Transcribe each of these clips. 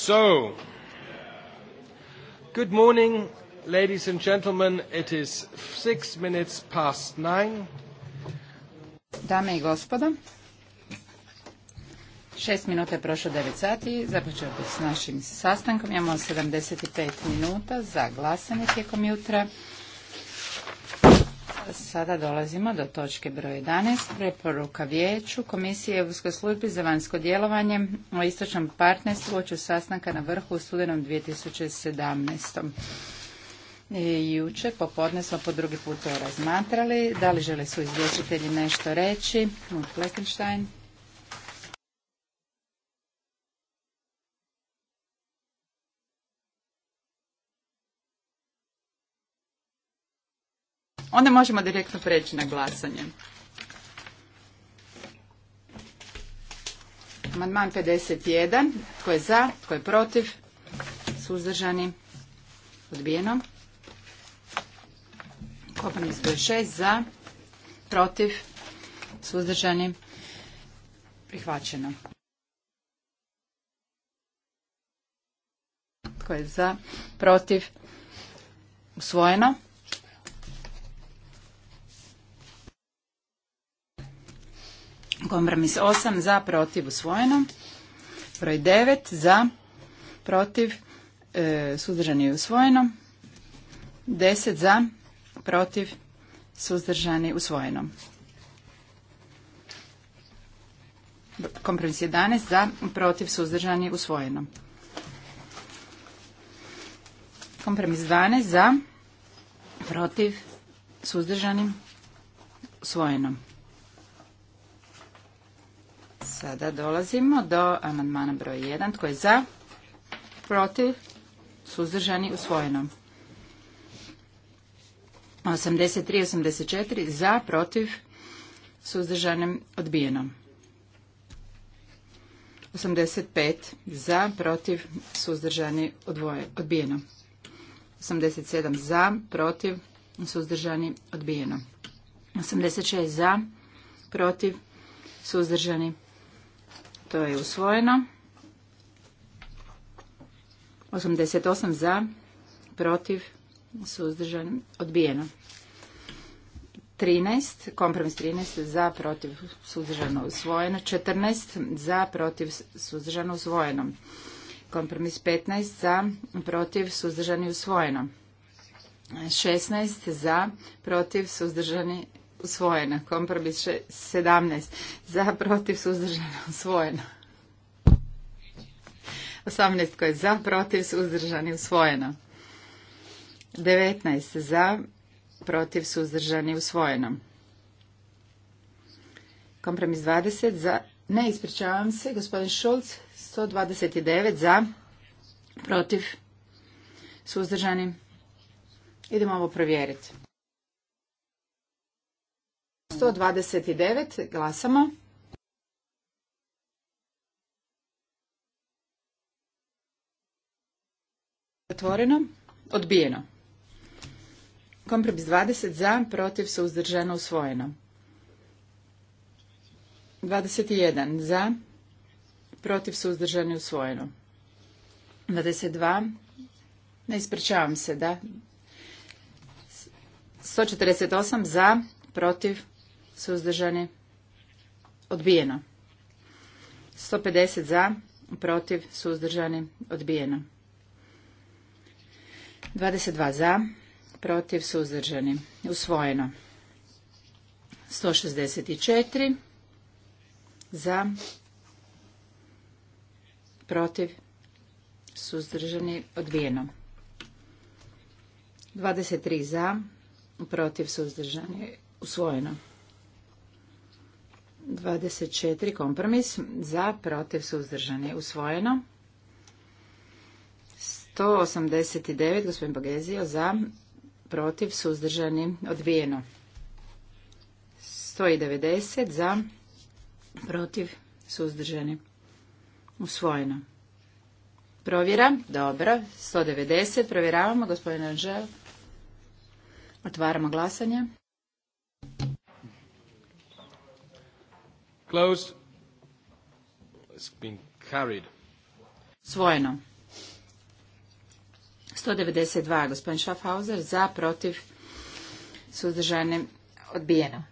So, good morning, ladies and gentlemen. It is six minutes past nine. Dame i gospodo, šest minuta je prošlo devet sati. Započeo bih s našim sastankom. Imamo 75 minuta za glasanje tijekom jutra. Sada dolazimo do točke broj 11, preporuka vijeću Komisije Europskoj službi za vanjsko djelovanje o istočnom partnerstvu oču sastanka na vrhu u studenom 2017. I juče popodne smo po drugi put razmatrali. Da li žele su izvjestitelji nešto reći? Onda možemo direktno preći na glasanje. Amandman 51. Tko je za? Tko je protiv? Suzdržani? Odbijeno. Kompromis broj 6. Za? Protiv? Suzdržani? Prihvaćeno. Tko je za? Protiv? Usvojeno. Kompromis 8 za, protiv, usvojeno. Broj 9 za, protiv, e, suzdržani je usvojeno. 10 za, protiv, suzdržani usvojeno. Kompromis 11 za, protiv, suzdržani usvojeno. Kompromis 12 za, protiv, suzdržani usvojeno. Sada dolazimo do amandmana broj 1. Tko je za? Protiv? Suzdržani? Usvojeno. 83, 84. Za? Protiv? Suzdržanim? Odbijeno. 85. Za? Protiv? Suzdržani? odbijeno odbijeno. 87. Za? Protiv? Suzdržani? Odbijeno. 86. Za? Protiv? Suzdržani? To je usvojeno. 88 za, protiv, suzdržan, odbijeno. 13, kompromis 13 za, protiv, suzdržano, usvojeno. 14 za, protiv, suzdržano, usvojeno. Kompromis 15 za, protiv, suzdržani, usvojeno. 16 za, protiv, suzdržani, usvojena. Kompromis 17 za, protiv, suzdržana, usvojeno. 18 koje je za, protiv, suzdržani, usvojeno. 19 za, protiv, suzdržani, usvojeno. Kompromis 20 za, ne ispričavam se, gospodin Šulc, 129 za, protiv, suzdržani. Idemo ovo provjeriti. 129. Glasamo. Otvoreno. Odbijeno. Kompromis 20 za, protiv, su suzdržano, usvojeno. 21 za, protiv, su uzdržani, usvojeno. 22, ne ispričavam se, da. 148 za, protiv, suzdržani, odbijeno. 150 za, protiv, suzdržani, odbijeno. 22 za, protiv, suzdržani, usvojeno. 164 za, protiv, suzdržani, odbijeno. 23 za, protiv, suzdržani, usvojeno. 24 kompromis za protiv suzdržani usvojeno. 189 gospodin Bogezio za protiv suzdržani odbijeno. 190 za protiv suzdržani usvojeno. Provjera, dobro, 190, provjeravamo, gospodin Anžel. Otvaramo glasanje. Closed. It's been carried. Svojeno. 192. Gospodin Schaffhauser za, protiv, suzdržane, odbijeno.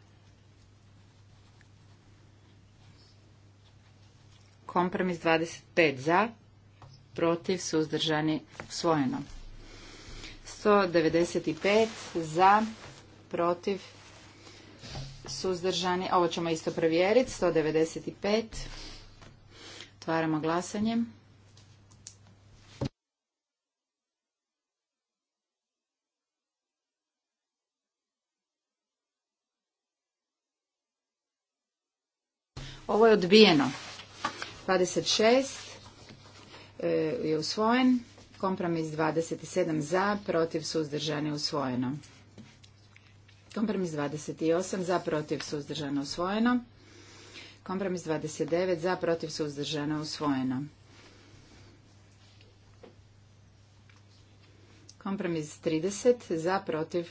Kompromis 25 za, protiv, suzdržani, svojeno. 195 za, protiv, suzdržani. Ovo ćemo isto provjeriti. 195. Otvaramo glasanje. Ovo je odbijeno. 26 e, je usvojen. Kompromis 27 za, protiv suzdržani usvojeno. Kompromis 28 za protiv suzdržano usvojeno. Kompromis 29 za protiv suzdržano usvojeno. Kompromis 30 za protiv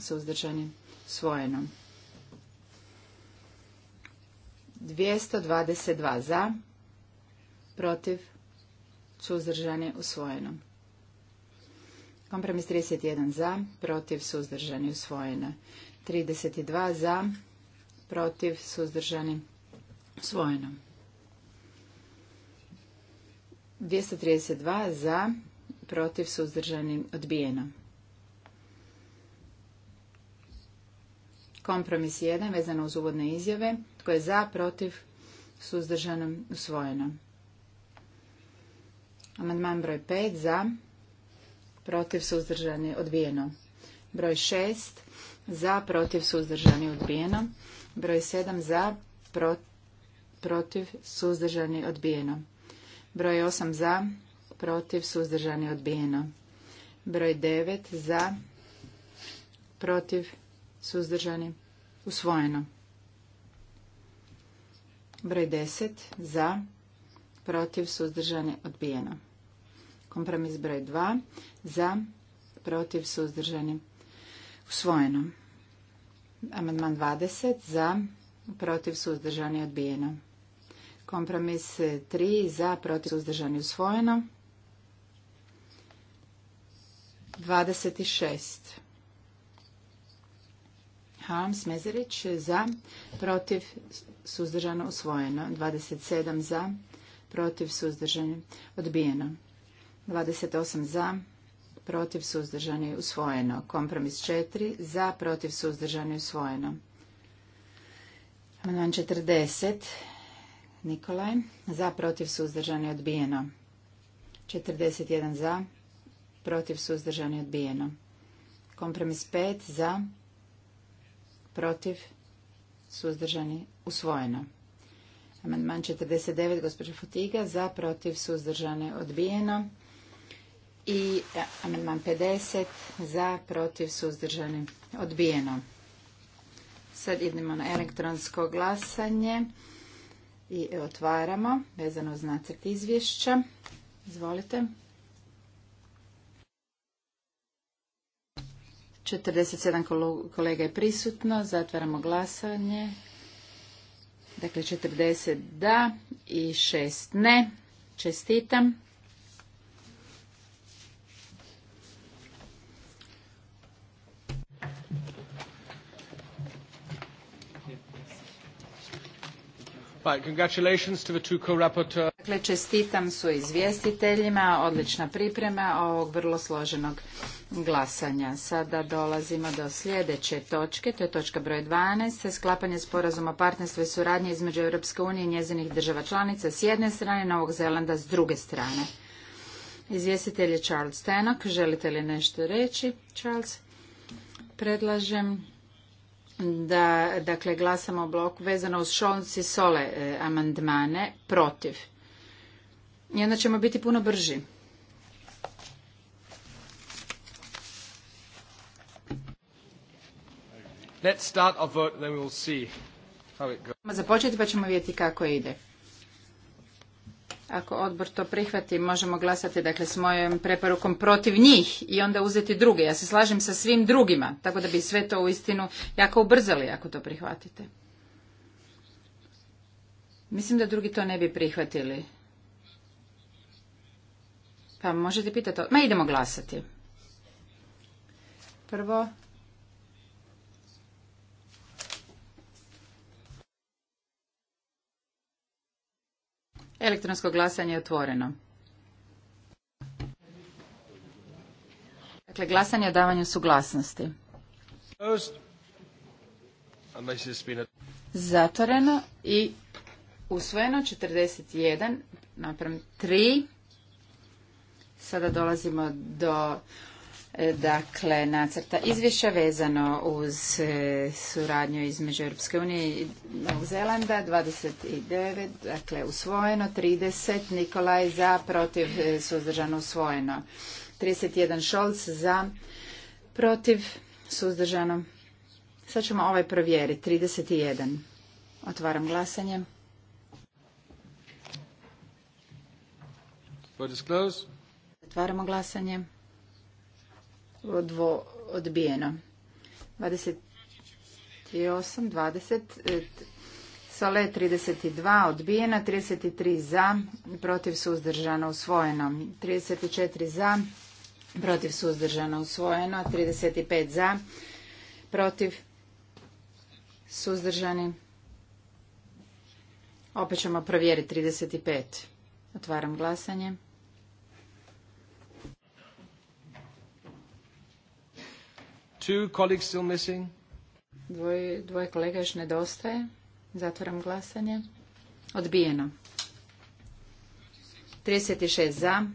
suzdržani usvojeno. 222 za protiv suzdržani usvojeno. Kompromis 31 za, protiv, suzdržani, usvojeno. 32 za, protiv, suzdržani, usvojeno. 232 za, protiv, suzdržani, odbijeno. Kompromis 1 vezano uz uvodne izjave. Tko je za, protiv, suzdržanom, usvojeno. Amandman broj 5 za, protiv suzdržani odbijeno. Broj 6 za, protiv suzdržani odbijeno. Broj 7 za, protiv suzdržani odbijeno. Broj 8 za, protiv suzdržani odbijeno. Broj 9 za, protiv suzdržani usvojeno. Broj 10 za, protiv suzdržani odbijeno. Kompromis broj 2 za, protiv, suzdržani, usvojeno. Amandman 20 za, protiv, suzdržani, odbijeno. Kompromis 3 za, protiv, suzdržani, usvojeno. 26. Hams Mezerić za, protiv, suzdržano, usvojeno. 27 za, protiv, suzdržani, odbijeno. 28 za, protiv suzdržani usvojeno. Kompromis 4 za, protiv suzdržani usvojeno. Amandman 40 Nikolaj za, protiv suzdržani odbijeno. 41 za, protiv suzdržani odbijeno. Kompromis 5 za, protiv suzdržani usvojeno. Amandman 49 gospođa Fotiga za, protiv suzdržani odbijeno i e, amandman 50 za protiv suzdržani odbijeno. Sad idemo na elektronsko glasanje i otvaramo vezano uz nacrt izvješća. Izvolite. 47 kolega je prisutno, zatvaramo glasanje. Dakle, 40 da i 6 ne. Čestitam. Dakle, čestitam su izvjestiteljima, odlična priprema ovog vrlo složenog glasanja. Sada dolazimo do sljedeće točke, to je točka broj 12, sklapanje sporazuma o partnerstvu i suradnji između Europske unije i njezinih država članica s jedne strane, Novog Zelanda s druge strane. Izvjestitelj je Charles Tenok. Želite li nešto reći, Charles? Predlažem da dakle, glasamo blok vezano uz šonci sole e, amandmane protiv. I onda ćemo biti puno brži. Let's start vote, then see how it goes. Započeti pa ćemo vidjeti kako ide. Ako odbor to prihvati, možemo glasati dakle, s mojom preporukom protiv njih i onda uzeti druge. Ja se slažem sa svim drugima, tako da bi sve to uistinu jako ubrzali ako to prihvatite. Mislim da drugi to ne bi prihvatili. Pa možete pitati, ma idemo glasati. Prvo, Elektronsko glasanje je otvoreno. Dakle, glasanje o davanju suglasnosti. Zatvoreno i usvojeno 41 naprem 3. Sada dolazimo do E, dakle nacrta izvješća vezano uz e, suradnju između Europske unije i Novog Zelanda 29 dakle usvojeno 30 Nikolaj za protiv e, suzdržano usvojeno 31 Šolc za protiv suzdržano sad ćemo ovaj provjeriti 31 otvaram glasanje Otvaramo glasanje odbijeno. 28, 20, e, Sole 32 odbijena, 33 za, protiv suzdržano, usvojeno, 34 za, protiv suzdržano, usvojeno, 35 za, protiv suzdržani. Opet ćemo provjeriti 35. Otvaram glasanje. Dvoje, kolega još nedostaje. Zatvaram glasanje. Odbijeno. 36 za,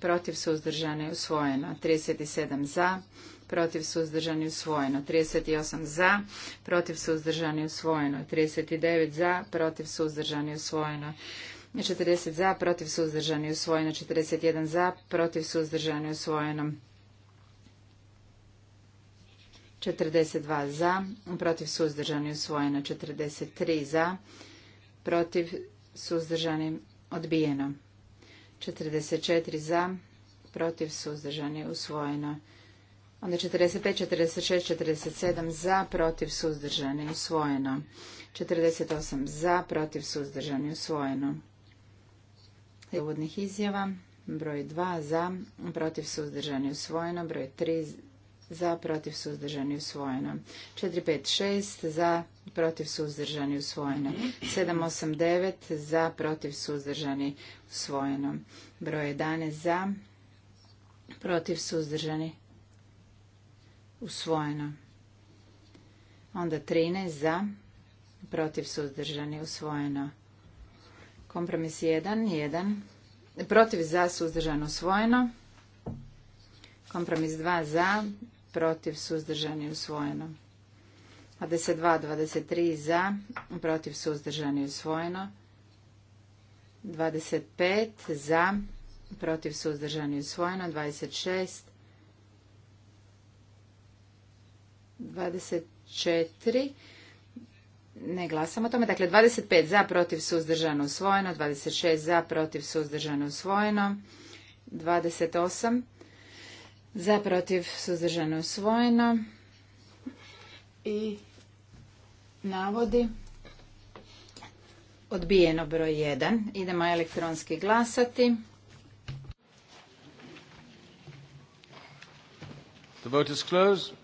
protiv suzdržani usvojeno. 37 za, protiv suzdržani usvojeno. 38 za, protiv suzdržani usvojeno. 39 za, protiv suzdržani usvojeno. 40 za, protiv suzdržani usvojeno. 41 za, protiv suzdržani usvojeno. 42 za, protiv suzdržani usvojeno 43 za, protiv suzdržani odbijeno 44 za, protiv suzdržani usvojeno. Onda 45, 46, 47 za, protiv suzdržani usvojeno. 48 za, protiv suzdržani usvojeno. Uvodnih izjava. Broj 2 za, protiv suzdržani usvojeno. Broj 3 za protiv suzdržani usvojeno. 4, 5, 6 za protiv suzdržani usvojeno. 7, 8, 9 za protiv suzdržani usvojeno. Broj 11 za protiv suzdržani usvojeno. Onda 13 za protiv suzdržani usvojeno. Kompromis 1, 1. Protiv za suzdržano usvojeno. Kompromis 2 za, protiv, suzdržani, usvojeno. 22, 23 za, protiv, suzdržani, usvojeno. 25 za, protiv, suzdržani, usvojeno. 26, 24, ne glasamo o tome. Dakle, 25 za, protiv, suzdržano, usvojeno. 26 za, protiv, suzdržano, usvojeno. 28 za protiv suzdržano usvojeno i navodi odbijeno broj 1. Idemo elektronski glasati. The vote is closed.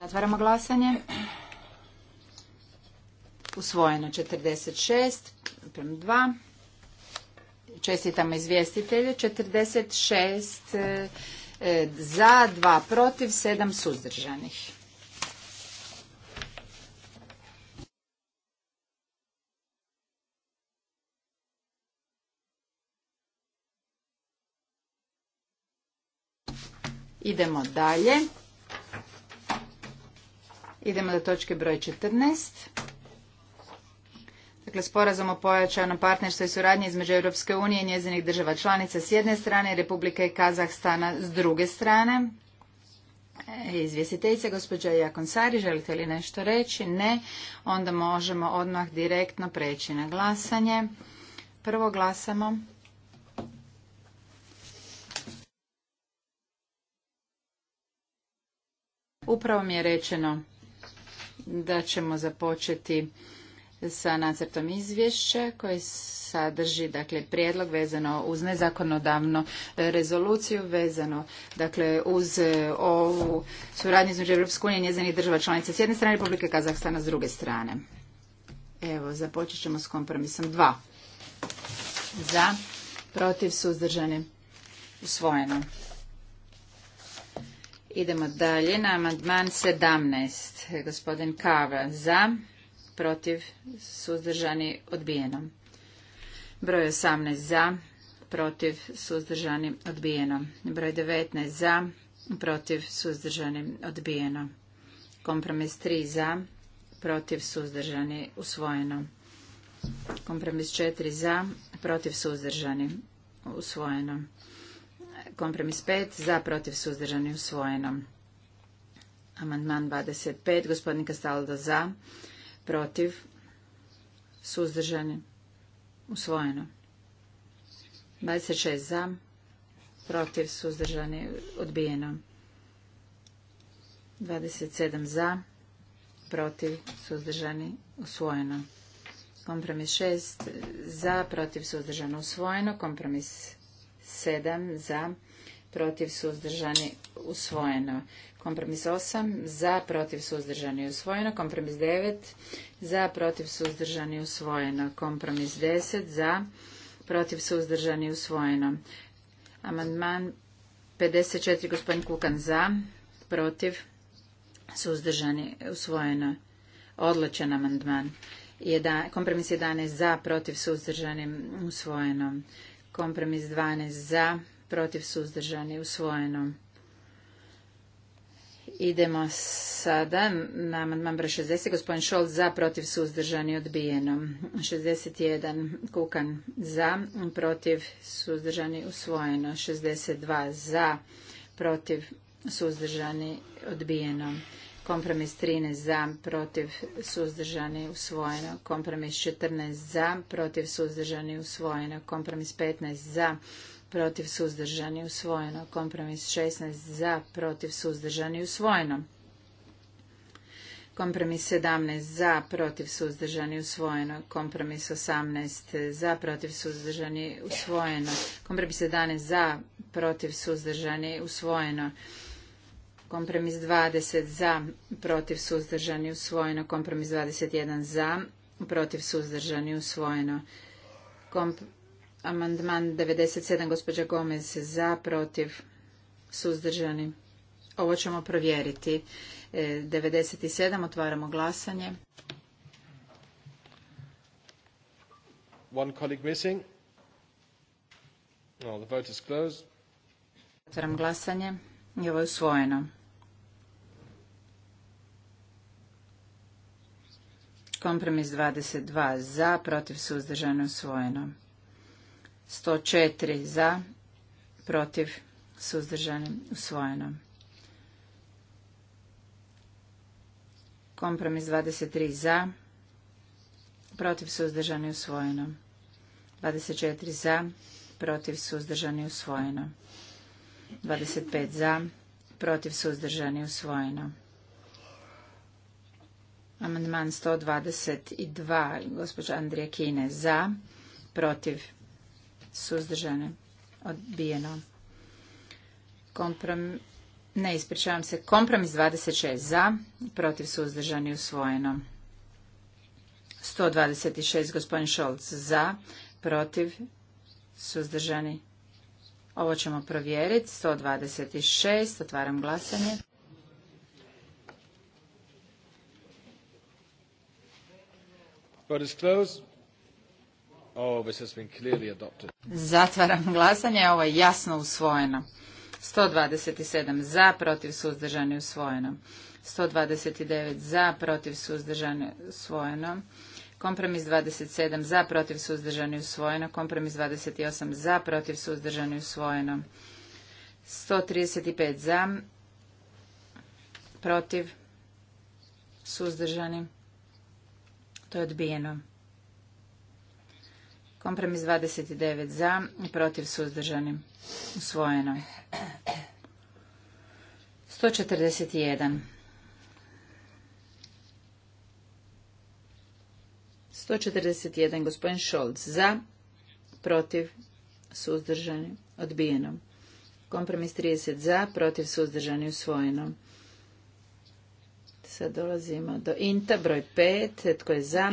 Zatvaramo glasanje. Usvojeno 46, prema 2. Čestitamo izvjestitelje. 46 E, za, dva protiv, sedam suzdržanih. Idemo dalje. Idemo do točke broj 14. Dakle, sporazum o pojačanom partnerstvu i suradnji između Europske unije i njezinih država članica s jedne strane i Republike Kazahstana s druge strane. E, izvjestiteljica, gospođa Jakonsari, želite li nešto reći? Ne. Onda možemo odmah direktno preći na glasanje. Prvo glasamo. Upravo mi je rečeno da ćemo započeti sa nacrtom izvješća koji sadrži dakle prijedlog vezano uz nezakonodavnu e, rezoluciju vezano dakle uz e, ovu suradnju između Europske unije i njezinih država članica s jedne strane Republike Kazahstana s druge strane. Evo, započet ćemo s kompromisom dva. Za, protiv, suzdržani, usvojeno. Idemo dalje na amandman 17. Gospodin Kava za, protiv, suzdržani, odbijeno. Broj 18 za, protiv, suzdržani, odbijeno. Broj 19 za, protiv, suzdržani, odbijeno. Kompromis 3 za, protiv, suzdržani, usvojeno. Kompromis 4 za, protiv, suzdržani, usvojeno. Kompromis 5 za, protiv, suzdržani, usvojeno. Amandman 25, gospodin Kastaldo za, protiv, protiv, suzdržani, usvojeno. 26 za, protiv, suzdržani, odbijeno. 27 za, protiv, suzdržani, usvojeno. Kompromis 6 za, protiv, suzdržano, usvojeno. Kompromis 7 za, protiv suzdržani usvojeno. Kompromis 8 za protiv suzdržani usvojeno. Kompromis 9 za protiv suzdržani usvojeno. Kompromis 10 za protiv suzdržani usvojeno. Amandman 54 gospodin Kukan za protiv suzdržani usvojeno. Odločen amandman. Kompromis 11 za protiv suzdržani usvojeno. Kompromis 12 za protiv suzdržani usvojeno. Idemo sada na amandman broj 60. Gospodin Šolt za, protiv, suzdržani, odbijeno. 61. Kukan za, protiv, suzdržani, usvojeno. 62. Za, protiv, suzdržani, odbijeno. Kompromis 13 za, protiv, suzdržani, usvojeno. Kompromis 14 za, protiv, suzdržani, usvojeno. Kompromis 15 za, protiv suzdržani usvojeno. Kompromis 16 za, protiv suzdržani usvojeno. Kompromis 17 za, protiv suzdržani usvojeno. Kompromis 18 za, protiv suzdržani usvojeno. Kompromis 11 za, protiv suzdržani usvojeno. Kompromis 20 za, protiv suzdržani usvojeno. Kompromis 21 za, protiv suzdržani usvojeno. Kompromis Amandman 97, gospođa Gomez, za, protiv, suzdržani. Ovo ćemo provjeriti. 97, e, otvaramo glasanje. One Otvaram glasanje i ovo je usvojeno. Kompromis 22 za, protiv suzdržano usvojeno. 104 za, protiv, suzdržani, usvojeno. Kompromis 23 za, protiv, suzdržani, usvojeno. 24 za, protiv, suzdržani, usvojeno. 25 za, protiv, suzdržani, usvojeno. Amandman 122, gospođa Andrija Kine za, protiv, suzdržane, odbijeno. Komprom... Ne, ispričavam se. Kompromis 26 za, protiv suzdržani, usvojeno. 126 gospodin Šolc za, protiv suzdržani. Ovo ćemo provjeriti. 126, otvaram glasanje. Vote Oh, Zatvaram glasanje, ovo je jasno usvojeno. 127 za, protiv suzdržani usvojeno. 129 za, protiv suzdržani usvojeno. Kompromis 27 za, protiv suzdržani usvojeno. Kompromis 28 za, protiv suzdržani usvojeno. 135 za, protiv suzdržani. To je odbijeno. Kompromis 29 za, protiv suzdržani. Usvojeno. 141. 141. Gospodin Šolc za, protiv suzdržani. Odbijeno. Kompromis 30 za, protiv suzdržani. Usvojeno. Sad dolazimo do INTA, broj 5. Tko je za?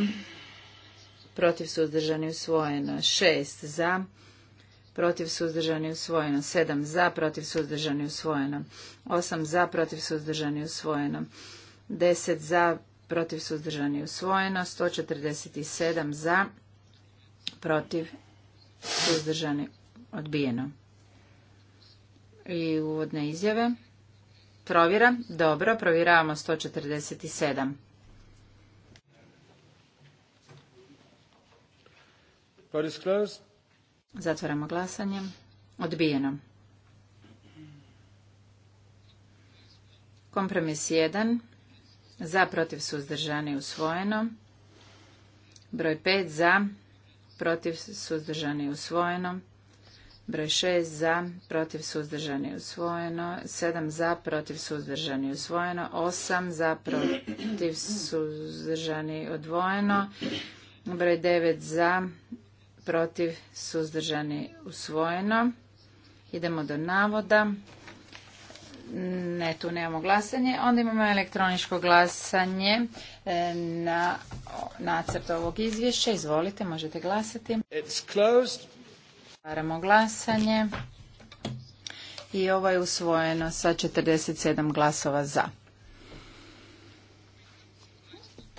protiv suzdržani usvojeno 6 za, protiv suzdržani usvojeno 7 za, protiv suzdržani usvojeno 8 za, protiv suzdržani usvojeno 10 za, protiv suzdržani usvojeno 147 za, protiv suzdržani odbijeno. I uvodne izjave. Provjera. Dobro, provjeravamo 147. Zatvaramo glasanje. Odbijeno. Kompromis 1. Za protiv suzdržani usvojeno. Broj 5 za protiv suzdržani usvojeno. Broj 6 za protiv suzdržani usvojeno. 7 za protiv suzdržani usvojeno. 8 za protiv suzdržani odvojeno. Broj 9 za protiv, suzdržani, usvojeno. Idemo do navoda. Ne, tu nemamo glasanje. Onda imamo elektroničko glasanje e, na nacrt ovog izvješća. Izvolite, možete glasati. Otvaramo glasanje. I ovo je usvojeno sa 47 glasova za.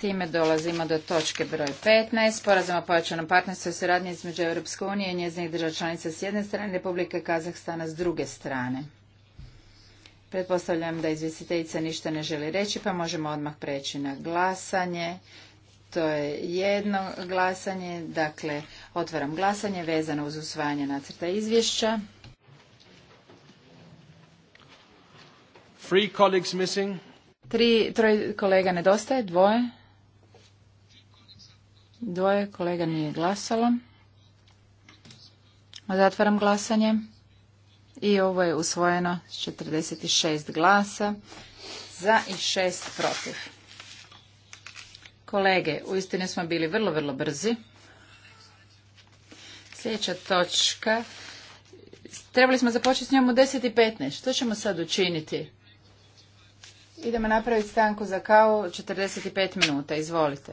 Time dolazimo do točke broj 15, sporazum o pojačanom partnerstvu i suradnji između Europske unije i njezinih država članica s jedne strane, Republike Kazahstana s druge strane. Pretpostavljam da izvjestiteljica ništa ne želi reći, pa možemo odmah preći na glasanje. To je jedno glasanje, dakle otvaram glasanje vezano uz usvajanje nacrta izvješća. Tri, troj kolega nedostaje, dvoje. Dvoje kolega nije glasalo. Zatvaram glasanje. I ovo je usvojeno s 46 glasa za i 6 protiv. Kolege, u uistinu smo bili vrlo, vrlo brzi. Sljedeća točka. Trebali smo započeti s njom u 10.15. Što ćemo sad učiniti? Idemo napraviti stanku za kao 45 minuta. Izvolite.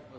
kakva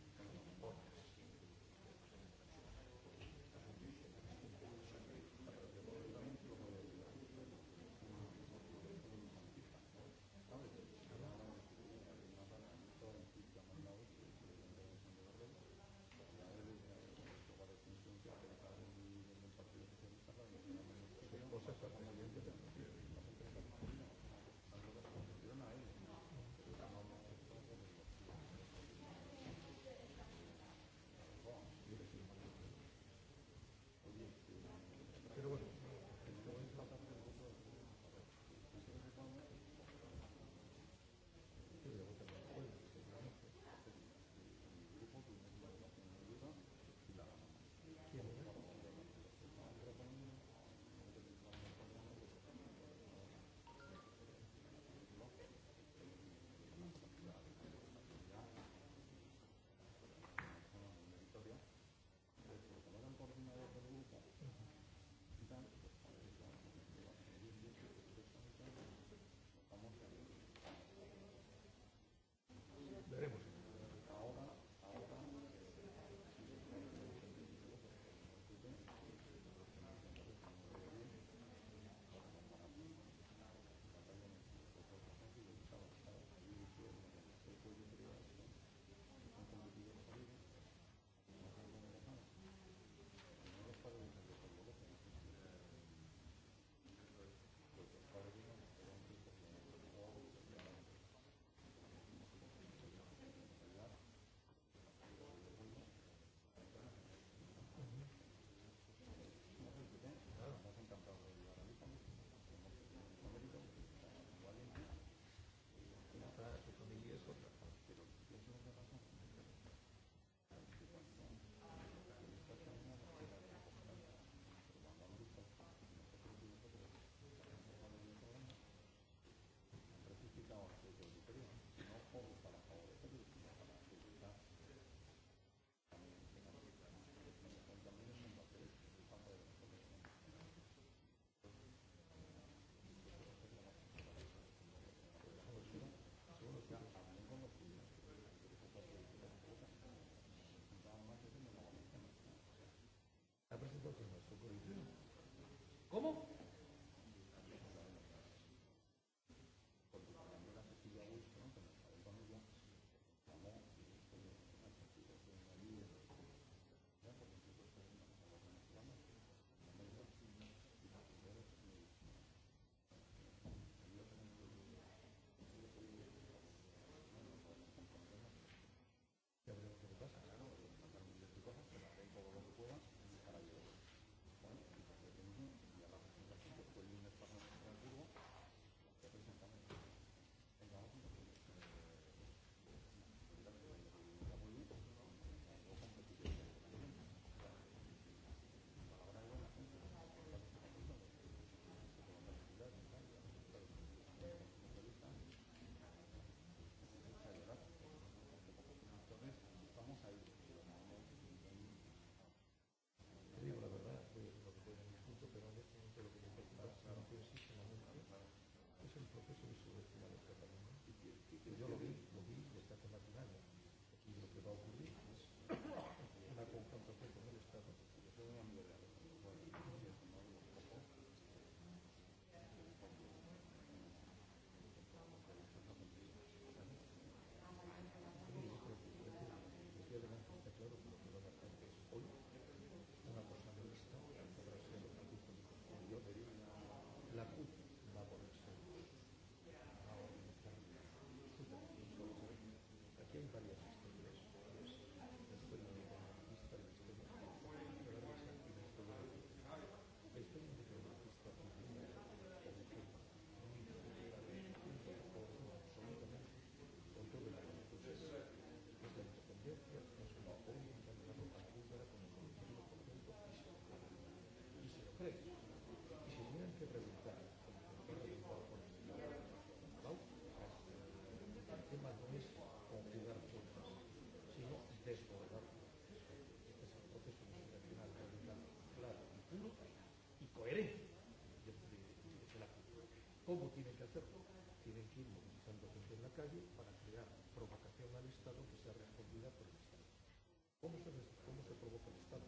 ¿Cómo se, cómo se provoca el Estado?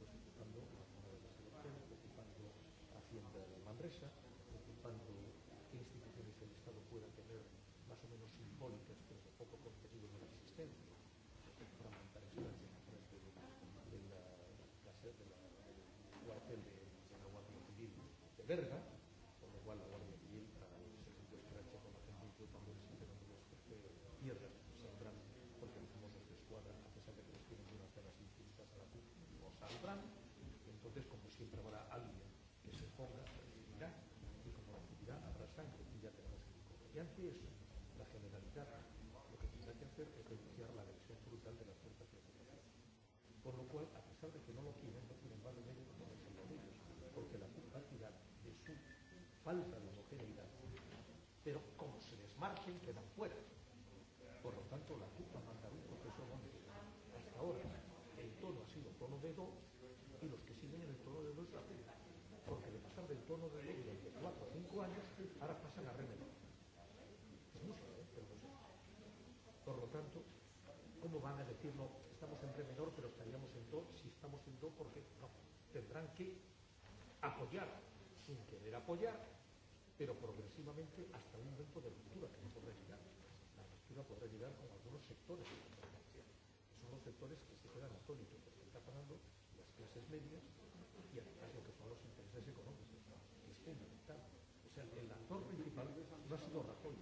Pues ocupando la zona de elecciones, ocupando Hacienda de Manresa, ocupando qué instituciones el Estado pueda tener más o menos simbólicas, pero de poco contenido de la existencia, para aumentar estancia a través de, de la, de la, de la cuartel de, de la Guardia Civil de Berga, la flexibilidad y como flexibilidad habrá sangre y ya tenemos que y antes eso la generalidad lo que tendrá que hacer es denunciar la versión brutal de las fuerzas de por lo cual a pesar de que no lo quieren no tienen más remedio que ponerse con ellos porque la culpabilidad de su falta de homogeneidad pero como se desmarquen quedan fuera por lo tanto la tono de dos, de cuatro o cinco años, ahora pasan a Remedy. Es ¿eh? pero no sé. Por lo tanto, ¿cómo van a decir no? Estamos en re menor, pero estaríamos en do, si estamos en do, porque no. Tendrán que apoyar, sin querer apoyar, pero progresivamente hasta un momento de ruptura que no podrá llegar. La ruptura podrá llegar con algunos sectores de competencia. Son los sectores que se quedan atónitos, porque está pagando las clases medias y además lo que son los intereses económicos el actor principal no ha sido Rajoy,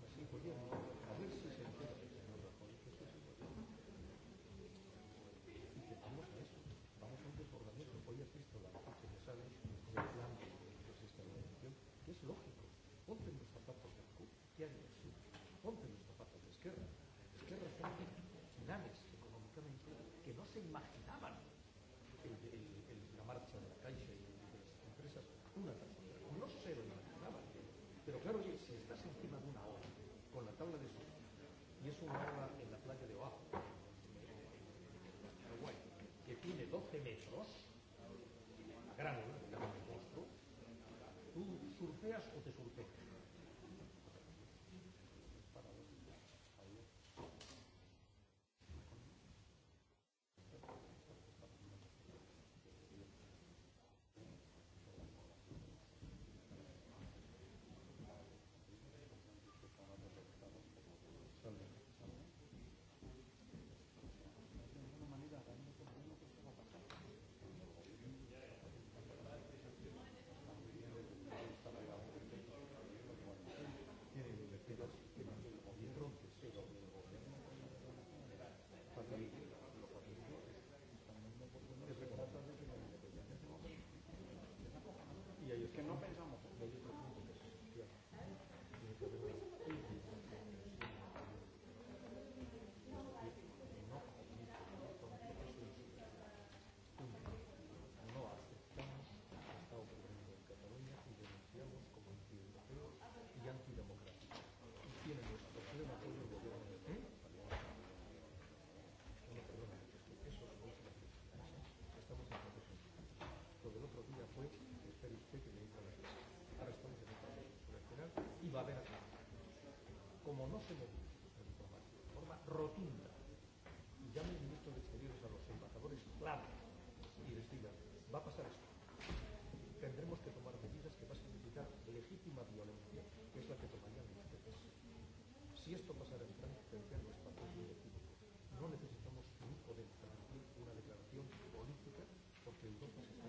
pa hecho, a gran monstruo, tú surfeas o te surfeas como no se module la diplomacia, de forma rotunda y llame el ministro de Exteriores a los embajadores clave y les va a pasar esto. Tendremos que tomar medidas que va a significar legítima violencia, que es la que tomarían ustedes. Si esto pasara en Francia, tendríamos espacio inequívoco. No necesitamos ni podemos transmitir una declaración política porque Europa se está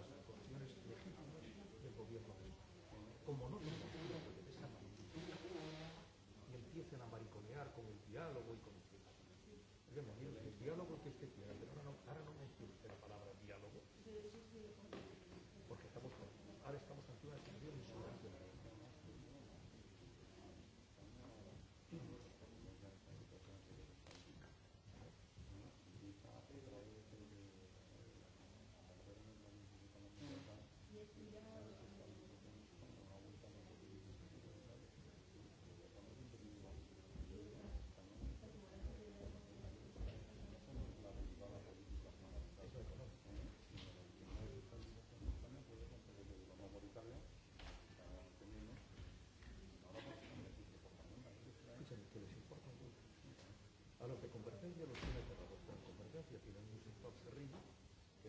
que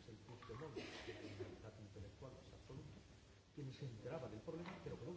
es el que de la libertad intelectual es absoluta, quien se enteraba del problema, pero lo ¿Eh?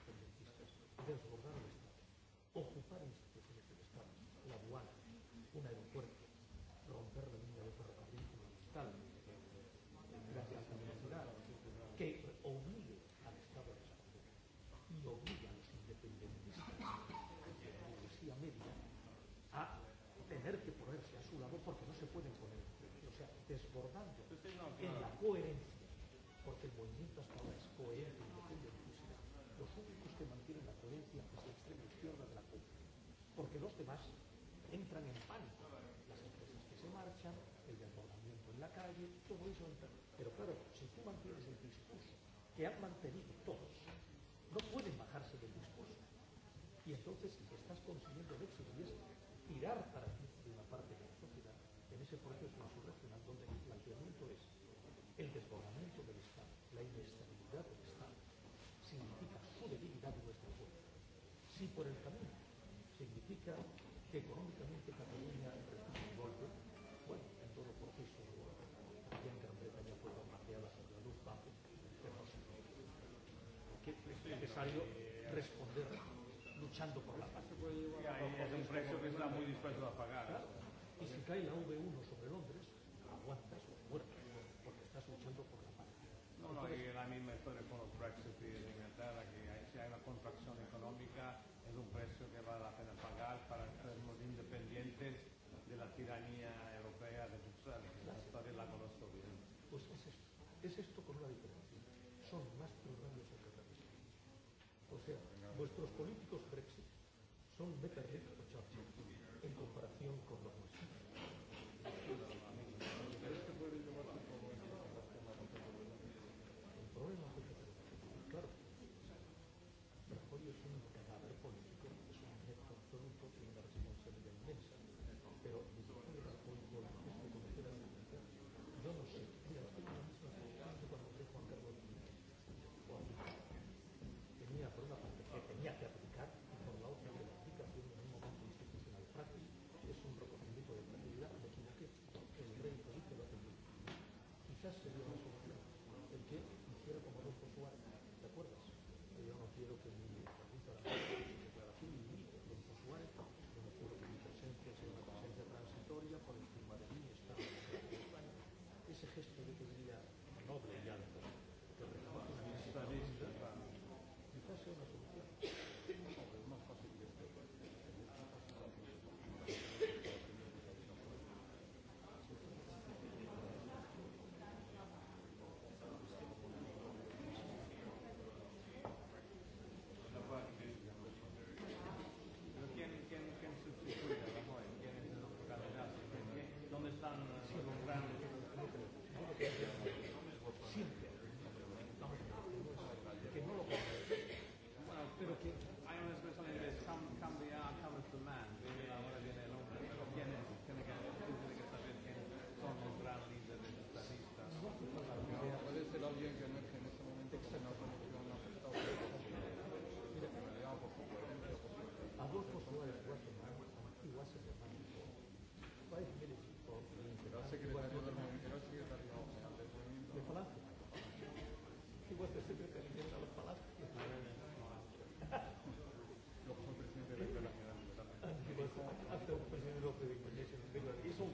desbordar el Estado, ocupar instituciones del Estado, la aduana, un aeropuerto, romper la línea de ferrocarril fundamental, gracias a la que obligue al Estado a responder y obliga a los independentistas de la burguesía media a tener que ponerse a su lado porque no se pueden poner o sea, desbordando en la coherencia, porque el movimiento hasta ahora es coherente entran en pánico. Las empresas que se marchan, el desbordamiento en la calle, todo eso entra. Pero claro, si tú mantienes el discurso que han mantenido todos, no pueden bajarse del discurso. Y entonces si estás consiguiendo el éxito y es tirar para ti de una parte de la sociedad en ese proceso insurreccional donde el planteamiento es el desbordamiento del Estado, la inestabilidad del Estado, significa su debilidad de nuestra fuerza. Si por el cae la V1 sobre Londres, aguantas o porque estás luchando por la paz. No, no, y la misma historia con los Brexit y de Inglaterra, que si hay una contracción económica, es un precio que vale la pena pagar para sernos independientes de la tiranía europea de Bruselas. La historia la conozco bien. Pues es esto, es esto con una diferencia. Son más programas en catalanes. O sea, vuestros políticos Brexit son de o Churchill en comparación con los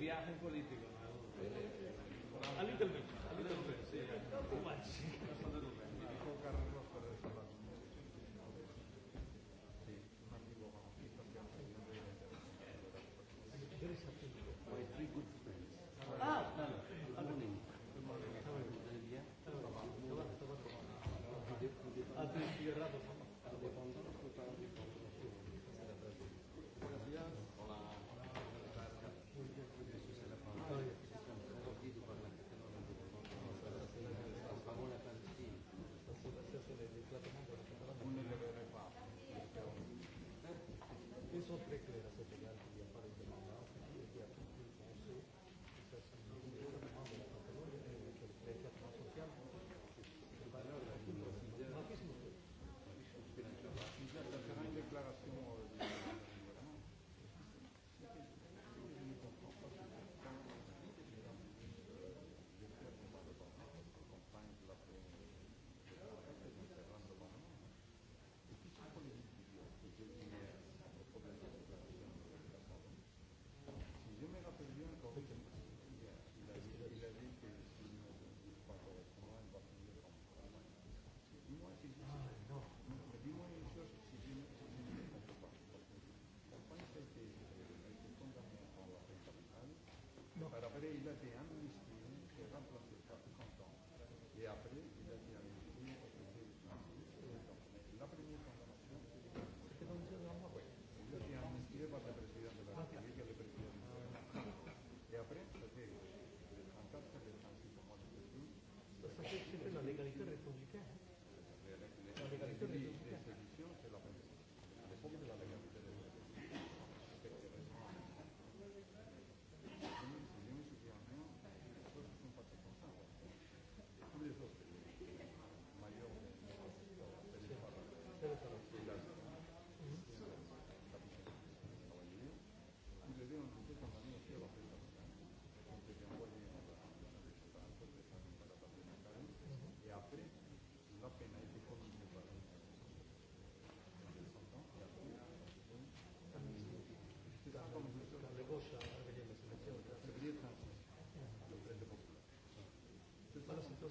viaje político.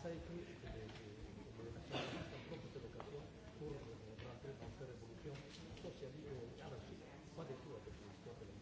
aceite, un de educación, la revolución socialista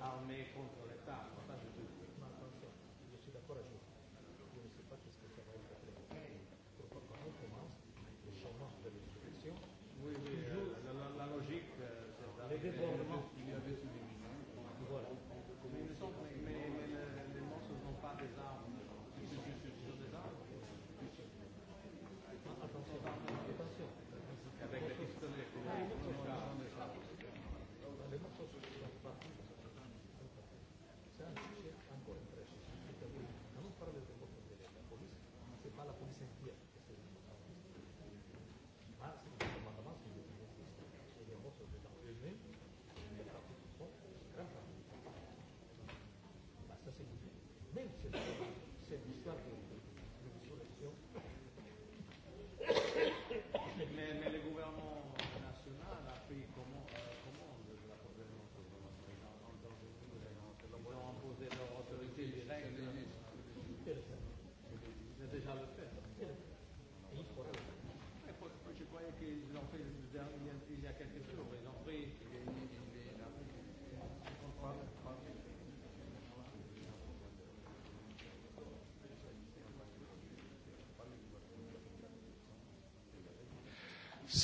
I'll make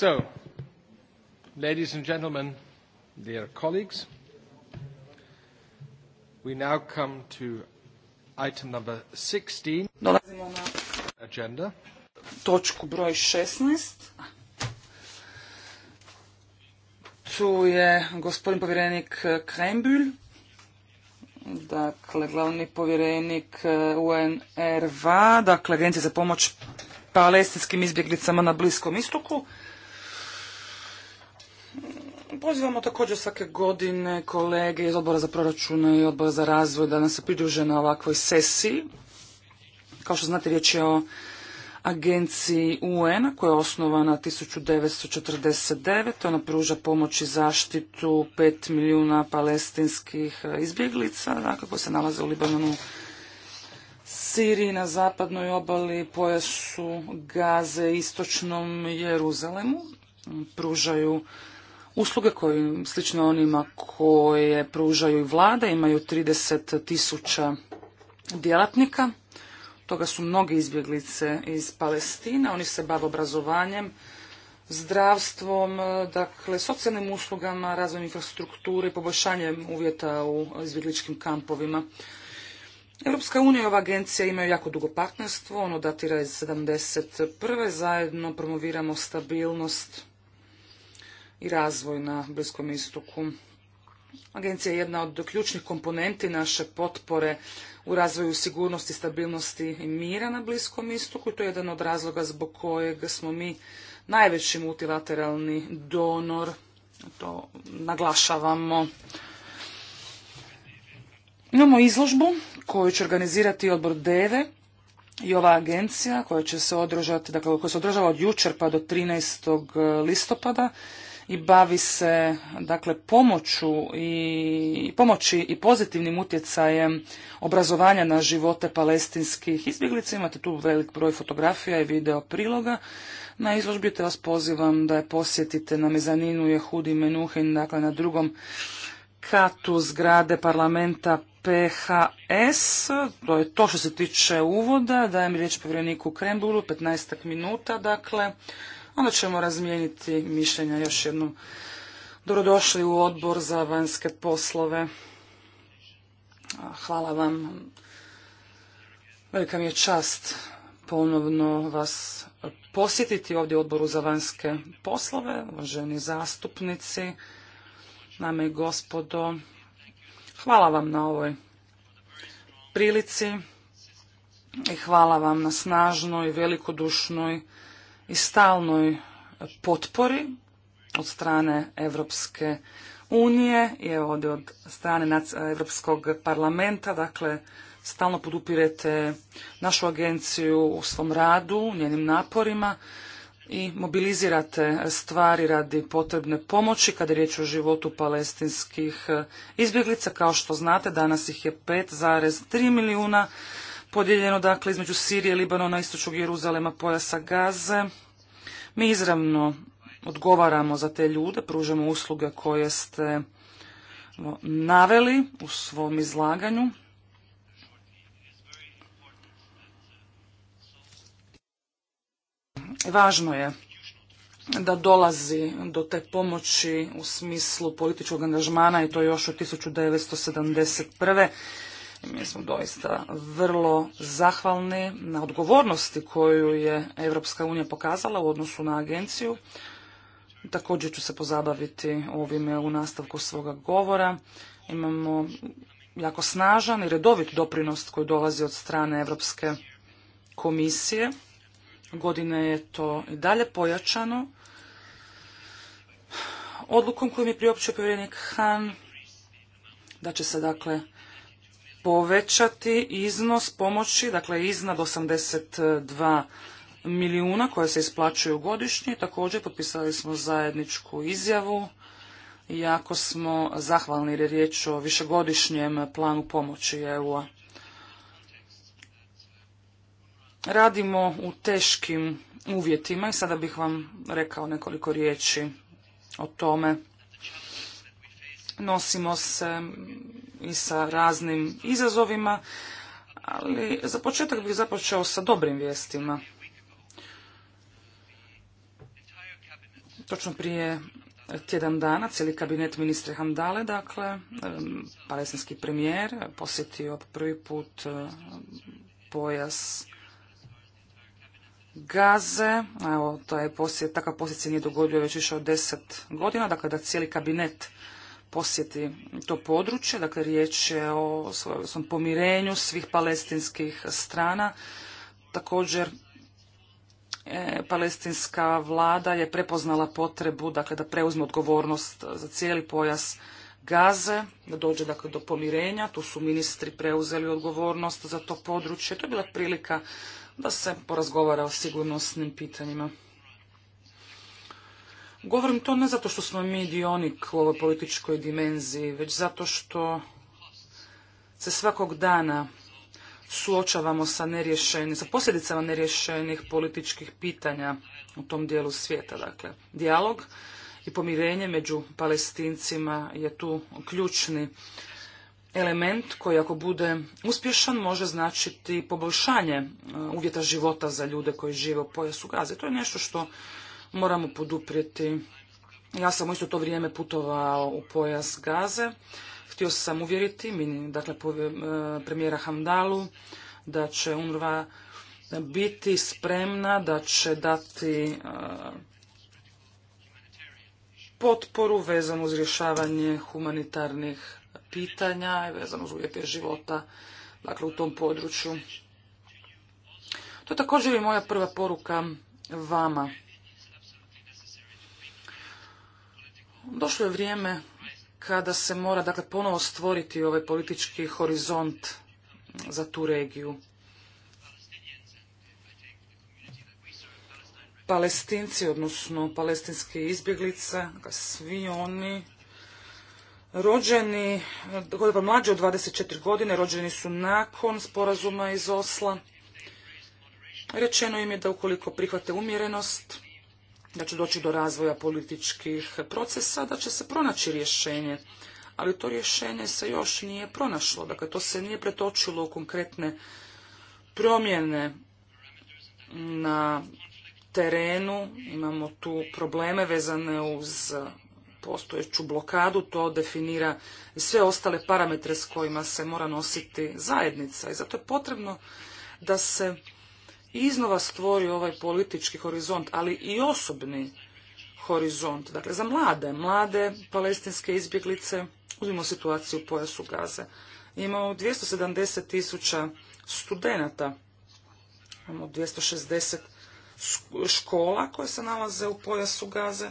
So, ladies and gentlemen, dear colleagues, we now come to item number 16 Dolazimo na agenda. Točku broj 16. Tu je gospodin povjerenik Krembül, dakle glavni povjerenik UNRWA, dakle Agencija za pomoć palestinskim izbjeglicama na Bliskom istoku. Pozivamo također svake godine kolege iz odbora za proračune i odbora za razvoj da nas se pridruže na ovakvoj sesiji. Kao što znate, riječ je o agenciji UN-a koja je osnovana 1949. Ona pruža pomoć i zaštitu 5 milijuna palestinskih izbjeglica dakle, koji se nalaze u Libanonu, Siriji, na zapadnoj obali, pojasu Gaze, istočnom Jeruzalemu. Pružaju usluge koje slično onima koje pružaju i vlade, imaju 30 tisuća djelatnika. Toga su mnogi izbjeglice iz Palestine, oni se bave obrazovanjem, zdravstvom, dakle, socijalnim uslugama, razvojem infrastrukture i poboljšanjem uvjeta u izbjegličkim kampovima. Europska unija i ova agencija imaju jako dugo partnerstvo, ono datira iz 1971. Zajedno promoviramo stabilnost i razvoj na Bliskom istoku. Agencija je jedna od ključnih komponenti naše potpore u razvoju sigurnosti, stabilnosti i mira na Bliskom istoku. To je jedan od razloga zbog kojeg smo mi najveći multilateralni donor. To naglašavamo. Imamo izložbu koju će organizirati odbor DEVE i ova agencija koja će se održati, dakle koja se održava od jučer pa do 13. listopada i bavi se dakle pomoću i pomoći i pozitivnim utjecajem obrazovanja na živote palestinskih izbjeglica. Imate tu velik broj fotografija i video priloga. Na izložbi te vas pozivam da je posjetite na mezaninu Jehudi Menuhin, dakle na drugom katu zgrade parlamenta PHS. To je to što se tiče uvoda. Dajem riječ povjereniku Krembulu, 15 minuta, dakle. Onda ćemo razmijeniti mišljenja još jednom. Dobrodošli u odbor za vanjske poslove. Hvala vam. Velika mi je čast ponovno vas posjetiti ovdje u odboru za vanjske poslove, uvaženi zastupnici, name i gospodo. Hvala vam na ovoj prilici i hvala vam na snažnoj, velikodušnoj i stalnoj potpori od strane Europske unije i evo od strane Europskog parlamenta, dakle stalno podupirete našu agenciju u svom radu, njenim naporima i mobilizirate stvari radi potrebne pomoći kada je riječ o životu palestinskih izbjeglica. Kao što znate, danas ih je 5,3 milijuna, podijeljeno dakle između Sirije, Libanona, Istočnog Jeruzalema, pojasa Gaze. Mi izravno odgovaramo za te ljude, pružamo usluge koje ste naveli u svom izlaganju. Važno je da dolazi do te pomoći u smislu političkog angažmana i to još od 1971. Mi smo doista vrlo zahvalni na odgovornosti koju je Europska unija pokazala u odnosu na agenciju. Također ću se pozabaviti ovime u nastavku svoga govora. Imamo jako snažan i redovit doprinos koji dolazi od strane Europske komisije. Godine je to i dalje pojačano. Odlukom kojim je priopćio povjerenik Han da će se dakle povećati iznos pomoći, dakle iznad 82 milijuna koje se isplaćuju godišnje. Također potpisali smo zajedničku izjavu. Jako smo zahvalni jer je riječ o višegodišnjem planu pomoći EU-a. Radimo u teškim uvjetima i sada bih vam rekao nekoliko riječi o tome nosimo se i sa raznim izazovima, ali za početak bih započeo sa dobrim vijestima. Točno prije tjedan dana cijeli kabinet ministre Hamdale, dakle, palestinski premijer, posjetio prvi put pojas Gaze. Evo, to je posjet, takav posjet se nije dogodio već više od deset godina, dakle da cijeli kabinet posjeti to područje. Dakle, riječ je o svojom pomirenju svih palestinskih strana. Također, e, palestinska vlada je prepoznala potrebu dakle, da preuzme odgovornost za cijeli pojas Gaze, da dođe dakle, do pomirenja. Tu su ministri preuzeli odgovornost za to područje. To je bila prilika da se porazgovara o sigurnosnim pitanjima. Govorim to ne zato što smo mi dionik u ovoj političkoj dimenziji, već zato što se svakog dana suočavamo sa nerješenim, sa posljedicama neriješenih političkih pitanja u tom dijelu svijeta. Dakle, dijalog i pomirenje među palestincima je tu ključni element koji ako bude uspješan može značiti poboljšanje e, uvjeta života za ljude koji žive u pojasu Gaze. To je nešto što moramo poduprijeti. Ja sam u isto to vrijeme putovao u pojas Gaze. Htio sam uvjeriti, dakle, e, premijera Hamdalu, da će UNRWA biti spremna, da će dati e, potporu vezanu uz rješavanje humanitarnih pitanja i vezano uz uvjete života dakle, u tom području. To je također i moja prva poruka vama. Došlo je vrijeme kada se mora dakle, ponovo stvoriti ovaj politički horizont za tu regiju. Palestinci, odnosno palestinske izbjeglice, dakle, svi oni rođeni, dakle, pa mlađi mlađe od 24 godine, rođeni su nakon sporazuma iz Osla. Rečeno im je da ukoliko prihvate umjerenost, da će doći do razvoja političkih procesa, da će se pronaći rješenje. Ali to rješenje se još nije pronašlo. Dakle, to se nije pretočilo u konkretne promjene na terenu. Imamo tu probleme vezane uz postojeću blokadu. To definira sve ostale parametre s kojima se mora nositi zajednica. I zato je potrebno da se iznova stvori ovaj politički horizont, ali i osobni horizont. Dakle, za mlade, mlade palestinske izbjeglice, uzmimo situaciju u pojasu Gaze. Imamo 270 tisuća studenata, imamo 260 škola koje se nalaze u pojasu Gaze.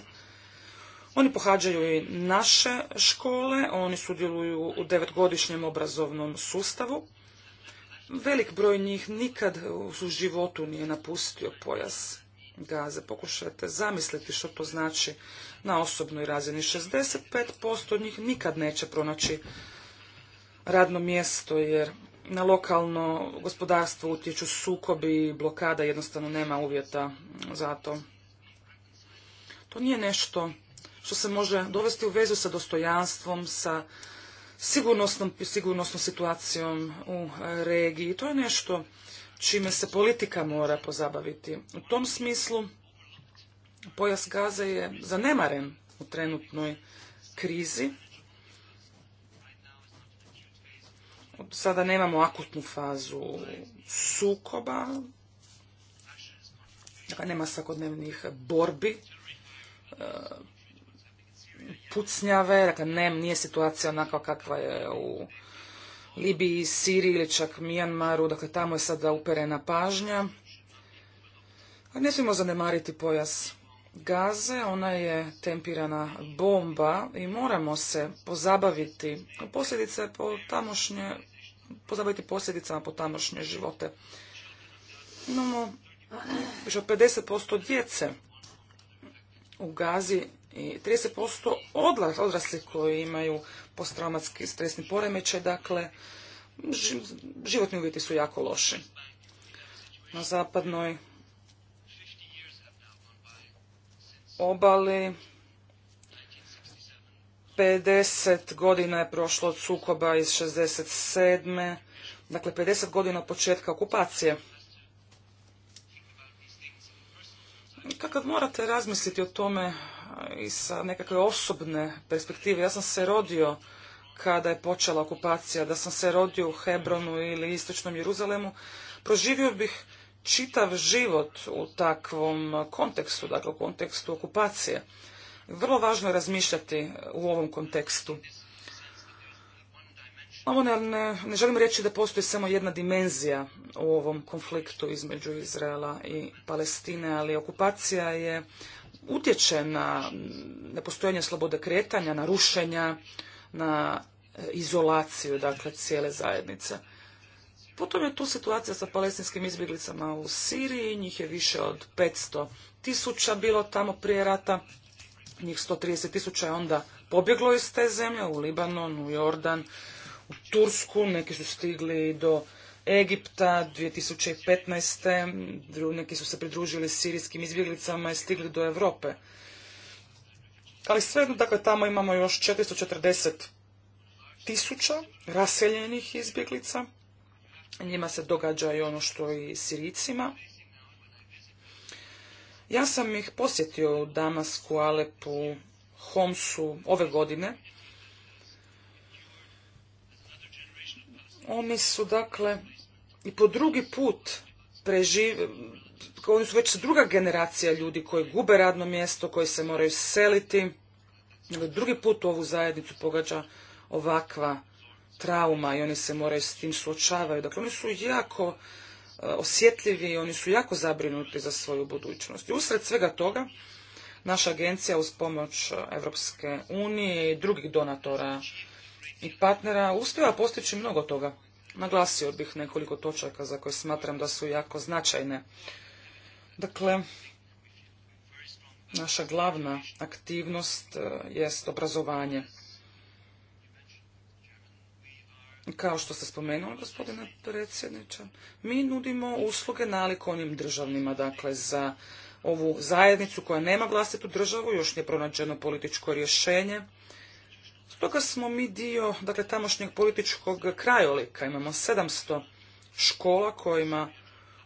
Oni pohađaju i naše škole, oni sudjeluju u devetgodišnjem obrazovnom sustavu. Velik broj njih nikad u životu nije napustio pojas gaze. Pokušajte zamisliti što to znači na osobnoj razini. 65% njih nikad neće pronaći radno mjesto jer na lokalno gospodarstvo utječu sukobi i blokada, jednostavno nema uvjeta za to. To nije nešto što se može dovesti u vezu sa dostojanstvom, sa sigurnosnom, situacijom u e, regiji. To je nešto čime se politika mora pozabaviti. U tom smislu pojas Gaza je zanemaren u trenutnoj krizi. Sada nemamo akutnu fazu sukoba, dakle, nema svakodnevnih borbi e, pucnjave, dakle ne, nije situacija onakva kakva je u Libiji, Siriji ili čak Mijanmaru, dakle tamo je sada uperena pažnja. A ne smijemo zanemariti pojas Gaze, ona je tempirana bomba i moramo se pozabaviti posljedice po tamošnje, pozabaviti posljedicama po tamošnje živote. Imamo više od 50% djece u Gazi i 30% odrasli koji imaju posttraumatski stresni poremećaj, dakle, životni uvjeti su jako loši. Na zapadnoj obali 50 godina je prošlo od sukoba iz 67. Dakle, 50 godina početka okupacije. Kakav morate razmisliti o tome i sa nekakve osobne perspektive. Ja sam se rodio kada je počela okupacija, da sam se rodio u Hebronu ili istočnom Jeruzalemu, proživio bih čitav život u takvom kontekstu, dakle u kontekstu okupacije. Vrlo važno je razmišljati u ovom kontekstu. Ovo ne, ne želim reći da postoji samo jedna dimenzija u ovom konfliktu između Izraela i Palestine, ali okupacija je utječe na nepostojanje slobode kretanja, na rušenja, na e, izolaciju dakle cijele zajednice. Potom je tu situacija sa palestinskim izbjeglicama u Siriji, njih je više od 500 tisuća bilo tamo prije rata, njih 130 tisuća je onda pobjeglo iz te zemlje u Libanon, u Jordan, u Tursku, neki su stigli do Egipta 2015. Neki su se pridružili sirijskim izbjeglicama i stigli do Europe. Ali svejedno, dakle, tamo imamo još 440 tisuća raseljenih izbjeglica. Njima se događa i ono što i Sirijcima. Ja sam ih posjetio u Damasku, Alepu, Homsu ove godine. Oni su dakle i po drugi put prežive, oni su već druga generacija ljudi koji gube radno mjesto, koji se moraju seliti. Drugi put u ovu zajednicu pogađa ovakva trauma i oni se moraju s tim suočavati. Dakle, oni su jako e, osjetljivi i oni su jako zabrinuti za svoju budućnost. I usred svega toga, naša agencija uz pomoć e, Evropske unije i drugih donatora i partnera uspjeva postići mnogo toga. Naglasio bih nekoliko točaka za koje smatram da su jako značajne. Dakle, naša glavna aktivnost e, jest obrazovanje. Kao što ste spomenuli, gospodine predsjedniče, mi nudimo usluge nalik onim državnima, dakle, za ovu zajednicu koja nema vlastitu državu, još nije pronađeno političko rješenje. Stoga smo mi dio dakle, tamošnjeg političkog krajolika. Imamo 700 škola kojima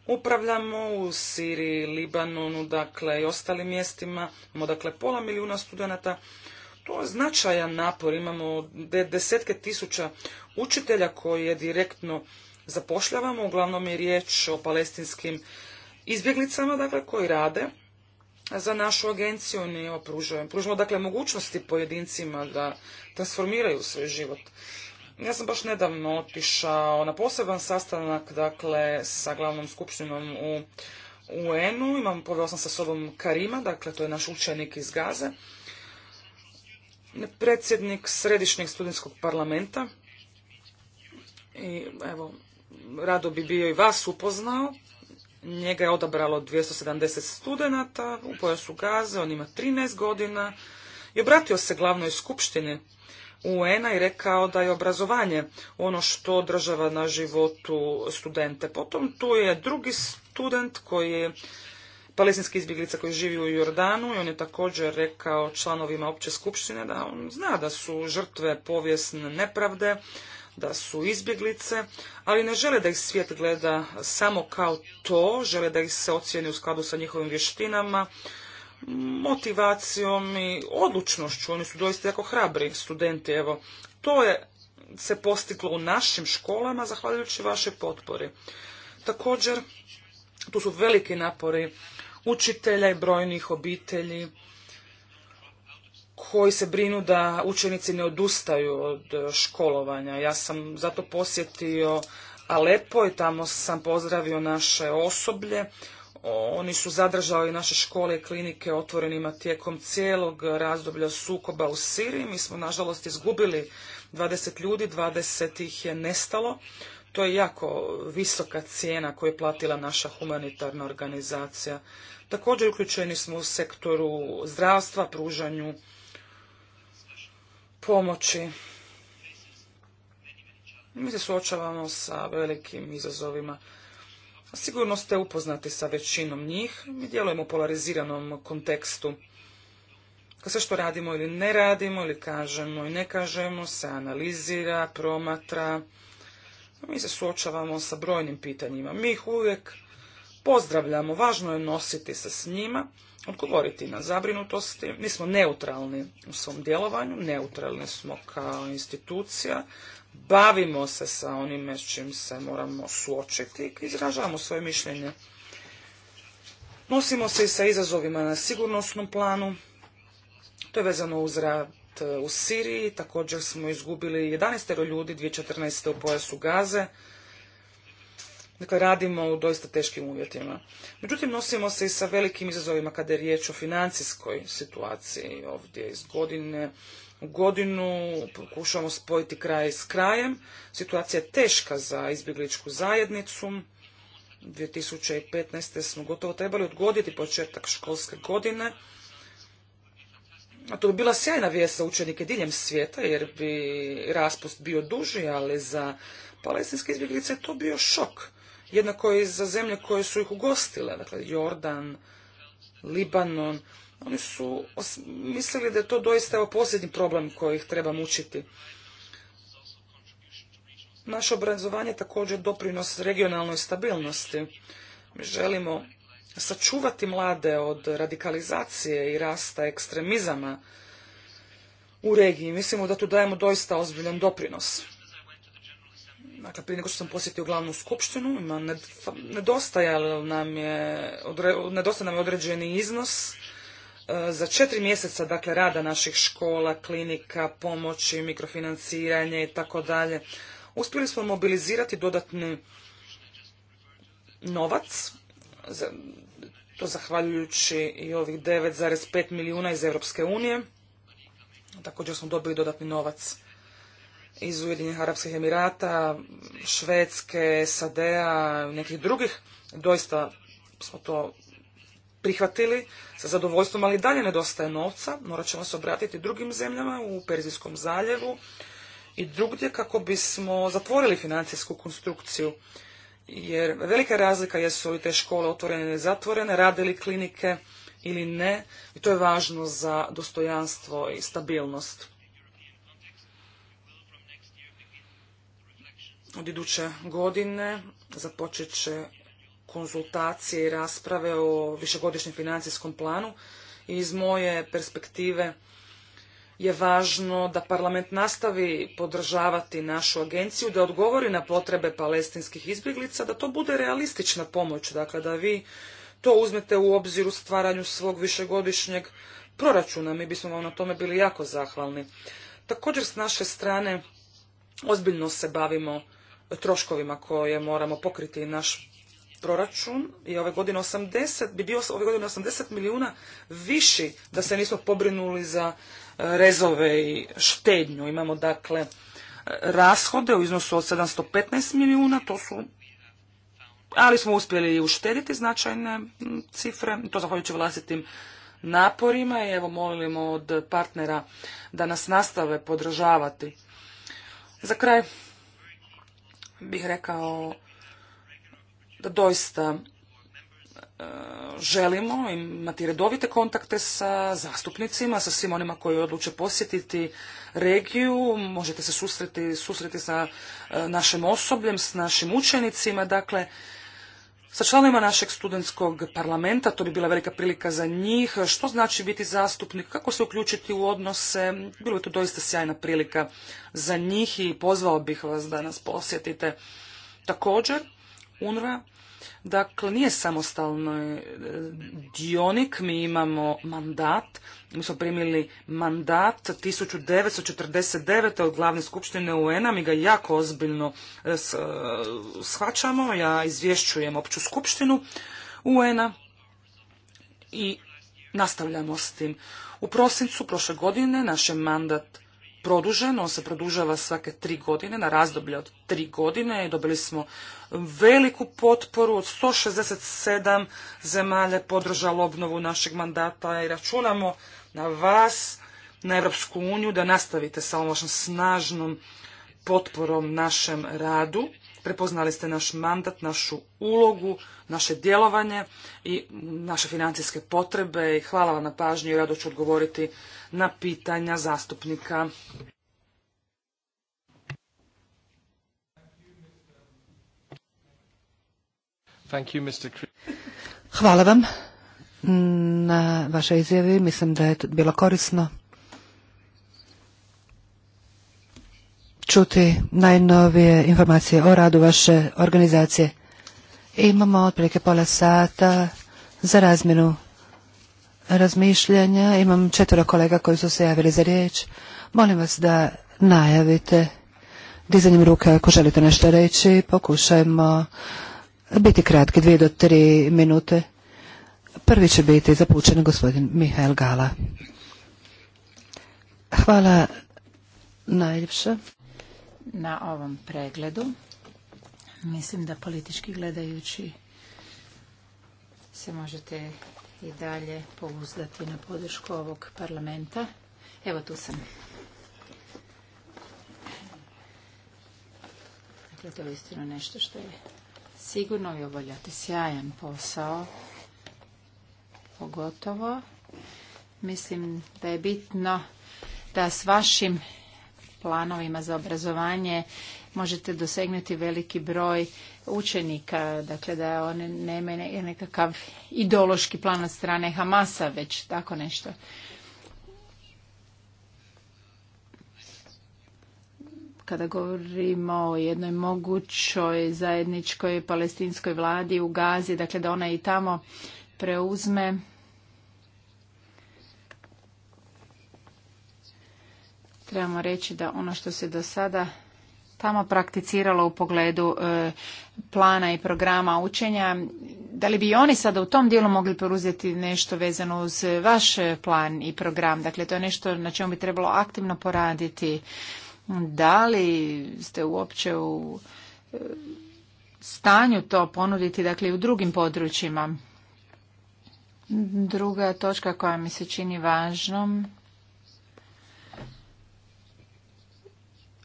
upravljamo u Siriji, Libanonu, dakle i ostalim mjestima. Imamo dakle pola milijuna studenata. To je značajan napor. Imamo desetke tisuća učitelja koje direktno zapošljavamo. Uglavnom je riječ o palestinskim izbjeglicama, dakle, koji rade za našu agenciju ni opružujem. Pružamo dakle mogućnosti pojedincima da transformiraju svoj život. Ja sam baš nedavno otišao na poseban sastanak dakle sa glavnom skupštinom u UN-u. Imam, poveo sam sa sobom Karima, dakle to je naš učenik iz Gaze. Predsjednik Središnjeg studentskog parlamenta. I evo, rado bi bio i vas upoznao. Njega je odabralo 270 studenata u pojasu Gaze, on ima 13 godina i obratio se glavnoj skupštini UN-a i rekao da je obrazovanje ono što država na životu studente. Potom tu je drugi student koji je palestinski izbjeglica koji živi u Jordanu i on je također rekao članovima opće skupštine da on zna da su žrtve povijesne nepravde, da su izbjeglice, ali ne žele da ih svijet gleda samo kao to, žele da ih se ocijeni u skladu sa njihovim vještinama, motivacijom i odlučnošću. Oni su doista jako hrabri studenti, evo. To je se postiglo u našim školama zahvaljujući vaše potpori. Također, tu su veliki napori učitelja i brojnih obitelji koji se brinu da učenici ne odustaju od e, školovanja. Ja sam zato posjetio Alepo i tamo sam pozdravio naše osoblje. Oni su zadržali naše škole i klinike otvorenima tijekom cijelog razdoblja sukoba u Siriji. Mi smo nažalost izgubili 20 ljudi, 20 ih je nestalo. To je jako visoka cijena koju je platila naša humanitarna organizacija. Također uključeni smo u sektoru zdravstva, pružanju pomoći. Mi se suočavamo sa velikim izazovima. Sigurno ste upoznati sa većinom njih. Mi djelujemo u polariziranom kontekstu. Sve što radimo ili ne radimo, ili kažemo i ne kažemo, se analizira, promatra. Mi se suočavamo sa brojnim pitanjima. Mi ih uvijek pozdravljamo. Važno je nositi se s njima, odgovoriti na zabrinutosti. Mi smo neutralni u svom djelovanju, neutralni smo kao institucija, bavimo se sa onime s čim se moramo suočiti i izražavamo svoje mišljenje. Nosimo se i sa izazovima na sigurnosnom planu. To je vezano uz rad e, u Siriji. Također smo izgubili 11 ljudi 2014. u pojasu Gaze. Dakle, radimo u doista teškim uvjetima. Međutim, nosimo se i sa velikim izazovima kada je riječ o financijskoj situaciji ovdje iz godine u godinu, pokušamo spojiti kraj s krajem. Situacija je teška za izbjegličku zajednicu. 2015. smo gotovo trebali odgoditi početak školske godine. A to bi bila sjajna vijest za učenike diljem svijeta, jer bi raspust bio duži, ali za palestinske izbjeglice je to bio šok jednako i za zemlje koje su ih ugostile, dakle Jordan, Libanon. Oni su mislili da je to doista evo posljednji problem koji ih treba mučiti. Naše obrazovanje također doprinos regionalnoj stabilnosti. Mi želimo sačuvati mlade od radikalizacije i rasta ekstremizama u regiji. Mislimo da tu dajemo doista ozbiljan doprinos dakle prije nego što sam posjetio glavnu skupštinu, ima nedostajalo nam je, nedostaje nam je određeni iznos e, za četiri mjeseca dakle rada naših škola, klinika, pomoći, mikrofinanciranje i tako dalje. Uspjeli smo mobilizirati dodatni novac, to zahvaljujući i ovih 9,5 milijuna iz Europske unije. Također smo dobili dodatni novac iz Ujedinjenih Arabskih Emirata, Švedske, SAD-a, nekih drugih. Doista smo to prihvatili sa zadovoljstvom, ali dalje nedostaje novca. Morat ćemo se obratiti drugim zemljama u Perzijskom zaljevu i drugdje kako bismo zatvorili financijsku konstrukciju. Jer velika razlika jesu li te škole otvorene ili zatvorene, rade li klinike ili ne. I to je važno za dostojanstvo i stabilnost. od iduće godine započet će konzultacije i rasprave o višegodišnjem financijskom planu i iz moje perspektive je važno da parlament nastavi podržavati našu agenciju, da odgovori na potrebe palestinskih izbjeglica, da to bude realistična pomoć, dakle da vi to uzmete u obzir u stvaranju svog višegodišnjeg proračuna. Mi bismo vam na tome bili jako zahvalni. Također s naše strane ozbiljno se bavimo troškovima koje moramo pokriti naš proračun i ove godine 80, bi bio ove godine 80 milijuna viši da se nismo pobrinuli za e, rezove i štednju. Imamo dakle rashode u iznosu od 715 milijuna, to su ali smo uspjeli i uštediti značajne cifre, to zahvaljujući vlastitim naporima i evo molimo od partnera da nas nastave podržavati. Za kraj bih rekao da doista e, želimo imati redovite kontakte sa zastupnicima, sa svim onima koji odluče posjetiti regiju, možete se susreti, sa e, našim osobljem, s našim učenicima, dakle sa članovima našeg studentskog parlamenta, to bi bila velika prilika za njih, što znači biti zastupnik, kako se uključiti u odnose, bilo je to doista sjajna prilika za njih i pozvao bih vas da nas posjetite. Također, UNRWA Dakle, nije samostalno e, dionik, mi imamo mandat, mi smo primili mandat 1949. od glavne skupštine UN-a, mi ga jako ozbiljno e, e, shvaćamo, ja izvješćujem opću skupštinu UN-a i nastavljamo s tim. U prosincu prošle godine naš je mandat produžen, on se produžava svake tri godine, na razdoblje od tri godine i dobili smo veliku potporu od 167 zemalja podržalo obnovu našeg mandata i računamo na vas, na Europsku uniju da nastavite sa ovom vašom snažnom potporom našem radu prepoznali ste naš mandat, našu ulogu, naše djelovanje i naše financijske potrebe i hvala vam na pažnju. i rado ću odgovoriti na pitanja zastupnika. Hvala vam na vaše izjave. Mislim da je bilo korisno čuti najnovije informacije o radu vaše organizacije. Imamo otprilike pola sata za razmjenu razmišljanja. Imam četvero kolega koji su se javili za riječ. Molim vas da najavite dizanjem ruke ako želite nešto reći. Pokušajmo biti kratki, dvije do tri minute. Prvi će biti zapučen gospodin Mihael Gala. Hvala najljepša na ovom pregledu. Mislim da politički gledajući se možete i dalje pouzdati na podršku ovog parlamenta. Evo tu sam. Dakle, to je istino nešto što je sigurno i oboljate. sjajan posao. Pogotovo mislim da je bitno da s vašim planovima za obrazovanje možete dosegnuti veliki broj učenika, dakle da one nemaju nekakav ideološki plan od strane Hamasa, već tako nešto. kada govorimo o jednoj mogućoj zajedničkoj palestinskoj vladi u Gazi, dakle da ona i tamo preuzme trebamo reći da ono što se do sada tamo prakticiralo u pogledu e, plana i programa učenja. Da li bi oni sada u tom dijelu mogli poruzeti nešto vezano uz vaš plan i program? Dakle, to je nešto na čemu bi trebalo aktivno poraditi. Da li ste uopće u e, stanju to ponuditi, dakle, u drugim područjima? Druga točka koja mi se čini važnom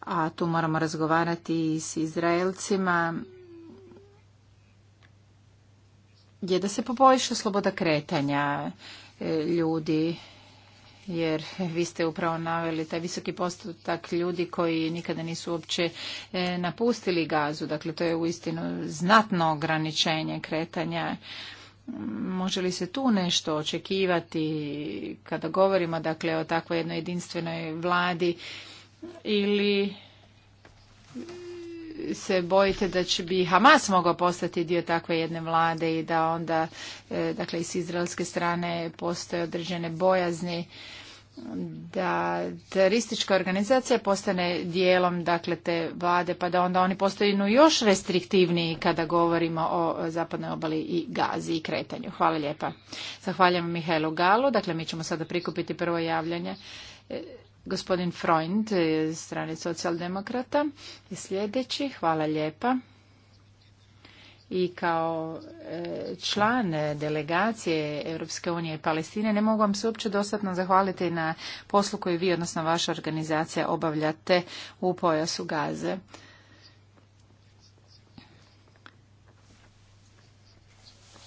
a tu moramo razgovarati i s Izraelcima, je da se poboljša sloboda kretanja e, ljudi jer vi ste upravo naveli taj visoki postotak ljudi koji nikada nisu uopće e, napustili gazu. Dakle, to je uistinu znatno ograničenje kretanja. Može li se tu nešto očekivati kada govorimo dakle o takvoj jednoj jedinstvenoj vladi ili se bojite da će bi Hamas mogao postati dio takve jedne vlade i da onda e, dakle iz s izraelske strane postoje određene bojazni da teroristička organizacija postane dijelom dakle te vlade pa da onda oni postanu još restriktivniji kada govorimo o zapadnoj obali i Gazi i kretanju. Hvala lijepa. Zahvaljujem Mihajlu Galu. Dakle mi ćemo sada prikupiti prvo javljanje. E, Gospodin Freund iz strane socijaldemokrata je sljedeći. Hvala lijepa. I kao e, član delegacije Europske unije i Palestine ne mogu vam se uopće dostatno zahvaliti na poslu koju vi, odnosno vaša organizacija, obavljate u pojasu Gaze.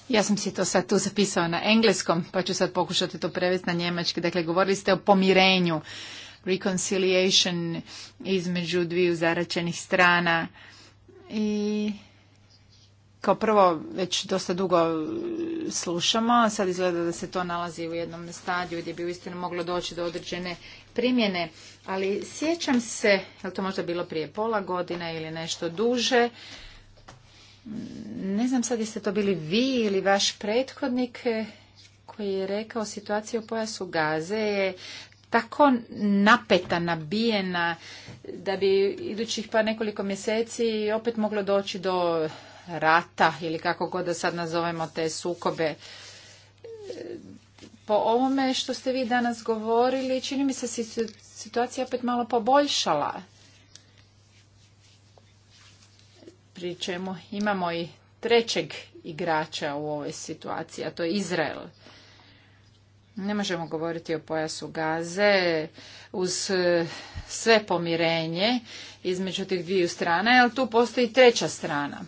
Ja sam si to sad tu zapisao na engleskom, pa ću sad pokušati to prevesti na njemački. Dakle, govorili ste o pomirenju reconciliation između dviju zaračenih strana i kao prvo već dosta dugo slušamo, sad izgleda da se to nalazi u jednom stadiju gdje bi uistinu moglo doći do određene primjene, ali sjećam se, je to možda bilo prije pola godina ili nešto duže, ne znam sad jeste to bili vi ili vaš prethodnik koji je rekao situacija u pojasu Gaze je tako napeta, nabijena, da bi idućih pa nekoliko mjeseci opet moglo doći do rata ili kako god da sad nazovemo te sukobe. E, po ovome što ste vi danas govorili, čini mi se situacija opet malo poboljšala. Pri čemu imamo i trećeg igrača u ovoj situaciji, a to je Izrael. Ne možemo govoriti o pojasu gaze uz e, sve pomirenje između tih dviju strana, jer tu postoji treća strana.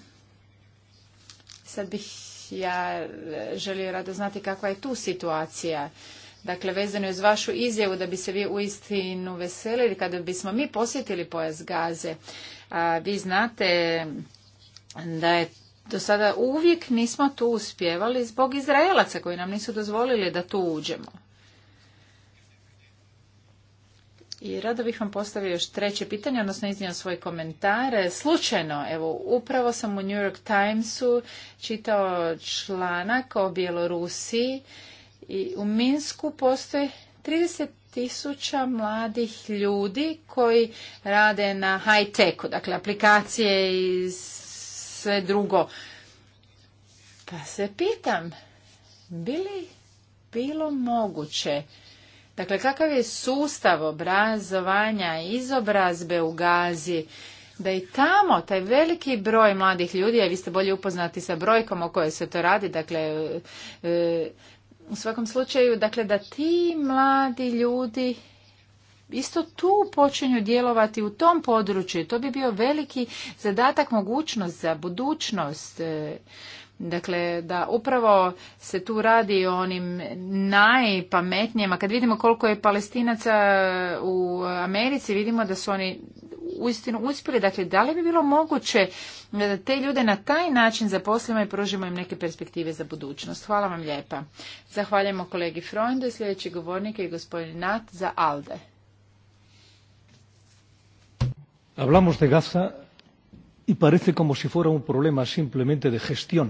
Sad bih ja e, želio rado znati kakva je tu situacija. Dakle, vezano je uz vašu izjavu da bi se vi uistinu veselili kada bismo mi posjetili pojas gaze. vi znate da je do sada uvijek nismo tu uspjevali zbog Izraelaca koji nam nisu dozvolili da tu uđemo. I rado bih vam postavio još treće pitanje, odnosno iznio svoj komentar. Slučajno, evo, upravo sam u New York Timesu čitao članak o Bjelorusiji i u Minsku postoje 30 tisuća mladih ljudi koji rade na high techu, dakle aplikacije iz sve drugo. Pa se pitam, bili bilo moguće Dakle, kakav je sustav obrazovanja i izobrazbe u Gazi, da i tamo taj veliki broj mladih ljudi, a vi ste bolje upoznati sa brojkom o kojoj se to radi, dakle, e, u svakom slučaju, dakle, da ti mladi ljudi isto tu počinju djelovati u tom području. To bi bio veliki zadatak, mogućnost za budućnost. E, dakle, da upravo se tu radi o onim najpametnijima. Kad vidimo koliko je palestinaca u Americi, vidimo da su oni uistinu uspjeli. Dakle, da li bi bilo moguće da te ljude na taj način zaposlimo i pružimo im neke perspektive za budućnost? Hvala vam lijepa. Zahvaljujemo kolegi Freundu. Sljedeći govornik je gospodin Nat za ALDE. Hablamos de Gaza y parece como si fuera un problema simplemente de gestión.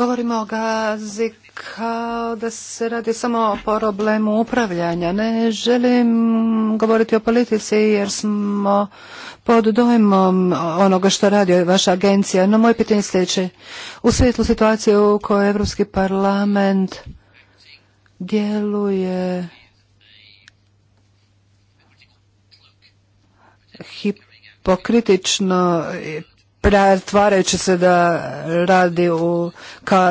Govorimo o Gazi kao da se radi samo o problemu upravljanja. Ne želim govoriti o politici jer smo pod dojmom onoga što radi vaša agencija. No moje pitanje sljedeće. U svjetlu situacije u kojoj Evropski parlament djeluje hipokritično pretvarajući se da radi u,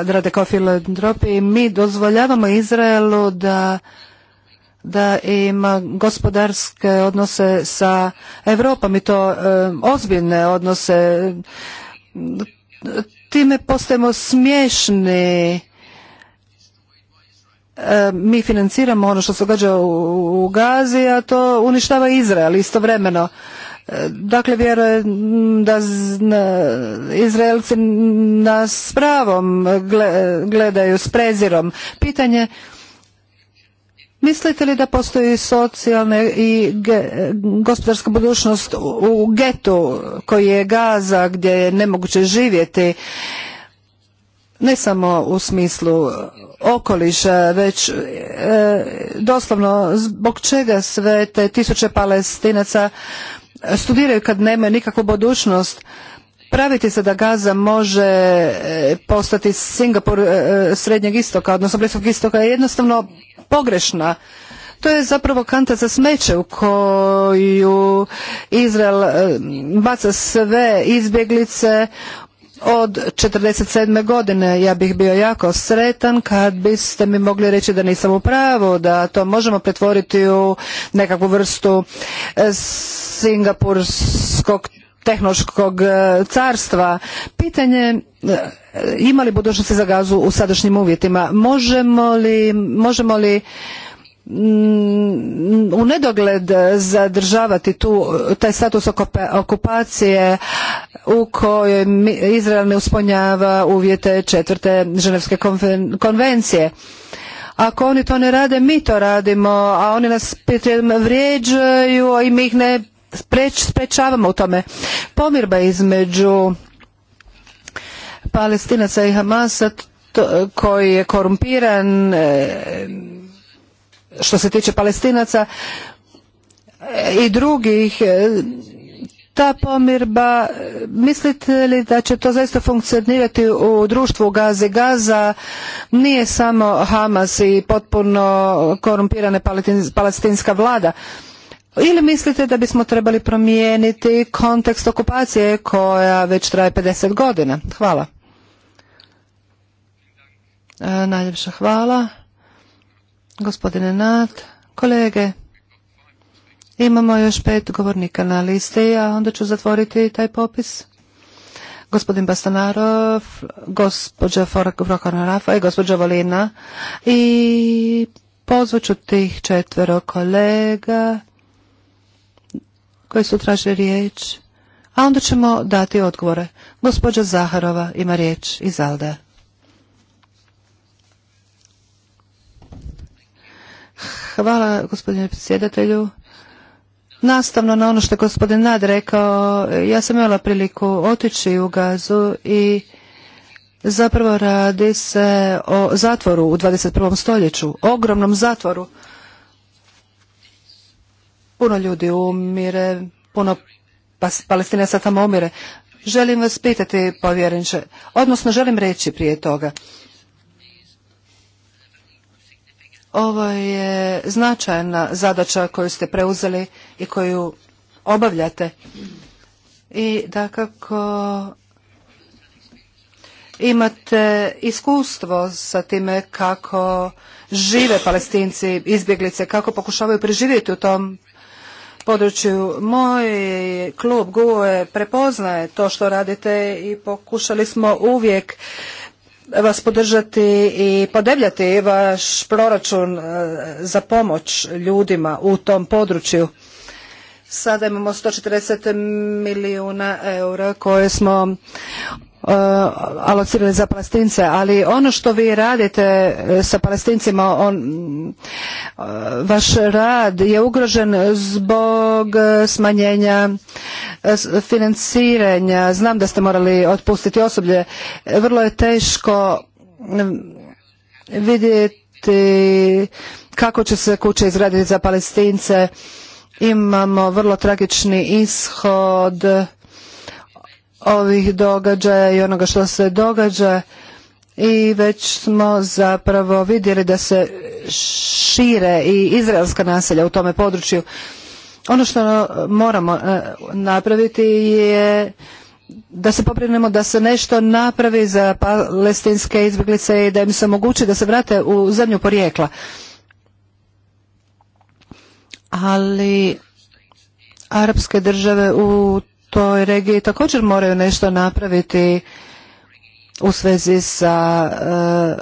rade kao filantropi i mi dozvoljavamo Izraelu da da ima gospodarske odnose sa Europom i to ozbiljne odnose. Time postajemo smiješni E, mi financiramo ono što se događa u Gazi, a to uništava Izrael istovremeno. E, dakle, vjerujem da Izraelci nas s pravom gledaju s prezirom. Pitanje Mislite li da postoji socijalna i gospodarska budućnost u getu koji je Gaza gdje je nemoguće živjeti ne samo u smislu e, okoliša, već e, doslovno zbog čega sve te tisuće palestinaca studiraju kad nemaju nikakvu budućnost. Praviti se da Gaza može e, postati Singapur srednjeg istoka, odnosno bliskog istoka je jednostavno pogrešna. To je zapravo kanta za smeće u koju Izrael baca sve izbjeglice od 47. godine. Ja bih bio jako sretan kad biste mi mogli reći da nisam u pravu, da to možemo pretvoriti u nekakvu vrstu e, singapurskog tehnološkog e, carstva. Pitanje e, ima li budućnosti za gazu u sadašnjim uvjetima? Možemo li, možemo li Mm, u nedogled zadržavati tu, taj status okupacije u kojoj Izrael ne usponjava uvjete četvrte ženevske konvencije. Ako oni to ne rade, mi to radimo, a oni nas vrijeđaju i mi ih ne sprečavamo u tome. Pomirba između Palestinaca i Hamasa koji je korumpiran e, što se tiče palestinaca e, i drugih e, ta pomirba, e, mislite li da će to zaista funkcionirati u društvu Gaze? Gaza nije samo Hamas i potpuno korumpirana palestinska vlada. Ili mislite da bismo trebali promijeniti kontekst okupacije koja već traje 50 godina? Hvala. najljepša hvala gospodine Nat, kolege. Imamo još pet govornika na listi, a onda ću zatvoriti taj popis. Gospodin Bastanarov, gospođa Rafa i gospođa Volina. I pozvaću tih četvero kolega koji su tražili riječ, a onda ćemo dati odgovore. Gospođa Zaharova ima riječ iz Alda. Hvala gospodine predsjedatelju. Nastavno na ono što je gospodin Nad rekao, ja sam imala priliku otići u gazu i zapravo radi se o zatvoru u 21. stoljeću, ogromnom zatvoru. Puno ljudi umire, puno sad tamo umire. Želim vas pitati, povjerenče, odnosno želim reći prije toga. Ovo je značajna zadaća koju ste preuzeli i koju obavljate. I da kako imate iskustvo sa time kako žive palestinci, izbjeglice, kako pokušavaju preživjeti u tom području. Moj klub GUE prepoznaje to što radite i pokušali smo uvijek vas podržati i podebljati vaš proračun e, za pomoć ljudima u tom području Sada imamo 140 milijuna eura koje smo e, alocirali za palestince, ali ono što vi radite e, sa palestincima, on, e, vaš rad je ugrožen zbog smanjenja financiranja. Znam da ste morali otpustiti osoblje. Vrlo je teško vidjeti kako će se kuće izgraditi za palestince Imamo vrlo tragični ishod ovih događaja i onoga što se događa i već smo zapravo vidjeli da se šire i izraelska naselja u tome području. Ono što moramo e, napraviti je da se pobrinemo da se nešto napravi za palestinske izbjeglice i da im se omogući da se vrate u zemlju porijekla ali arapske države u toj regiji također moraju nešto napraviti u svezi sa e,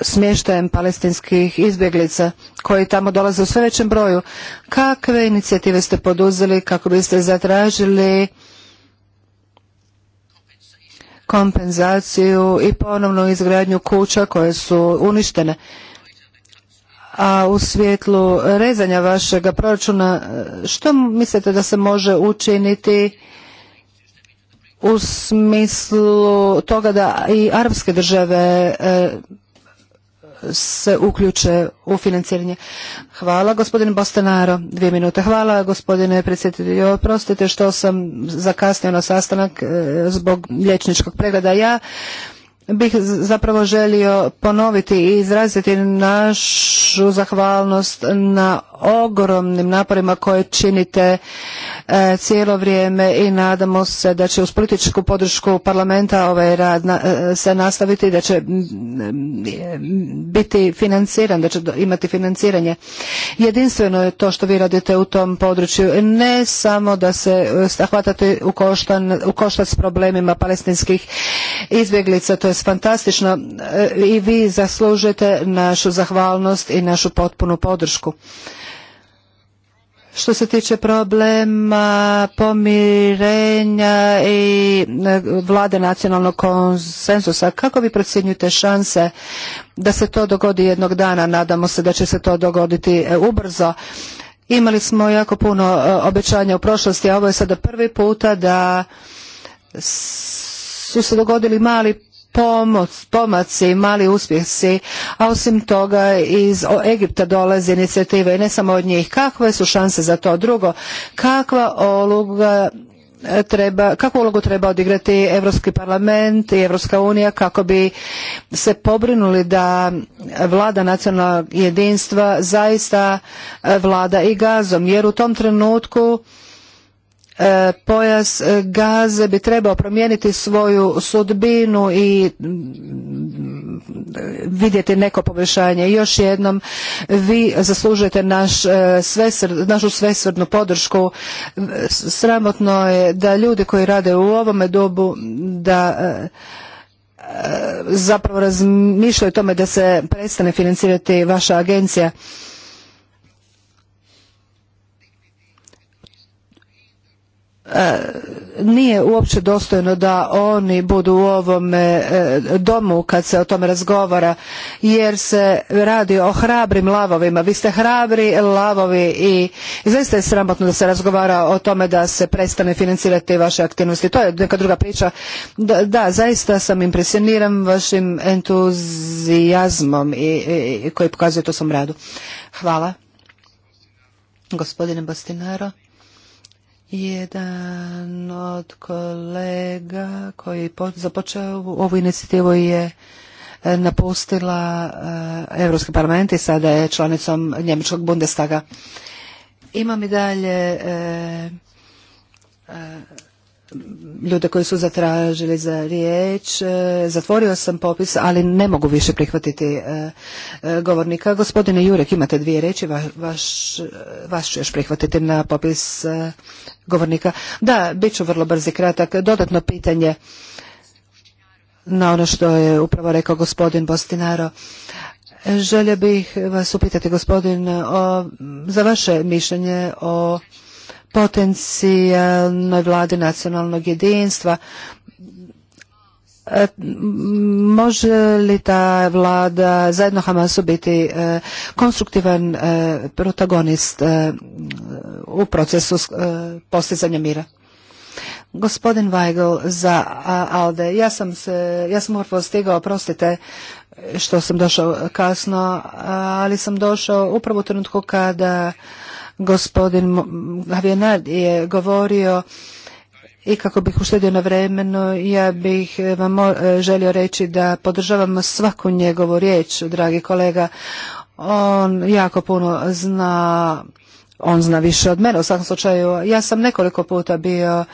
smještajem palestinskih izbjeglica koji tamo dolaze u sve većem broju. Kakve inicijative ste poduzeli kako biste zatražili kompenzaciju i ponovnu izgradnju kuća koje su uništene? a u svjetlu rezanja vašeg proračuna što mislite da se može učiniti u smislu toga da i arapske države e, se uključe u financiranje. Hvala gospodine Bostanaro, dvije minute. Hvala gospodine predsjedatelju. Oprostite što sam zakasnio na sastanak e, zbog lječničkog pregleda. Ja bih zapravo želio ponoviti i izraziti našu zahvalnost na ogromnim naporima koje činite e, cijelo vrijeme i nadamo se da će uz političku podršku parlamenta ovaj rad e, se nastaviti da će biti financiran, da će imati financiranje. Jedinstveno je to što vi radite u tom području. Ne samo da se e, hvatate u, u koštac s problemima palestinskih izbjeglica, to je fantastično e, i vi zaslužujete našu zahvalnost i našu potpunu podršku. Što se tiče problema pomirenja i e, vlade nacionalnog konsensusa, kako vi procjenjujete šanse da se to dogodi jednog dana? Nadamo se da će se to dogoditi e, ubrzo. Imali smo jako puno obećanja u prošlosti, a ovo je sada prvi puta da su se dogodili mali pomaci, mali uspjesi, a osim toga iz Egipta dolaze inicijative i ne samo od njih. Kakve su šanse za to? Drugo, kakva uloga e, treba, kakvu ulogu treba odigrati Europski parlament i Evropska unija kako bi se pobrinuli da vlada nacionalnog jedinstva zaista e, vlada i gazom, jer u tom trenutku E, pojas e, Gaze bi trebao promijeniti svoju sudbinu i mm, vidjeti neko poboljšanje. Još jednom, vi zaslužujete naš, e, svesr, našu svesrdnu podršku. Sramotno je da ljudi koji rade u ovome dobu da zapravo razmišljaju o tome da se prestane financirati vaša agencija. nije uopće dostojno da oni budu u ovom e, domu kad se o tome razgovara jer se radi o hrabrim lavovima. Vi ste hrabri lavovi i, zaista je sramotno da se razgovara o tome da se prestane financirati vaše aktivnosti. To je neka druga priča. Da, zaista sam impresioniran vašim entuzijazmom i, koji pokazuje to svom radu. Hvala. Gospodine Bastinaro. Jedan od kolega koji je započeo ovu inicijativu je e, napustila e, Europski parlament i sada je članicom Njemačkog Bundestaga. Imam i dalje e, ljude koji su zatražili za riječ. E, zatvorio sam popis, ali ne mogu više prihvatiti e, e, govornika. Gospodine Jurek, imate dvije riječi, vas ću još prihvatiti na popis govornika. Da, bit ću vrlo brzi kratak. Dodatno pitanje na ono što je upravo rekao gospodin Bostinaro. Želio bih vas upitati gospodin o, za vaše mišljenje o potencijalnoj vladi nacionalnog jedinstva. E, može li ta vlada zajedno Hamasu biti e, konstruktivan e, protagonist u procesu postizanja mira? Gospodin Weigl za Alde. Ja sam se, ja sam stigao, prostite što sam došao kasno, ali sam došao upravo u trenutku kada Gospodin Havjanard je govorio i kako bih uštedio na vremenu, ja bih eh, vam eh, želio reći da podržavamo svaku njegovu riječ, dragi kolega. On jako puno zna, on zna više od mene u svakom slučaju. Ja sam nekoliko puta bio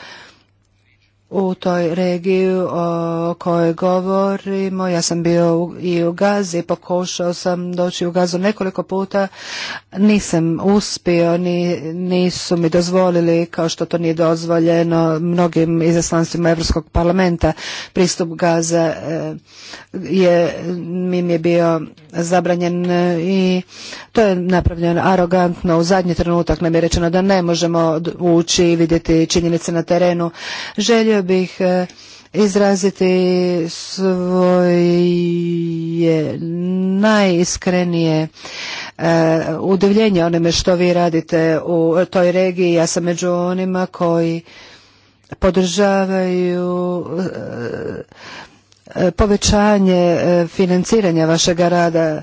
u toj regiji o kojoj govorimo. Ja sam bio i u Gazi, pokušao sam doći u Gazu nekoliko puta, nisam uspio, ni, nisu mi dozvolili, kao što to nije dozvoljeno mnogim izaslanstvima Europskog parlamenta. Pristup Gaza eh, je, mi je bio zabranjen i to je napravljeno arogantno. U zadnji trenutak nam je rečeno da ne možemo ući i vidjeti činjenice na terenu. želje Želio bih e, izraziti svoje najiskrenije e, udivljenje onome što vi radite u toj regiji. Ja sam među onima koji podržavaju e, povećanje financiranja vašeg rada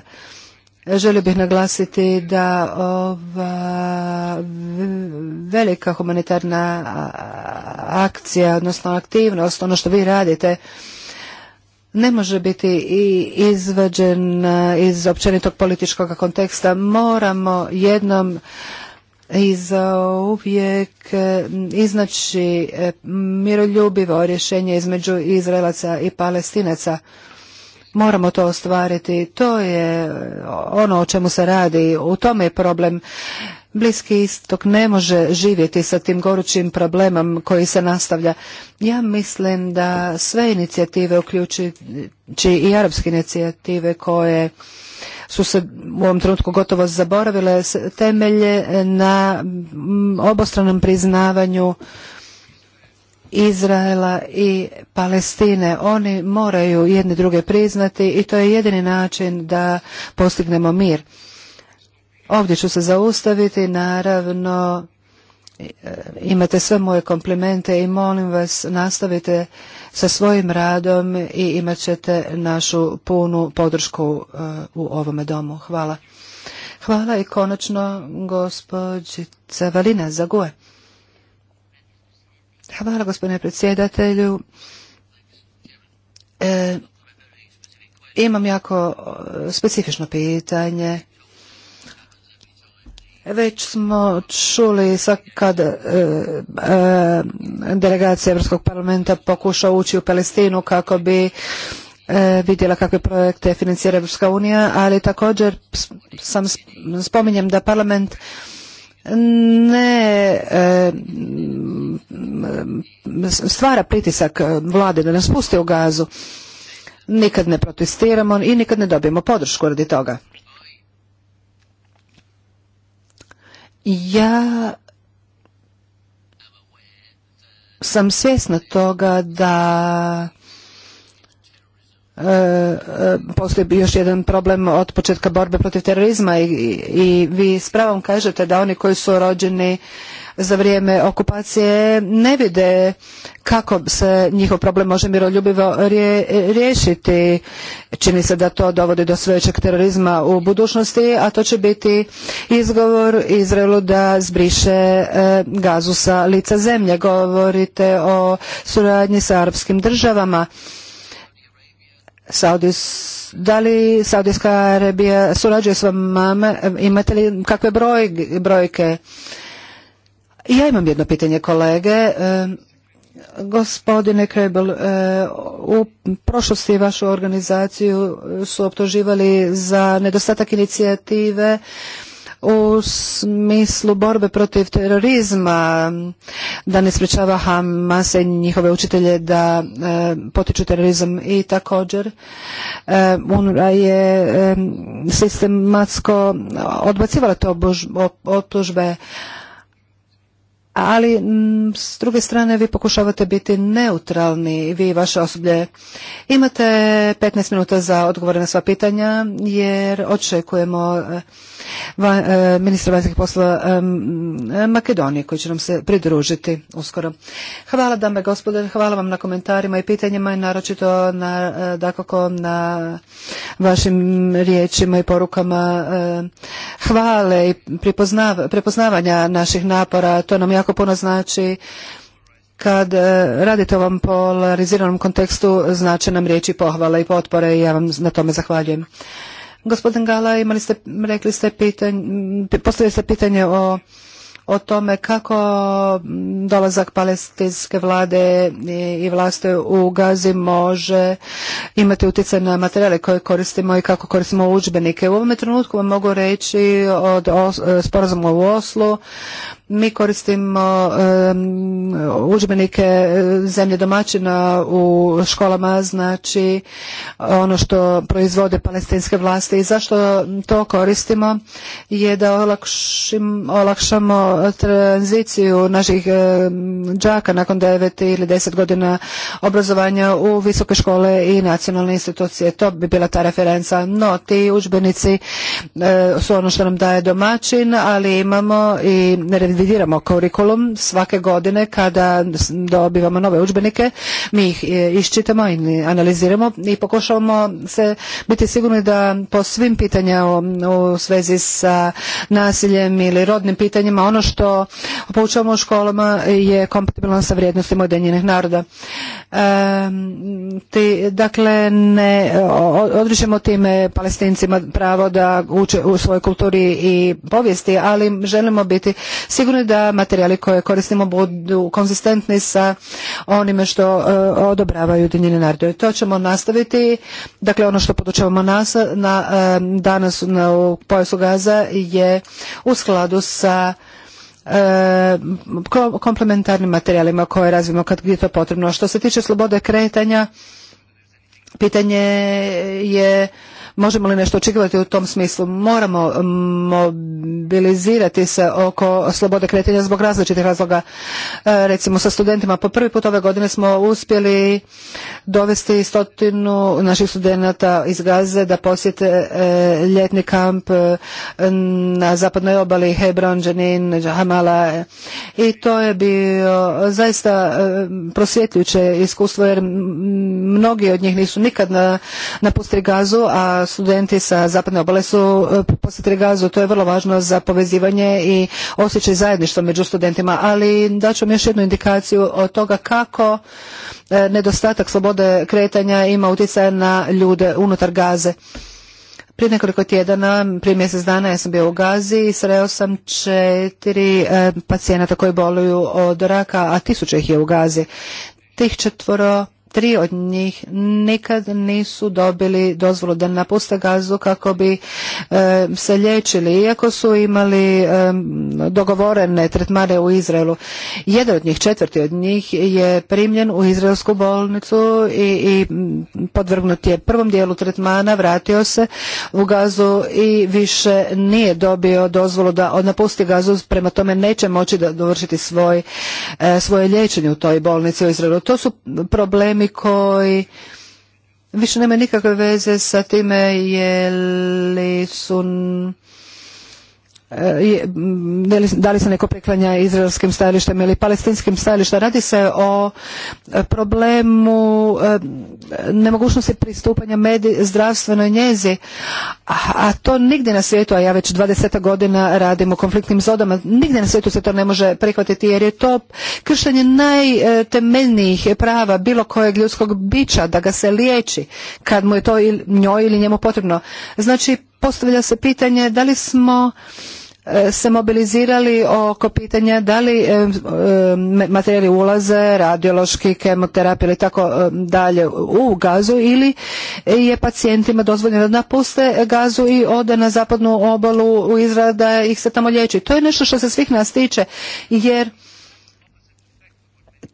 Želio bih naglasiti da ova velika humanitarna akcija, odnosno aktivnost, ono što vi radite, ne može biti i izvađen iz općenitog političkog konteksta. Moramo jednom i za uvijek mm, iznaći eh, miroljubivo rješenje između Izraelaca i Palestinaca moramo to ostvariti. To je ono o čemu se radi. U tome je problem. Bliski istok ne može živjeti sa tim gorućim problemom koji se nastavlja. Ja mislim da sve inicijative, uključujući i arapske inicijative koje su se u ovom trenutku gotovo zaboravile temelje na obostranom priznavanju Izraela i Palestine. Oni moraju jedne druge priznati i to je jedini način da postignemo mir. Ovdje ću se zaustaviti, naravno e, imate sve moje komplimente i molim vas nastavite sa svojim radom i imat ćete našu punu podršku e, u ovome domu. Hvala. Hvala i konačno gospođica Valina Zagoje. Hvala gospodine predsjedatelju. E, imam jako e, specifično pitanje. Već smo čuli sa kad e, delegacija Europskog parlamenta pokuša ući u Palestinu kako bi vidjela kakve projekte financira Europska unija, ali također sam spominjem da parlament ne e, stvara pritisak vlade da nas pusti u gazu. Nikad ne protestiramo i nikad ne dobijemo podršku radi toga. Ja sam svjesna toga da E, e, postoji još jedan problem od početka borbe protiv terorizma i, vi s pravom kažete da oni koji su rođeni za vrijeme okupacije ne vide kako se njihov problem može miroljubivo riješiti. Čini se da to dovodi do svećeg terorizma u budućnosti, a to će biti izgovor Izraelu da zbriše e, gazu sa lica zemlje. Govorite o suradnji sa arapskim državama da li Saudijska Arabija surađuje s vama, imate li kakve brojke? Ja imam jedno pitanje kolege. E, gospodine Krebel, e, u prošlosti vašu organizaciju su optuživali za nedostatak inicijative u smislu borbe protiv terorizma, da ne sprečava Hamas i njihove učitelje da e, potiču terorizam i također e, je e, sistematsko odbacivala te optužbe ali s druge strane vi pokušavate biti neutralni, vi i vaše osoblje. Imate 15 minuta za odgovore na sva pitanja, jer očekujemo eh, eh, ministra vanjskih posla eh, Makedonije koji će nam se pridružiti uskoro. Hvala dame gospode, hvala vam na komentarima i pitanjima i naročito na, dakako na vašim riječima i porukama hvale i prepoznavanja naših napora. To nam jako jako puno znači kad e, radite o ovom polariziranom kontekstu znači nam riječi pohvala i potpore i ja vam na tome zahvaljujem. Gospodin Gala, imali ste, rekli ste pitanje, postavili ste pitanje o o tome kako dolazak palestinske vlade i vlasti u Gazi može imati utjecaj na materijale koje koristimo i kako koristimo udžbenike. U ovome trenutku vam mogu reći od e, sporazuma u Oslu mi koristimo uđbenike e, zemlje domaćina u školama, znači ono što proizvode palestinske vlasti i zašto to koristimo je da olakšamo tranziciju naših džaka nakon 9 ili 10 godina obrazovanja u visoke škole i nacionalne institucije. To bi bila ta referenca. No, ti udžbenici e, su ono što nam daje domaćin, ali imamo i revidiramo kurikulum svake godine kada dobivamo nove udžbenike, mi ih e, iščitamo i analiziramo i pokušavamo se biti sigurni da po svim pitanjima u svezi sa nasiljem ili rodnim pitanjima ono što poučavamo u školama je kompatibilno sa vrijednostima Ujedinjenih naroda. ti, dakle, ne odričemo time palestincima pravo da uče u svojoj kulturi i povijesti, ali želimo biti sigurni sigurni da materijali koje koristimo budu konzistentni sa onime što e, odobravaju dinjene narode. To ćemo nastaviti. Dakle, ono što podučavamo na, e, danas na, u pojasu Gaza je u skladu sa e, komplementarnim materijalima koje razvijemo kad je to potrebno. Što se tiče slobode kretanja, pitanje je možemo li nešto očekivati u tom smislu? Moramo mobilizirati se oko slobode kretanja zbog različitih razloga. E, recimo sa studentima po prvi put ove godine smo uspjeli dovesti stotinu naših studenata iz Gaze da posjete e, ljetni kamp e, na zapadnoj obali Hebron, Dženin, Hamala i to je bio zaista prosvjetljuće iskustvo jer mnogi od njih nisu nikad napustili Gazu, a studenti sa zapadne obale su e, posjetili gazu. To je vrlo važno za povezivanje i osjećaj zajedništva među studentima. Ali daću vam još jednu indikaciju od toga kako e, nedostatak slobode kretanja ima utjecaja na ljude unutar gaze. Prije nekoliko tjedana, prije mjesec dana ja sam bio u Gazi i sreo sam četiri e, pacijenata koji boluju od raka, a tisuće ih je u Gazi. Tih četvoro Tri od njih nikad nisu dobili dozvolu da napuste gazu kako bi e, se liječili, iako su imali e, dogovorene tretmane u Izraelu. Jedan od njih, četvrti od njih, je primljen u izraelsku bolnicu i, i podvrgnut je prvom dijelu tretmana, vratio se u gazu i više nije dobio dozvolu da napusti gazu, prema tome neće moći da dovršiti svoj, e, svoje liječenje u toj bolnici u Izraelu. To su problemi oni koji više nema nikakve veze sa time je li su E, da li se neko preklanja izraelskim stajalištem ili palestinskim stajalištem. Radi se o e, problemu e, nemogućnosti pristupanja zdravstvenoj njezi, a, to nigdje na svijetu, a ja već 20 godina radim u konfliktnim zodama, nigdje na svijetu se to ne može prihvatiti jer je to kršenje najtemeljnijih prava bilo kojeg ljudskog bića da ga se liječi kad mu je to njoj ili njemu potrebno. Znači postavlja se pitanje da li smo se mobilizirali oko pitanja da li e, e, materijali ulaze, radiološki, kemoterapija ili tako e, dalje u gazu ili je pacijentima dozvoljeno da napuste gazu i ode na zapadnu obalu u Izrael da ih se tamo liječi. To je nešto što se svih nas tiče jer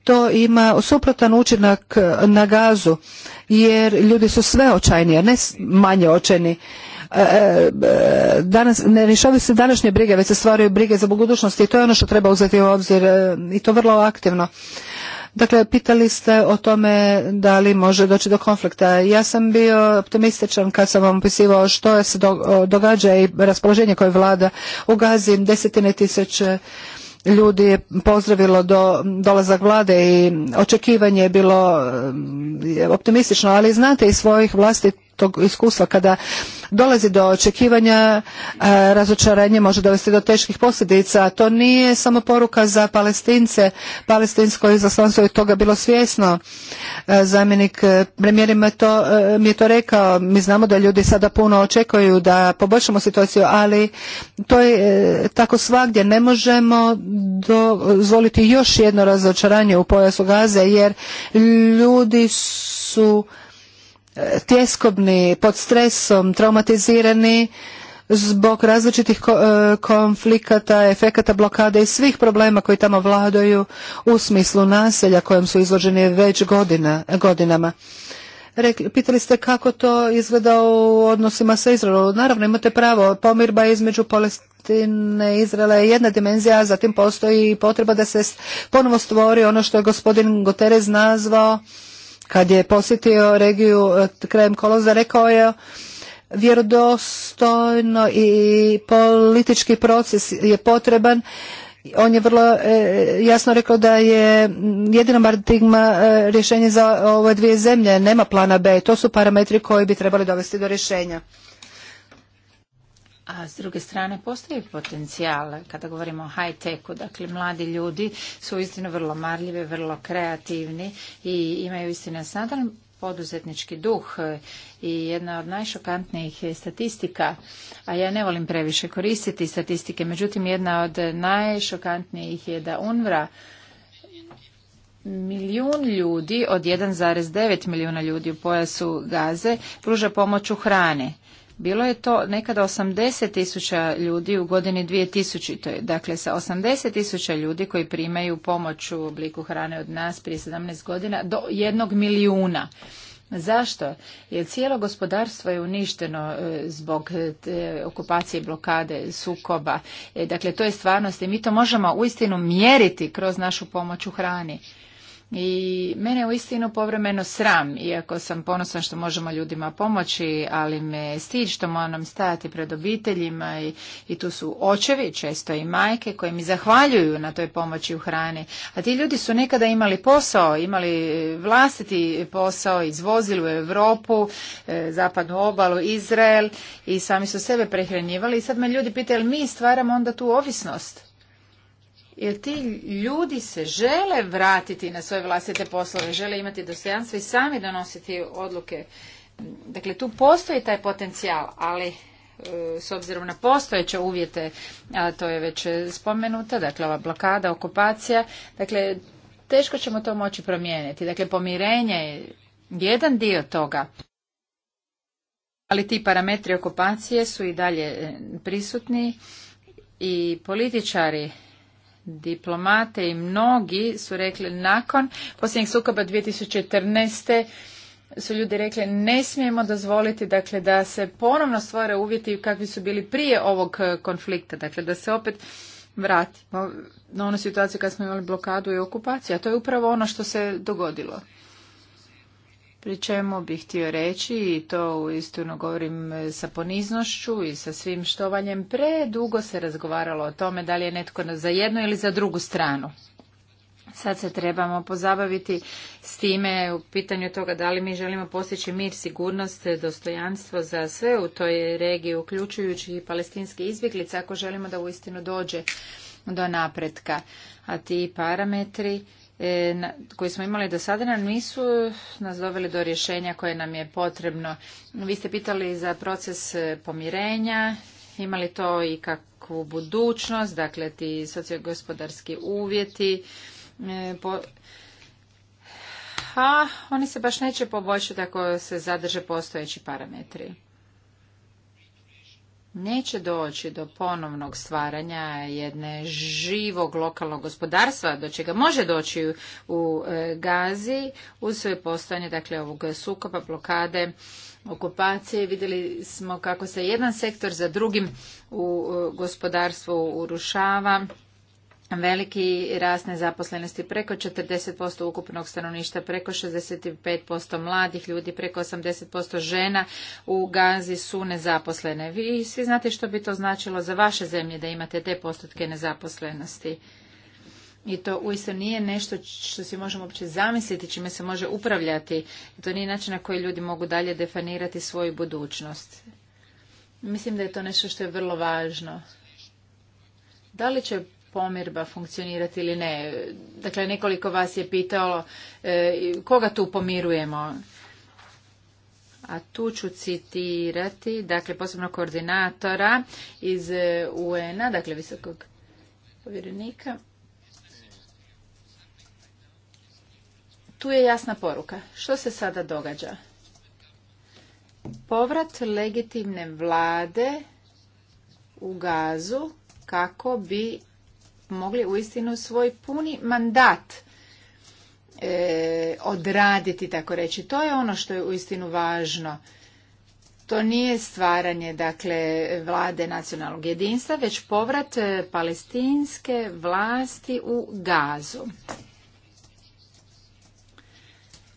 to ima suprotan učinak na gazu jer ljudi su sve očajni, a ne manje očajni E, e, e, ne rješavaju se današnje brige, već se stvaraju brige za budućnost i to je ono što treba uzeti u obzir i to vrlo aktivno. Dakle, pitali ste o tome da li može doći do konflikta. Ja sam bio optimističan kad sam vam opisivao što se događa i raspoloženje koje vlada u Gazi. Desetine tisuće ljudi je pozdravilo do dolazak vlade i očekivanje je bilo optimistično, ali znate iz svojih vlastitih tog iskustva kada dolazi do očekivanja e, razočaranje može dovesti do teških posljedica to nije samo poruka za palestince palestinsko izaslanstvo je toga bilo svjesno e, zamjenik e, premijer mi je to, to rekao mi znamo da ljudi sada puno očekuju da poboljšamo situaciju ali to je tako svagdje ne možemo dozvoliti još jedno razočaranje u pojasu gaze jer ljudi su E, tjeskobni, pod stresom, traumatizirani zbog različitih e, konflikata, efekata blokade i svih problema koji tamo vladaju u smislu naselja kojem su izloženi već godina, godinama. pitali ste kako to izgleda u odnosima sa Izraelom. Naravno, imate pravo, pomirba između Palestine i Izraela je jedna dimenzija, a zatim postoji potreba da se ponovo stvori ono što je gospodin Goterez nazvao kad je posjetio regiju e, krajem koloza, rekao je vjerodostojno i politički proces je potreban. On je vrlo e, jasno rekao da je jedina paradigma e, rješenje za ove dvije zemlje, nema plana B. To su parametri koji bi trebali dovesti do rješenja a s druge strane postoji potencijal kada govorimo o high techu, dakle mladi ljudi su istinu vrlo marljivi, vrlo kreativni i imaju istina snadan poduzetnički duh i jedna od najšokantnijih statistika, a ja ne volim previše koristiti statistike, međutim jedna od najšokantnijih je da UNVRA milijun ljudi od 1,9 milijuna ljudi u pojasu gaze pruža pomoć u hrani. Bilo je to nekada 80 tisuća ljudi u godini 2000. Dakle, sa 80 tisuća ljudi koji primaju pomoć u obliku hrane od nas prije 17 godina do jednog milijuna. Zašto? Jer cijelo gospodarstvo je uništeno e, zbog e, okupacije, blokade, sukoba. E, dakle, to je stvarnost i mi to možemo uistinu mjeriti kroz našu pomoć u hrani. I mene u istinu povremeno sram, iako sam ponosan što možemo ljudima pomoći, ali me stid što moram stajati pred obiteljima i, i tu su očevi, često i majke, koje mi zahvaljuju na toj pomoći u hrani. A ti ljudi su nekada imali posao, imali vlastiti posao, izvozili u Europu, e, zapadnu obalu, Izrael i sami su sebe prehranjivali i sad me ljudi pitaju, jel mi stvaramo onda tu ovisnost? jer ti ljudi se žele vratiti na svoje vlastite poslove, žele imati dostojanstvo i sami donositi odluke. Dakle, tu postoji taj potencijal, ali e, s obzirom na postojeće uvjete, a to je već spomenuta, dakle ova blokada, okupacija, dakle teško ćemo to moći promijeniti. Dakle, pomirenje je jedan dio toga. Ali ti parametri okupacije su i dalje e, prisutni i političari diplomate i mnogi su rekli nakon posljednjeg sukoba 2014 su ljudi rekli ne smijemo dozvoliti dakle da se ponovno stvore uvjeti kakvi su bili prije ovog eh, konflikta, dakle da se opet vratimo na onu situaciju kad smo imali blokadu i okupaciju, a to je upravo ono što se dogodilo pri čemu bih htio reći i to uistinu govorim sa poniznošću i sa svim štovanjem. Predugo se razgovaralo o tome da li je netko za jednu ili za drugu stranu. Sad se trebamo pozabaviti s time u pitanju toga da li mi želimo postići mir, sigurnost, dostojanstvo za sve u toj regiji, uključujući i palestinske izbjeglice, ako želimo da uistinu dođe do napretka. A ti parametri E, koji smo imali do sada nam nisu nas doveli do rješenja koje nam je potrebno. Vi ste pitali za proces e, pomirenja, imali to i kakvu budućnost, dakle ti sociogospodarski uvjeti. E, a oni se baš neće poboljšati ako se zadrže postojeći parametri neće doći do ponovnog stvaranja jedne živog lokalnog gospodarstva do čega može doći u e, Gazi uz svoje postojanje dakle ovog sukoba blokade okupacije vidjeli smo kako se jedan sektor za drugim u e, gospodarstvu urušava veliki rast nezaposlenosti preko 40% ukupnog stanovništva, preko 65% mladih ljudi, preko 80% žena u Gazi su nezaposlene. Vi svi znate što bi to značilo za vaše zemlje da imate te postotke nezaposlenosti. I to uistinu nije nešto što si možemo uopće zamisliti, čime se može upravljati. to nije način na koji ljudi mogu dalje definirati svoju budućnost. Mislim da je to nešto što je vrlo važno. Da li će pomirba funkcionirati ili ne. Dakle, nekoliko vas je pitalo e, koga tu pomirujemo. A tu ću citirati, dakle, posebno koordinatora iz e, UN-a, dakle, visokog povjerenika. Tu je jasna poruka. Što se sada događa? Povrat legitimne vlade u gazu kako bi mogli uistinu svoj puni mandat e, odraditi, tako reći. To je ono što je uistinu važno. To nije stvaranje dakle, vlade nacionalnog jedinstva, već povrat e, palestinske vlasti u gazu.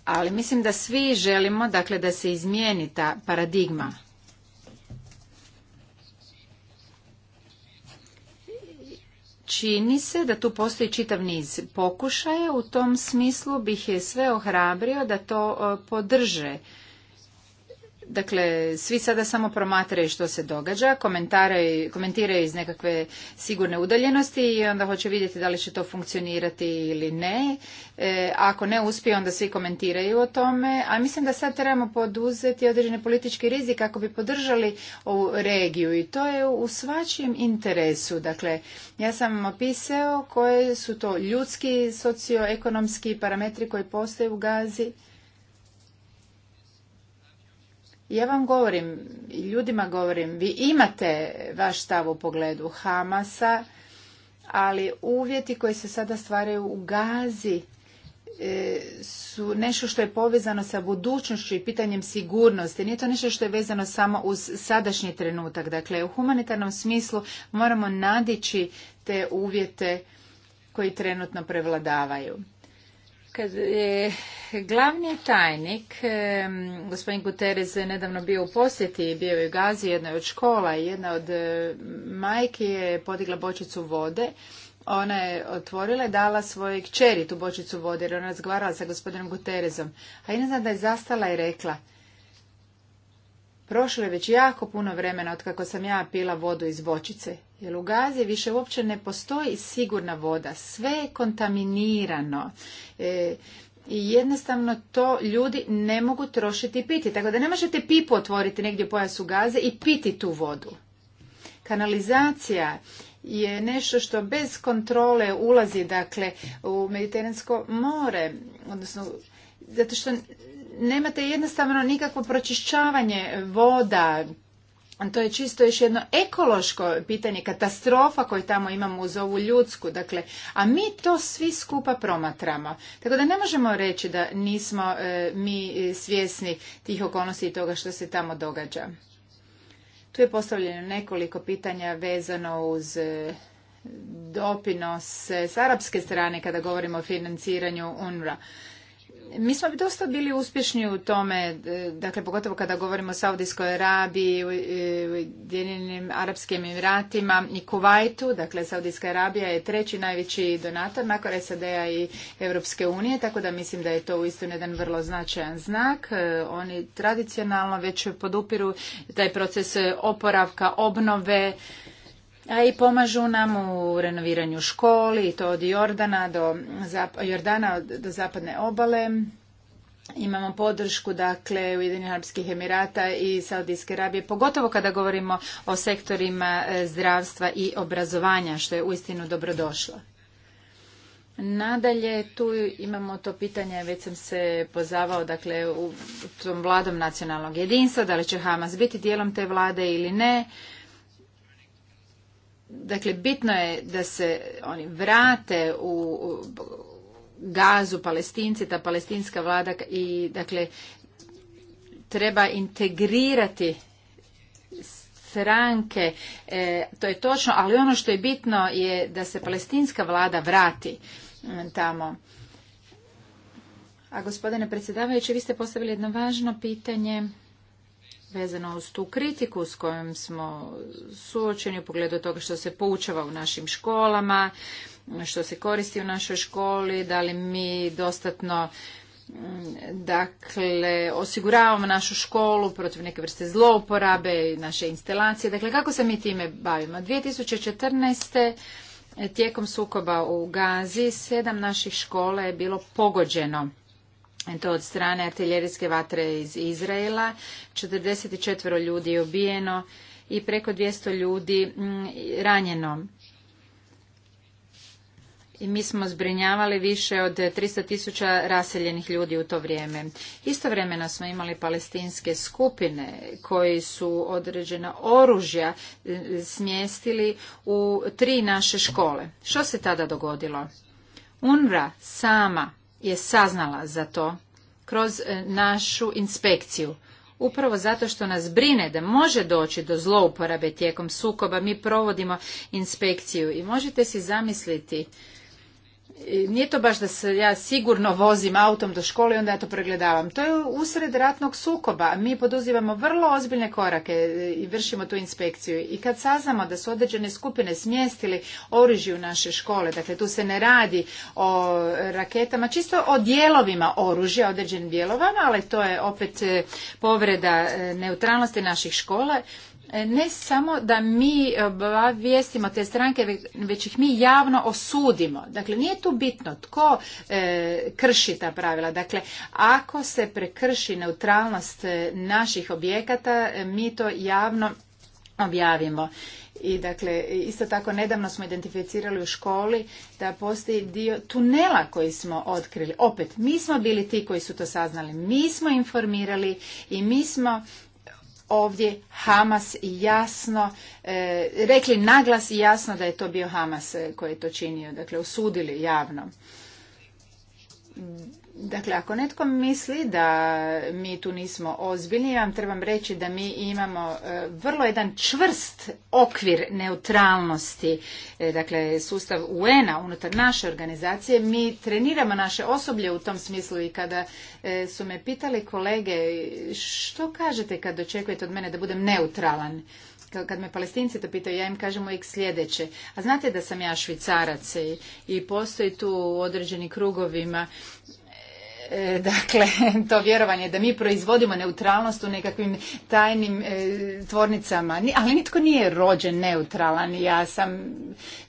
Ali mislim da svi želimo dakle, da se izmijeni ta paradigma. Čini se da tu postoji čitav niz pokušaja, u tom smislu bih je sve ohrabrio da to e, podrže Dakle, svi sada samo promatraju što se događa, komentiraju iz nekakve sigurne udaljenosti i onda hoće vidjeti da li će to funkcionirati ili ne. E, ako ne uspije, onda svi komentiraju o tome. A mislim da sad trebamo poduzeti određene politički rizik kako bi podržali ovu regiju i to je u svačijem interesu. Dakle, ja sam opisao koje su to ljudski, socioekonomski parametri koji postoje u Gazi ja vam govorim, ljudima govorim, vi imate vaš stav u pogledu Hamasa, ali uvjeti koji se sada stvaraju u Gazi e, su nešto što je povezano sa budućnošću i pitanjem sigurnosti. Nije to nešto što je vezano samo uz sadašnji trenutak. Dakle, u humanitarnom smislu moramo nadići te uvjete koji trenutno prevladavaju. Kad je glavni tajnik, gospodin Guterres, nedavno bio u posjeti, bio je u Gazi, jedna od škola i jedna od eh, majke je podigla bočicu vode ona je otvorila i dala svojoj kćeri tu bočicu vode jer ona razgovarala sa gospodinom Guterezom. A Ina znam da je zastala i rekla Prošlo je već jako puno vremena od kako sam ja pila vodu iz bočice. Jer u Gazi više uopće ne postoji sigurna voda. Sve je kontaminirano. E, i jednostavno to ljudi ne mogu trošiti i piti. Tako da ne možete pipu otvoriti negdje u pojasu gaze i piti tu vodu. Kanalizacija je nešto što bez kontrole ulazi dakle u Mediteransko more, odnosno zato što nemate jednostavno nikakvo pročišćavanje voda, to je čisto još jedno ekološko pitanje, katastrofa koju tamo imamo uz ovu ljudsku, dakle, a mi to svi skupa promatramo. Tako da ne možemo reći da nismo e, mi svjesni tih okolnosti i toga što se tamo događa. Tu je postavljeno nekoliko pitanja vezano uz e, doprinos s arapske strane kada govorimo o financiranju UNRWA. Mi smo dosta bili uspješni u tome, e, dakle pogotovo kada govorimo o Saudijskoj Arabiji, e, Ujedinjenim Arapskim Emiratima i Kuvajtu, dakle Saudijska Arabija je treći najveći donator nakon SAD-a i Europske unije, tako da mislim da je to uistinu jedan vrlo značajan znak. E, oni tradicionalno već podupiru taj proces oporavka, obnove, a i pomažu nam u renoviranju školi i to od Jordana do, Jordana do zapadne obale. Imamo podršku dakle Ujedinjenih Arabskih Emirata i Saudijske Arabije, pogotovo kada govorimo o sektorima e, zdravstva i obrazovanja, što je uistinu dobrodošlo. Nadalje, tu imamo to pitanje, već sam se pozavao, dakle, u tom vladom nacionalnog jedinstva, da li će Hamas biti dijelom te vlade ili ne. Dakle, bitno je da se oni vrate u gazu palestinci, ta palestinska vlada i dakle treba integrirati stranke, e, to je točno, ali ono što je bitno je da se palestinska vlada vrati mm, tamo. A gospodine predsjedavajući, vi ste postavili jedno važno pitanje vezano uz tu kritiku s kojom smo suočeni u pogledu toga što se poučava u našim školama, što se koristi u našoj školi, da li mi dostatno mm, dakle, osiguravamo našu školu protiv neke vrste zlouporabe i naše instalacije. Dakle, kako se mi time bavimo? 2014. tijekom sukoba u Gazi sedam naših škola je bilo pogođeno to od strane artiljerijske vatre iz Izraela. 44 ljudi je ubijeno i preko 200 ljudi mm, ranjeno. I mi smo zbrinjavali više od 300 tisuća raseljenih ljudi u to vrijeme. Istovremeno smo imali palestinske skupine koji su određena oružja e, smjestili u tri naše škole. Što se tada dogodilo? unra sama je saznala za to kroz e, našu inspekciju. Upravo zato što nas brine da može doći do zlouporabe tijekom sukoba, mi provodimo inspekciju i možete si zamisliti nije to baš da se ja sigurno vozim autom do škole i onda ja to pregledavam. To je usred ratnog sukoba. Mi poduzivamo vrlo ozbiljne korake i vršimo tu inspekciju. I kad saznamo da su određene skupine smjestili oružje u naše škole, dakle tu se ne radi o raketama, čisto o dijelovima oružja, određenim dijelovama, ali to je opet eh, povreda eh, neutralnosti naših škola E, ne samo da mi e, vijestimo te stranke, već ih mi javno osudimo. Dakle, nije tu bitno tko e, krši ta pravila. Dakle, ako se prekrši neutralnost naših objekata, mi to javno objavimo. I dakle, isto tako nedavno smo identificirali u školi da postoji dio tunela koji smo otkrili. Opet, mi smo bili ti koji su to saznali, mi smo informirali i mi smo ovdje Hamas jasno, e, rekli naglas i jasno da je to bio Hamas e, koji je to činio, dakle osudili javno Dakle, ako netko misli da mi tu nismo ozbiljni, ja vam trebam reći da mi imamo e, vrlo jedan čvrst okvir neutralnosti, e, dakle sustav UN-a unutar naše organizacije. Mi treniramo naše osoblje u tom smislu i kada e, su me pitali kolege što kažete kad očekujete od mene da budem neutralan, kad me palestinci to pitaju, ja im kažem uvijek sljedeće. A znate da sam ja švicarac i postoji tu u određenim krugovima E, dakle to vjerovanje da mi proizvodimo neutralnost u nekakvim tajnim e, tvornicama ali nitko nije rođen neutralan ja sam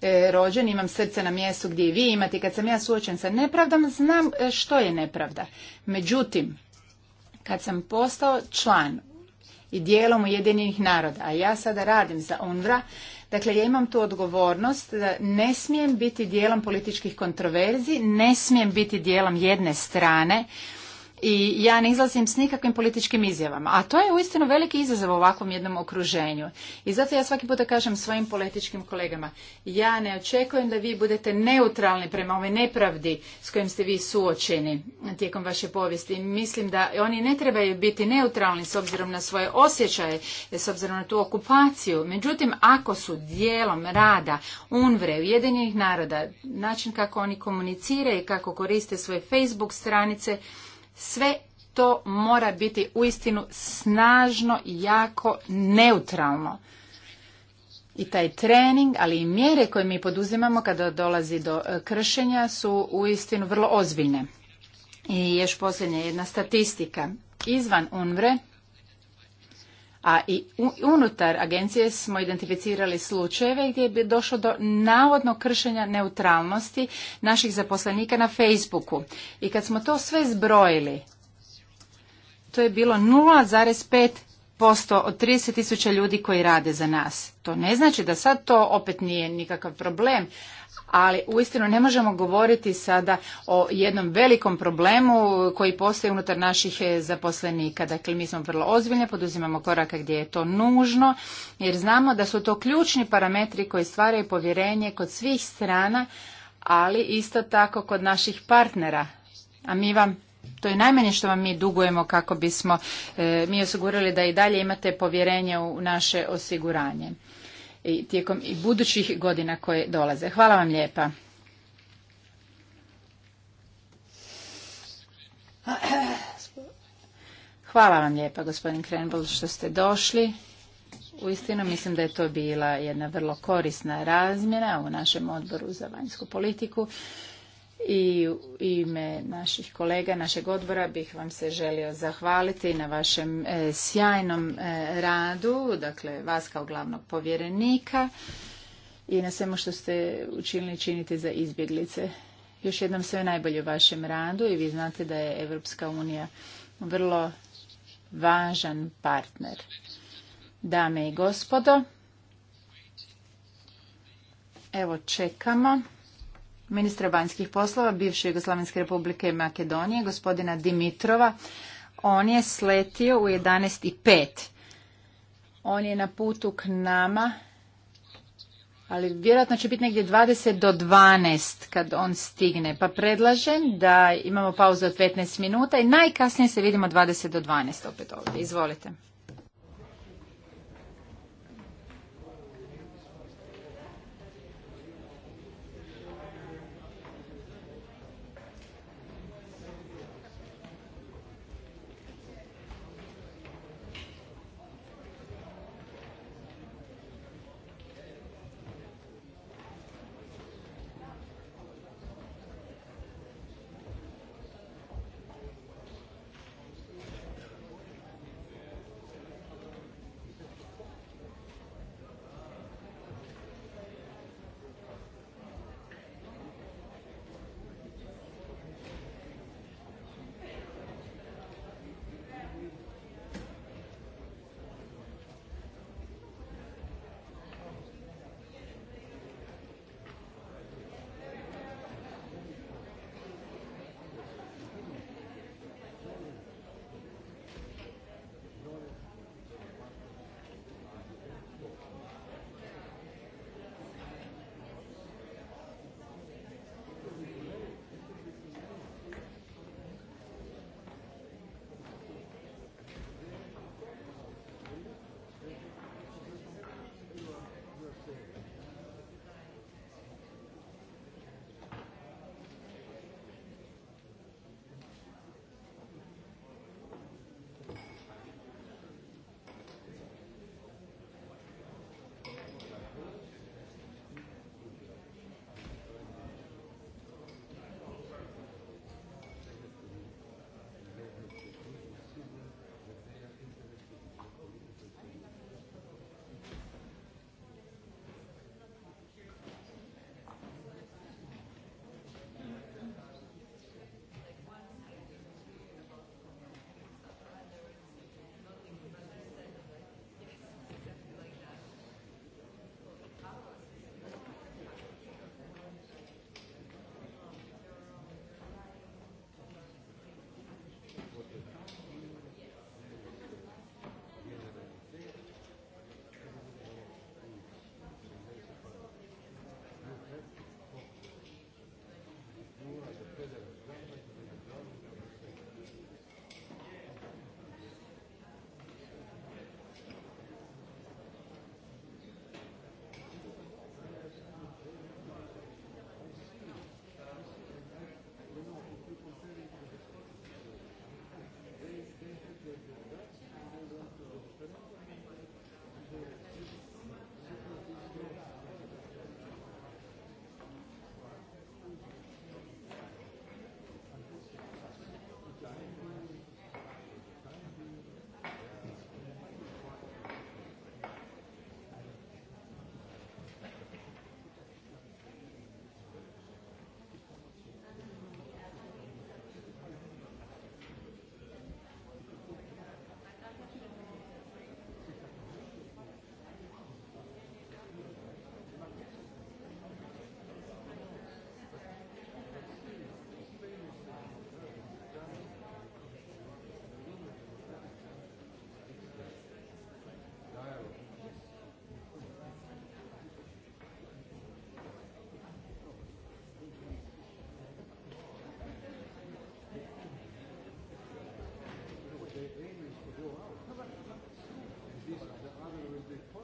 e, rođen imam srce na mjestu gdje i vi imate kad sam ja suočen sa nepravdom znam što je nepravda međutim kad sam postao član i dijelom Ujedinjenih naroda, a ja sada radim za UNVRA, Dakle, ja imam tu odgovornost da ne smijem biti dijelom političkih kontroverzi, ne smijem biti dijelom jedne strane, i ja ne izlazim s nikakvim političkim izjavama. A to je uistinu veliki izazov u ovakvom jednom okruženju. I zato ja svaki puta kažem svojim političkim kolegama, ja ne očekujem da vi budete neutralni prema ovoj nepravdi s kojim ste vi suočeni tijekom vaše povijesti. Mislim da oni ne trebaju biti neutralni s obzirom na svoje osjećaje, s obzirom na tu okupaciju. Međutim, ako su dijelom rada UNVRE, Ujedinjenih naroda, način kako oni komuniciraju i kako koriste svoje Facebook stranice, sve to mora biti uistinu snažno, jako neutralno. I taj trening, ali i mjere koje mi poduzimamo kada dolazi do e, kršenja su uistinu vrlo ozbiljne. I još posljednja jedna statistika. Izvan UNVRE a i unutar agencije smo identificirali slučajeve gdje je došlo do navodno kršenja neutralnosti naših zaposlenika na Facebooku. I kad smo to sve zbrojili, to je bilo 0,5% od 30.000 tisuća ljudi koji rade za nas. To ne znači da sad to opet nije nikakav problem, ali uistinu ne možemo govoriti sada o jednom velikom problemu koji postoji unutar naših eh, zaposlenika. Dakle, mi smo vrlo ozbiljni, poduzimamo korake gdje je to nužno, jer znamo da su to ključni parametri koji stvaraju povjerenje kod svih strana, ali isto tako kod naših partnera. A mi vam to je najmanje što vam mi dugujemo kako bismo eh, mi osigurali da i dalje imate povjerenje u naše osiguranje i tijekom i budućih godina koje dolaze. Hvala vam lijepa. Hvala vam lijepa gospodin Krenbol što ste došli. Uistinu mislim da je to bila jedna vrlo korisna razmjena u našem odboru za vanjsku politiku i u ime naših kolega, našeg odbora bih vam se želio zahvaliti na vašem e, sjajnom e, radu, dakle vas kao glavnog povjerenika i na svemu što ste učinili činiti za izbjeglice. Još jednom sve najbolje u vašem radu i vi znate da je Evropska unija vrlo važan partner. Dame i gospodo, evo čekamo ministra vanjskih poslova bivše Jugoslavenske republike Makedonije, gospodina Dimitrova. On je sletio u 11.05. On je na putu k nama, ali vjerojatno će biti negdje 20 do 12 kad on stigne. Pa predlažem da imamo pauzu od 15 minuta i najkasnije se vidimo 20 do 12 opet ovdje. Izvolite.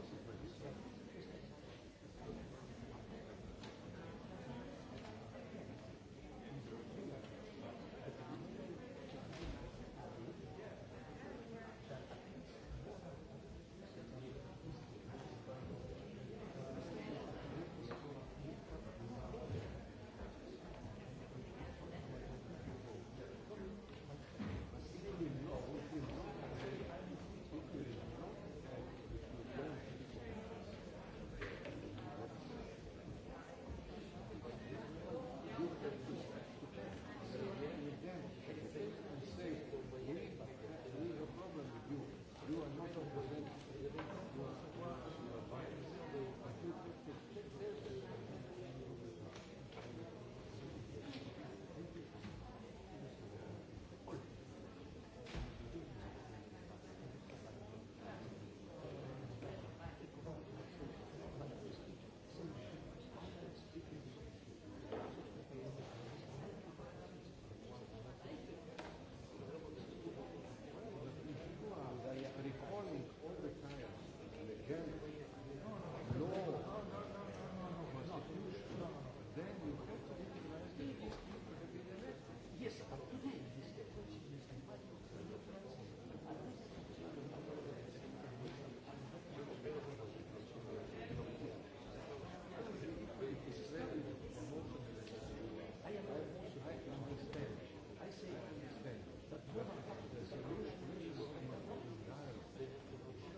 Hvala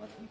But we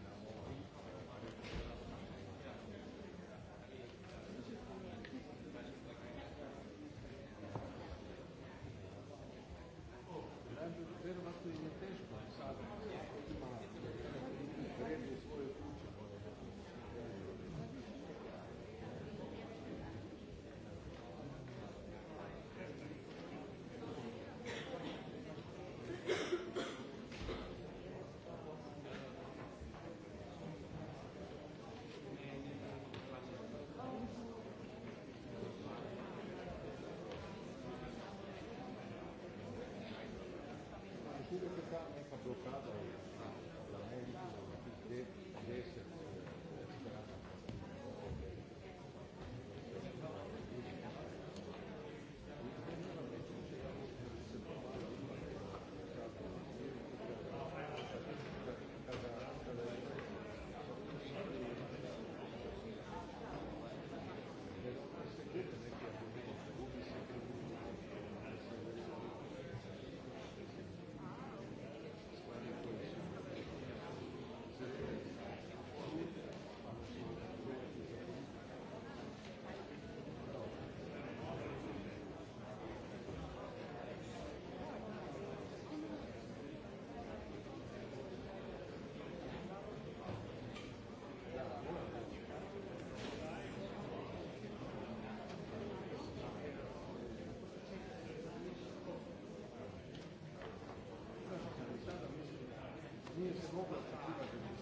neka druga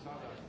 Hvala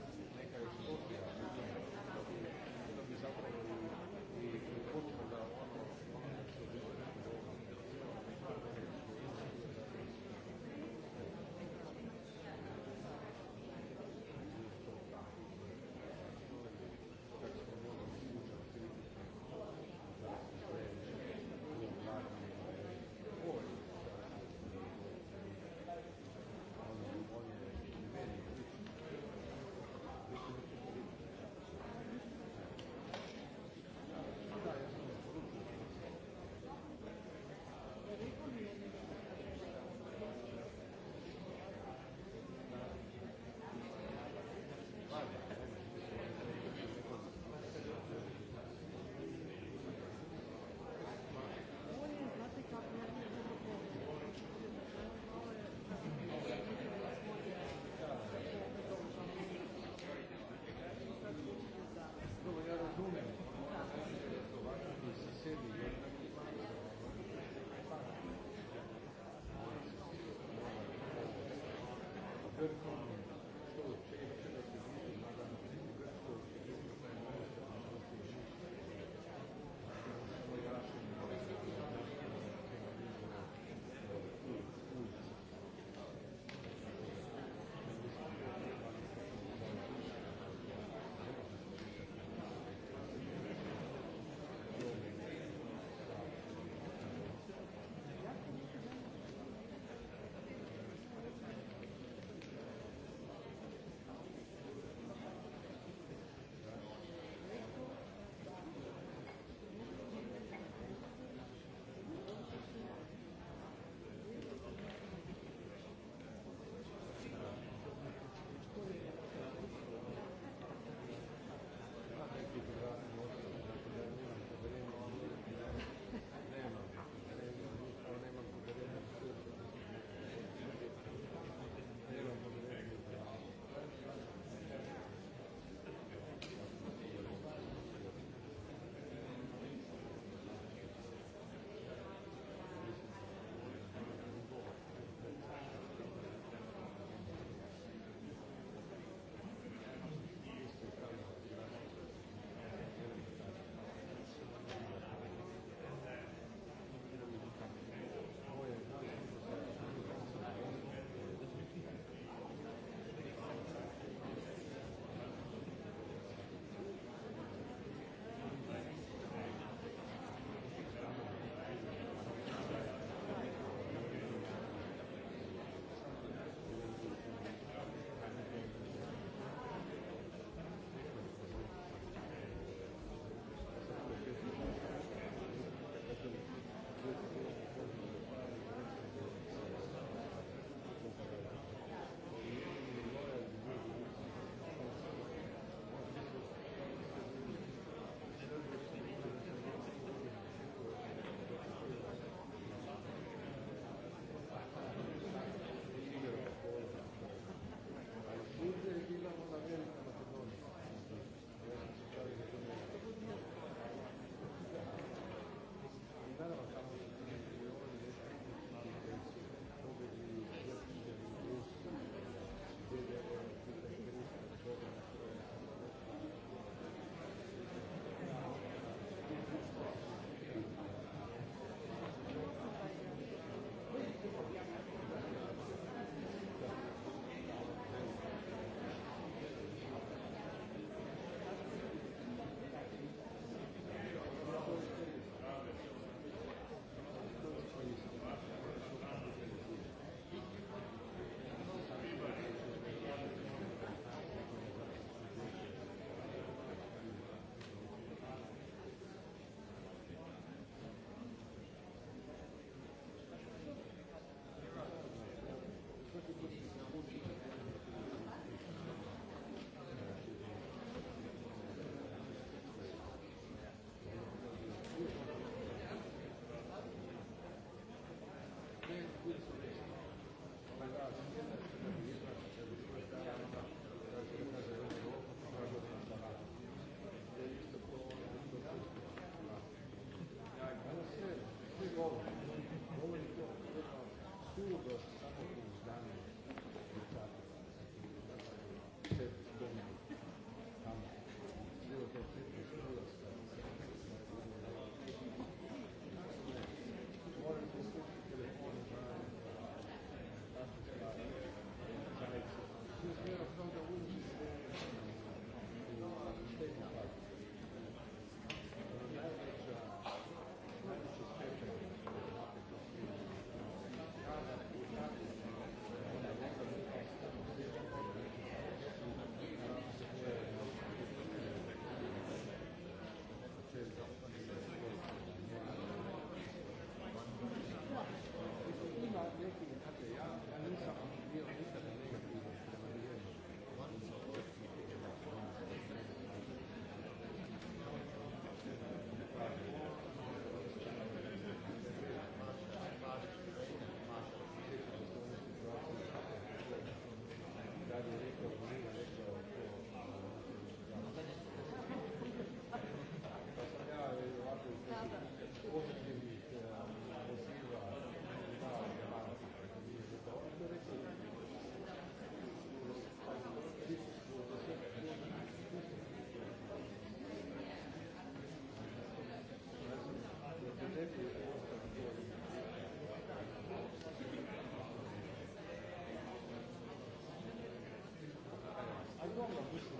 No,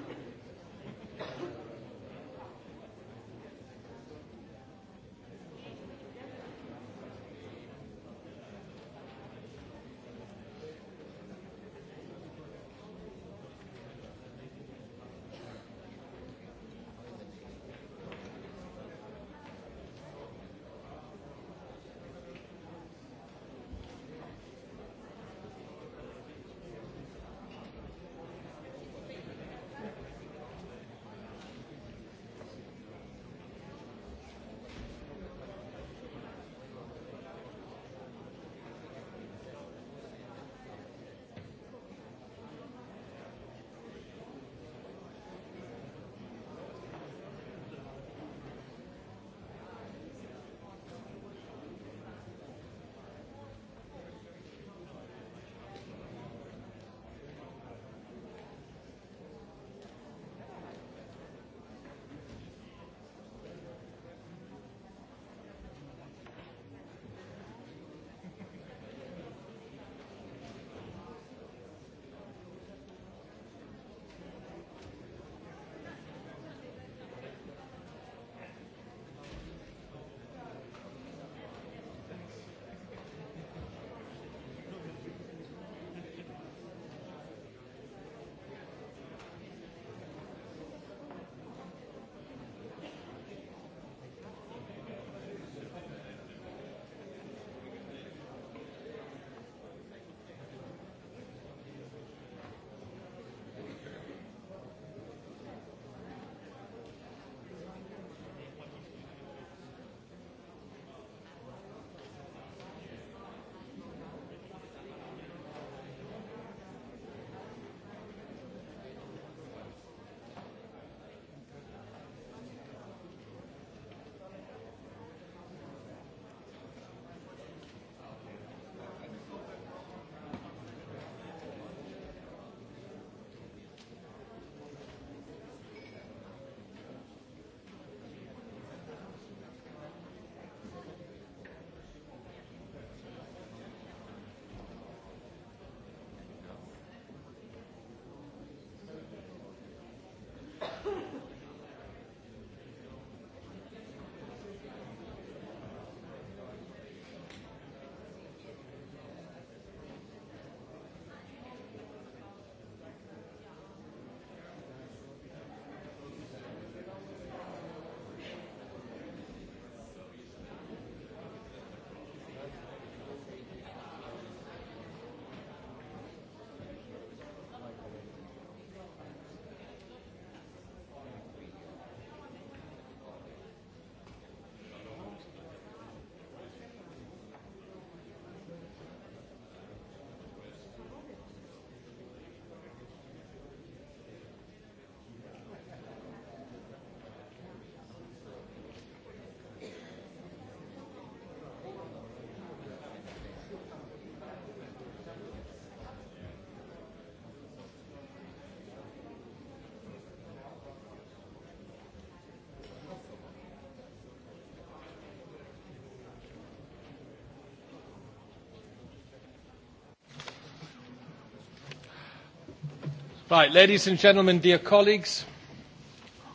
Right, ladies and gentlemen, dear colleagues,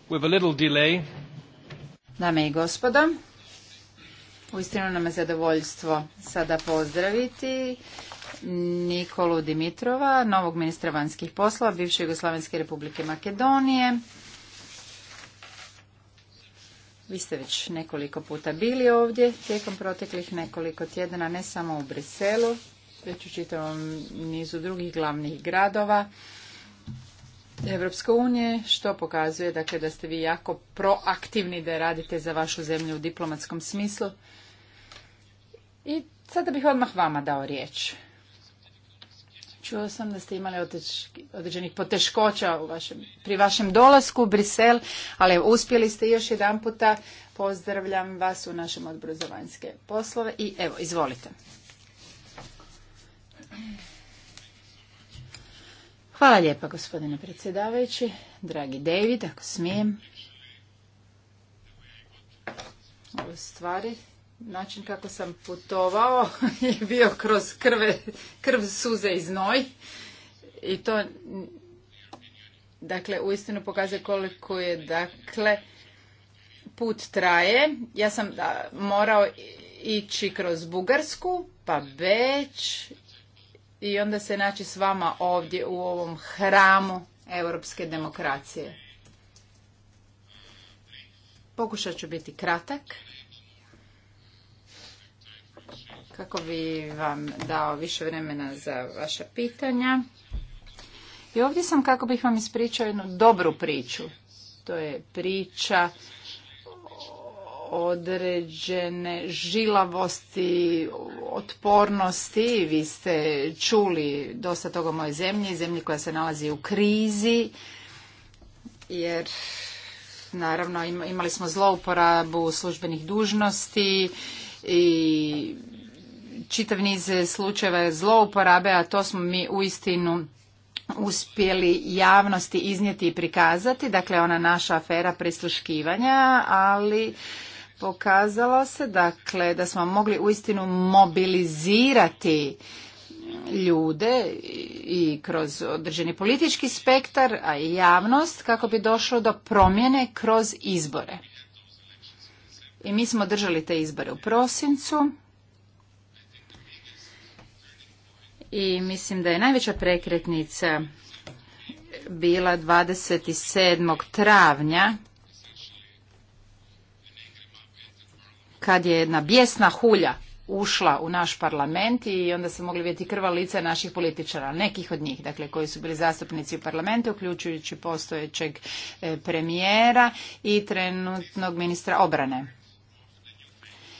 with a little delay. Dame i gospodo, uistinu nam je zadovoljstvo sada pozdraviti Nikolu Dimitrova, novog ministra vanjskih poslova bivše Jugoslavenske republike Makedonije. Vi ste već nekoliko puta bili ovdje tijekom proteklih nekoliko tjedana, ne samo u Briselu, već u čitavom nizu drugih glavnih gradova. Europskoj unije, što pokazuje dakle, da ste vi jako proaktivni da radite za vašu zemlju u diplomatskom smislu. I sada bih odmah vama dao riječ. Čuo sam da ste imali određenih poteškoća pri vašem dolasku u Brisel, ali uspjeli ste još jedan puta. Pozdravljam vas u našem odboru za vanjske poslove i evo, izvolite. Hvala lijepa gospodine predsjedavajući, dragi David, ako smijem. U stvari, način kako sam putovao je bio kroz krv, suze i znoj. I to, dakle, uistinu pokazuje koliko je, dakle, put traje. Ja sam da, morao ići kroz Bugarsku, pa već i onda se naći s vama ovdje u ovom hramu europske demokracije. Pokušat ću biti kratak kako bi vam dao više vremena za vaša pitanja. I ovdje sam kako bih vam ispričao jednu dobru priču. To je priča određene žilavosti, otpornosti. Vi ste čuli dosta toga o mojoj zemlji, zemlji koja se nalazi u krizi, jer naravno imali smo zlouporabu službenih dužnosti i čitav niz slučajeva zlouporabe, a to smo mi uistinu uspjeli javnosti iznijeti i prikazati, dakle ona naša afera prisluškivanja, ali Pokazalo se dakle da smo mogli uistinu mobilizirati ljude i kroz određeni politički spektar, a i javnost kako bi došlo do promjene kroz izbore. I mi smo držali te izbore u prosincu. I mislim da je najveća prekretnica bila 27. travnja kad je jedna bijesna hulja ušla u naš parlament i onda se mogli vidjeti krva lica naših političara, nekih od njih, dakle koji su bili zastupnici u parlamentu, uključujući postojećeg e, premijera i trenutnog ministra obrane.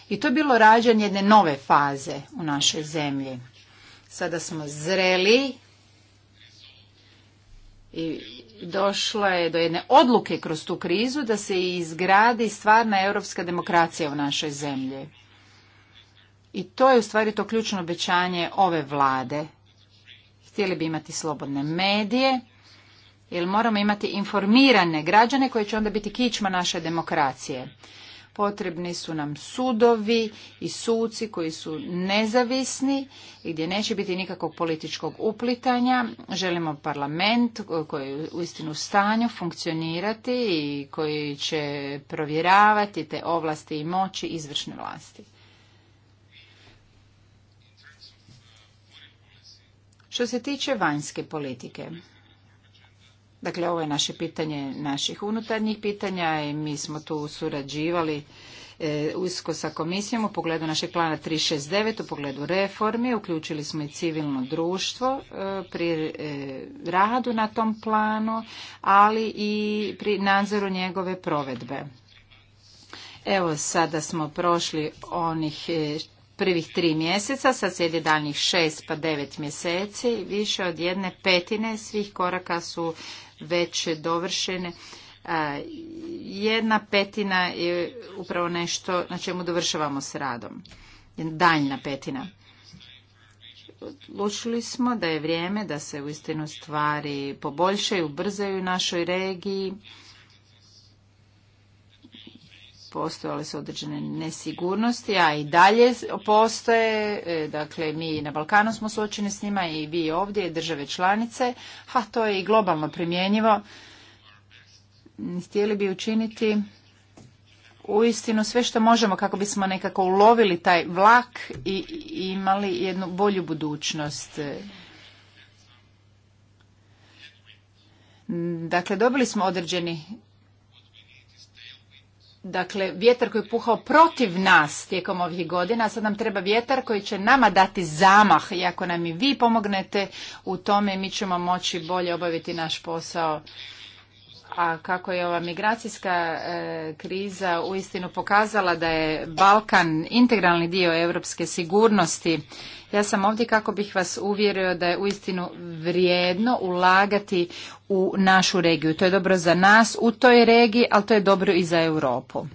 I to je bilo rađanje jedne nove faze u našoj zemlji. Sada smo zreli i došla je do jedne odluke kroz tu krizu da se izgradi stvarna europska demokracija u našoj zemlji. I to je u stvari to ključno obećanje ove vlade. Htjeli bi imati slobodne medije, jer moramo imati informirane građane koji će onda biti kičma naše demokracije. Potrebni su nam sudovi i suci koji su nezavisni i gdje neće biti nikakvog političkog uplitanja. Želimo parlament koji je u istinu stanju funkcionirati i koji će provjeravati te ovlasti i moći izvršne vlasti. Što se tiče vanjske politike, Dakle, ovo je naše pitanje naših unutarnjih pitanja i mi smo tu surađivali e, usko sa komisijom u pogledu našeg plana 369, u pogledu reformi, uključili smo i civilno društvo e, pri e, radu na tom planu, ali i pri nadzoru njegove provedbe. Evo, sada smo prošli onih prvih tri mjeseca, sad sjedi daljnjih šest pa devet mjeseci, više od jedne petine svih koraka su već dovršene. E, jedna petina je upravo nešto na čemu dovršavamo s radom. Daljna petina. Odlučili smo da je vrijeme da se uistinu stvari poboljšaju, ubrzaju u našoj regiji postojale su određene nesigurnosti, a i dalje postoje, e, dakle mi na Balkanu smo suočeni s njima i vi ovdje, države članice, a to je i globalno primjenjivo. Htjeli bi učiniti uistinu sve što možemo kako bismo nekako ulovili taj vlak i imali jednu bolju budućnost. Dakle, dobili smo određeni dakle vjetar koji je puhao protiv nas tijekom ovih godina, a sad nam treba vjetar koji će nama dati zamah i ako nam i vi pomognete u tome mi ćemo moći bolje obaviti naš posao a kako je ova migracijska e, kriza uistinu pokazala da je Balkan integralni dio europske sigurnosti, ja sam ovdje kako bih vas uvjerio da je uistinu vrijedno ulagati u našu regiju. To je dobro za nas u toj regiji, ali to je dobro i za Europu.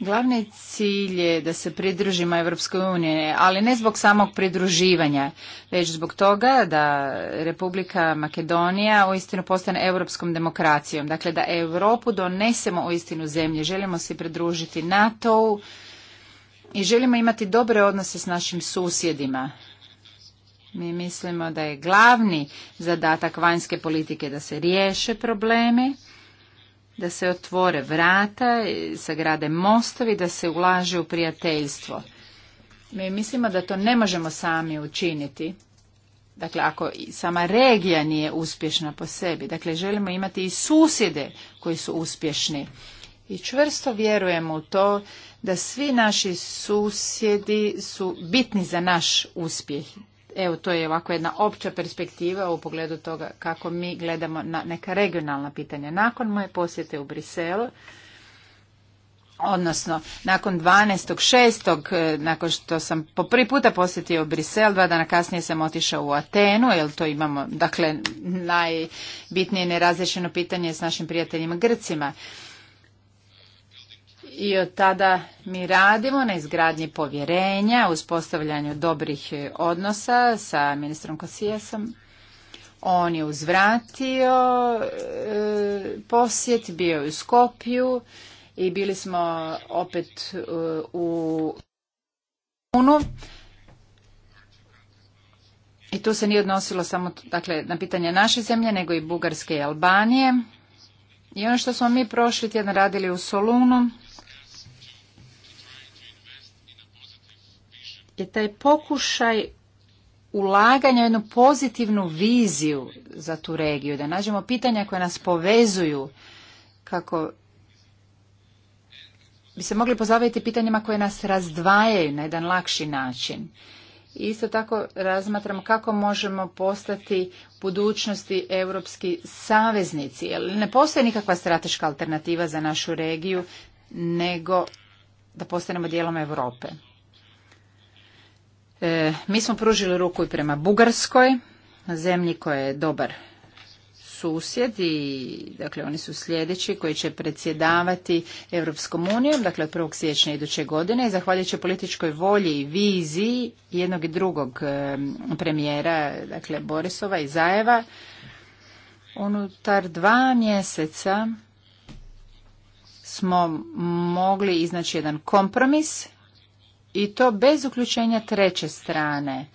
Glavni cilj je da se pridružimo Europskoj uniji, ali ne zbog samog pridruživanja, već zbog toga da Republika Makedonija istinu postane europskom demokracijom. Dakle, da Europu donesemo istinu zemlje. Želimo se pridružiti NATO-u i želimo imati dobre odnose s našim susjedima. Mi mislimo da je glavni zadatak vanjske politike da se riješe problemi da se otvore vrata, sagrade mostovi, da se ulaže u prijateljstvo. Mi mislimo da to ne možemo sami učiniti. Dakle, ako sama regija nije uspješna po sebi, dakle, želimo imati i susjede koji su uspješni. I čvrsto vjerujemo u to da svi naši susjedi su bitni za naš uspjeh. Evo, to je ovako jedna opća perspektiva u pogledu toga kako mi gledamo na neka regionalna pitanja. Nakon moje posjete u Briselu, odnosno nakon 12.6. Eh, nakon što sam po prvi puta posjetio Brisel, dva dana kasnije sam otišao u Atenu, jer to imamo, dakle, najbitnije nerazrešeno pitanje s našim prijateljima Grcima i od tada mi radimo na izgradnji povjerenja, uspostavljanju dobrih odnosa sa ministrom Kosijesom. On je uzvratio e, posjet, bio je u Skopju i bili smo opet e, u Unu. I tu se nije odnosilo samo dakle, na pitanje naše zemlje, nego i Bugarske i Albanije. I ono što smo mi prošli tjedan radili u Solunu, je taj pokušaj ulaganja u jednu pozitivnu viziju za tu regiju, da nađemo pitanja koja nas povezuju kako bi se mogli pozabaviti pitanjima koje nas razdvajaju na jedan lakši način. isto tako razmatram kako možemo postati u budućnosti europski saveznici. Jer ne postoji nikakva strateška alternativa za našu regiju nego da postanemo dijelom Europe. E, mi smo pružili ruku i prema Bugarskoj, zemlji koja je dobar susjed i dakle oni su sljedeći koji će predsjedavati Europskom unijom, dakle od 1. siječnja iduće godine i zahvaljujući političkoj volji i viziji jednog i drugog e, premijera, dakle Borisova i Zajeva, unutar dva mjeseca smo mogli iznaći jedan kompromis i to bez uključenja treće strane,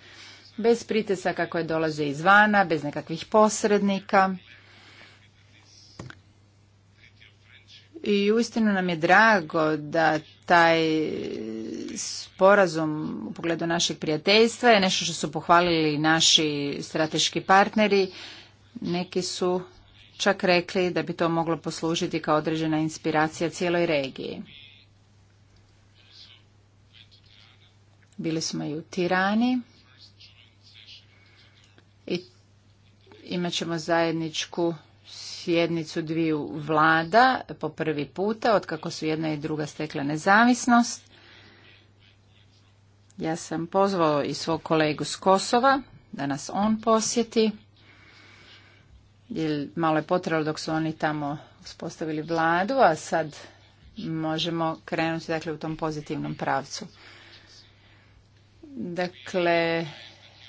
bez pritisaka koje dolaze izvana, bez nekakvih posrednika. I uistinu nam je drago da taj sporazum u pogledu našeg prijateljstva je nešto što su pohvalili naši strateški partneri. Neki su čak rekli da bi to moglo poslužiti kao određena inspiracija cijeloj regiji. Bili smo i u Tirani. I imat ćemo zajedničku sjednicu dviju vlada po prvi puta, otkako su jedna i druga stekla nezavisnost. Ja sam pozvao i svog kolegu s Kosova, da nas on posjeti, jer malo je potrebno dok su oni tamo uspostavili vladu, a sad možemo krenuti dakle, u tom pozitivnom pravcu. Dakle,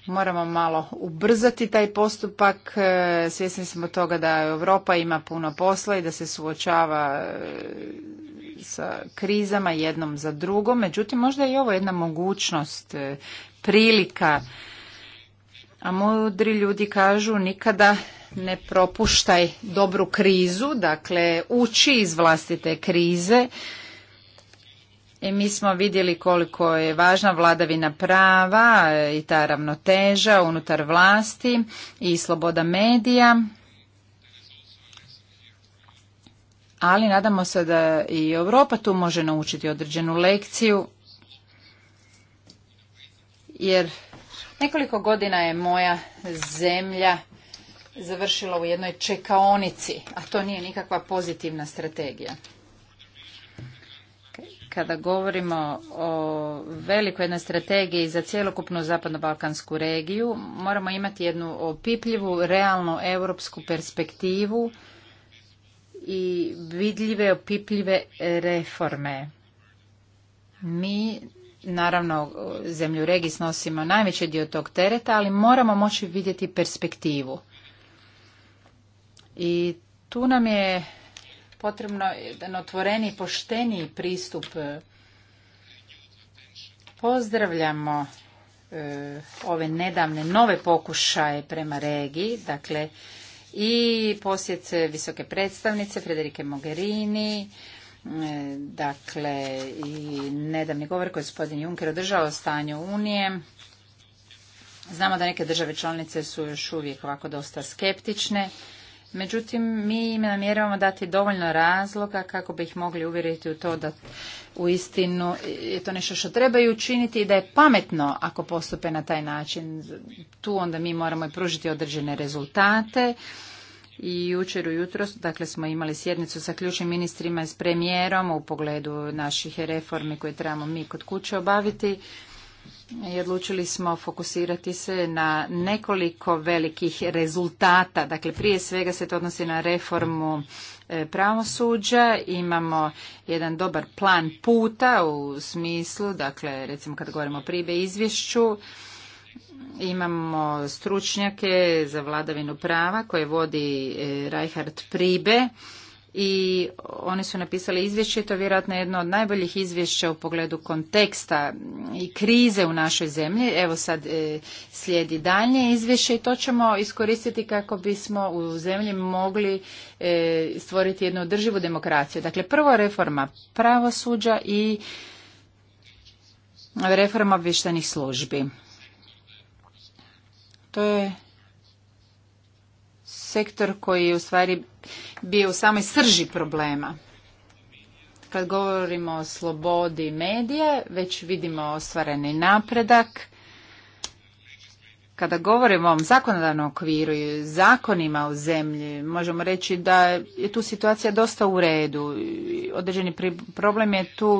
moramo malo ubrzati taj postupak. E, svjesni smo toga da Europa ima puno posla i da se suočava e, sa krizama jednom za drugom. Međutim, možda je i ovo jedna mogućnost, e, prilika. A mudri ljudi kažu nikada ne propuštaj dobru krizu, dakle uči iz vlastite krize i mi smo vidjeli koliko je važna vladavina prava i ta ravnoteža unutar vlasti i sloboda medija. Ali nadamo se da i Europa tu može naučiti određenu lekciju jer nekoliko godina je moja zemlja završila u jednoj čekaonici, a to nije nikakva pozitivna strategija kada govorimo o velikoj jednoj strategiji za cjelokupnu zapadno-balkansku regiju, moramo imati jednu opipljivu, realnu europsku perspektivu i vidljive, opipljive reforme. Mi, naravno, zemlju regiji snosimo najveći dio tog tereta, ali moramo moći vidjeti perspektivu. I tu nam je potrebno jedan otvoreni, pošteniji pristup. Pozdravljamo e, ove nedavne nove pokušaje prema regiji, dakle i posjet visoke predstavnice Frederike Mogherini, e, dakle i nedavni govor koji je gospodin Juncker održao o stanju Unije. Znamo da neke države članice su još uvijek ovako dosta skeptične Međutim, mi im namjeravamo dati dovoljno razloga kako bi ih mogli uvjeriti u to da u istinu je to nešto što trebaju učiniti i da je pametno ako postupe na taj način. Tu onda mi moramo i pružiti određene rezultate. I jučer ujutro dakle, smo imali sjednicu sa ključnim ministrima i s premijerom u pogledu naših reformi koje trebamo mi kod kuće obaviti i odlučili smo fokusirati se na nekoliko velikih rezultata. Dakle, prije svega se to odnosi na reformu e, pravosuđa, imamo jedan dobar plan puta u smislu, dakle, recimo kad govorimo o pribe izvješću, imamo stručnjake za vladavinu prava koje vodi e, Reinhard Pribe i oni su napisali izvješće, to je vjerojatno jedno od najboljih izvješća u pogledu konteksta i krize u našoj zemlji. Evo sad e, slijedi dalje izvješće i to ćemo iskoristiti kako bismo u zemlji mogli e, stvoriti jednu održivu demokraciju. Dakle, prvo reforma pravosuđa i reforma obještenih službi. To je sektor koji je u stvari bio u samoj srži problema. Kad govorimo o slobodi medije, već vidimo ostvareni napredak. Kada govorimo o zakonodavnom okviru i zakonima u zemlji, možemo reći da je tu situacija dosta u redu. Određeni problem je tu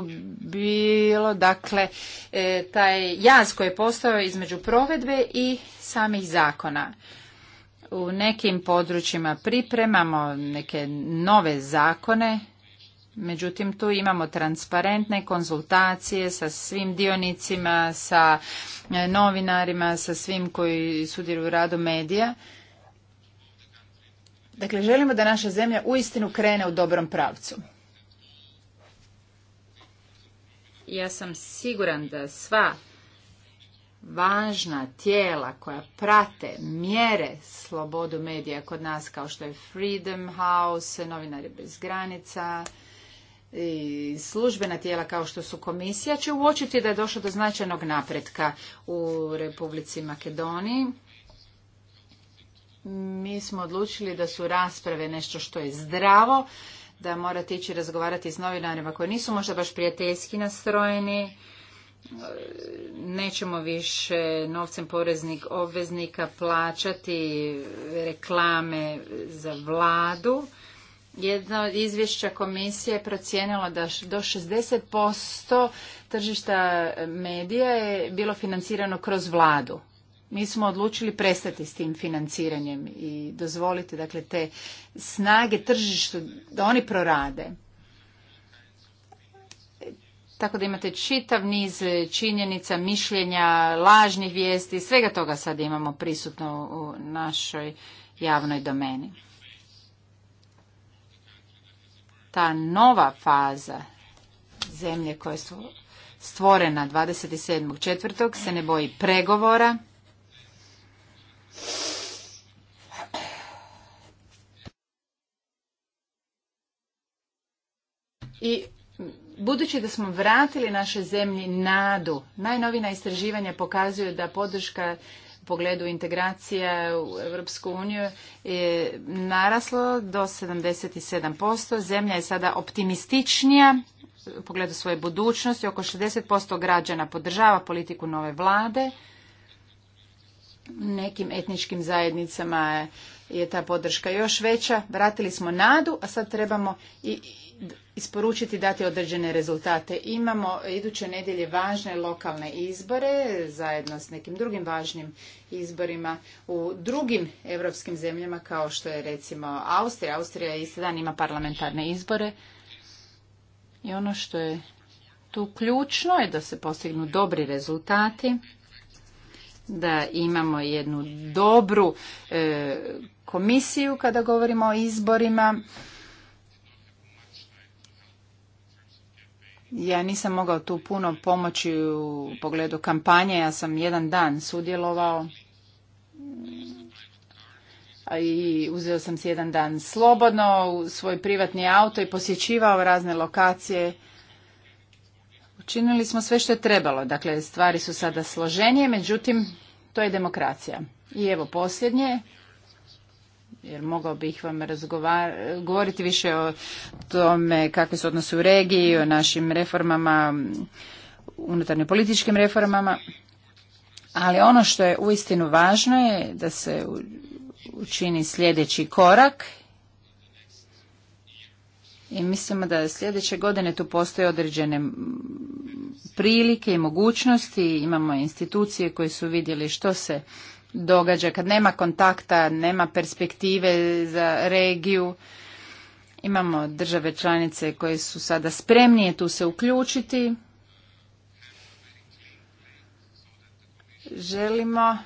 bilo, dakle, e, taj jaz koji je postao između provedbe i samih zakona. U nekim područjima pripremamo neke nove zakone, međutim tu imamo transparentne konzultacije sa svim dionicima, sa e, novinarima, sa svim koji sudjeluju u radu medija. Dakle, želimo da naša zemlja uistinu krene u dobrom pravcu. Ja sam siguran da sva važna tijela koja prate mjere slobodu medija kod nas kao što je Freedom House, Novinari bez granica i službena tijela kao što su komisija će uočiti da je došlo do značajnog napretka u Republici Makedoniji. Mi smo odlučili da su rasprave nešto što je zdravo, da morate ići razgovarati s novinarima koji nisu možda baš prijateljski nastrojeni, nećemo više novcem poreznih obveznika plaćati reklame za vladu. Jedno od izvješća komisije je procijenilo da do 60% tržišta medija je bilo financirano kroz vladu. Mi smo odlučili prestati s tim financiranjem i dozvoliti dakle, te snage tržištu da oni prorade. Tako da imate čitav niz činjenica, mišljenja, lažnih vijesti, svega toga sad imamo prisutno u našoj javnoj domeni. Ta nova faza zemlje koja je stvorena 27.4. se ne boji pregovora. I Budući da smo vratili naše zemlji nadu, najnovina istraživanja pokazuju da podrška u pogledu integracija u Europsku uniju je naraslo do 77%. Zemlja je sada optimističnija u pogledu svoje budućnosti. Oko 60% građana podržava politiku nove vlade nekim etničkim zajednicama je ta podrška još veća. Vratili smo nadu, a sad trebamo i isporučiti dati određene rezultate. Imamo iduće nedjelje važne lokalne izbore zajedno s nekim drugim važnim izborima u drugim europskim zemljama kao što je recimo Austrija. Austrija i dan ima parlamentarne izbore i ono što je tu ključno je da se postignu dobri rezultati da imamo jednu dobru e, komisiju kada govorimo o izborima. Ja nisam mogao tu puno pomoći u pogledu kampanje, ja sam jedan dan sudjelovao i uzeo sam si jedan dan slobodno u svoj privatni auto i posjećivao razne lokacije Činili smo sve što je trebalo. Dakle, stvari su sada složenije, međutim, to je demokracija. I evo posljednje, jer mogao bih vam govoriti više o tome kakvi su odnosi u regiji, o našim reformama, unutarnjim političkim reformama, ali ono što je uistinu važno je da se učini sljedeći korak i mislimo da sljedeće godine tu postoje određene prilike i mogućnosti, imamo institucije koje su vidjeli što se događa kad nema kontakta, nema perspektive za regiju. Imamo države članice koje su sada spremnije tu se uključiti. Želimo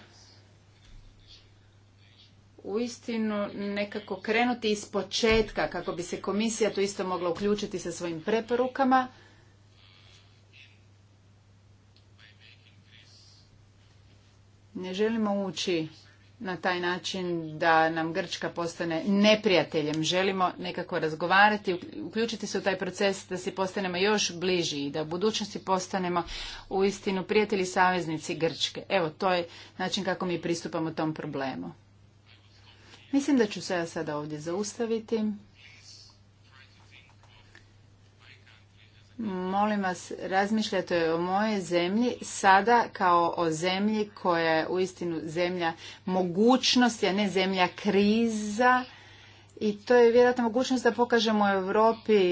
uistinu nekako krenuti iz početka kako bi se komisija tu isto mogla uključiti sa svojim preporukama. Ne želimo ući na taj način da nam Grčka postane neprijateljem. Želimo nekako razgovarati, uključiti se u taj proces da si postanemo još bliži i da u budućnosti postanemo u istinu prijatelji saveznici Grčke. Evo, to je način kako mi pristupamo tom problemu. Mislim da ću se ja sada ovdje zaustaviti. Molim vas, razmišljate o moje zemlji sada kao o zemlji koja je uistinu zemlja mogućnosti, a ne zemlja kriza. I to je vjerojatno mogućnost da pokažemo u Europi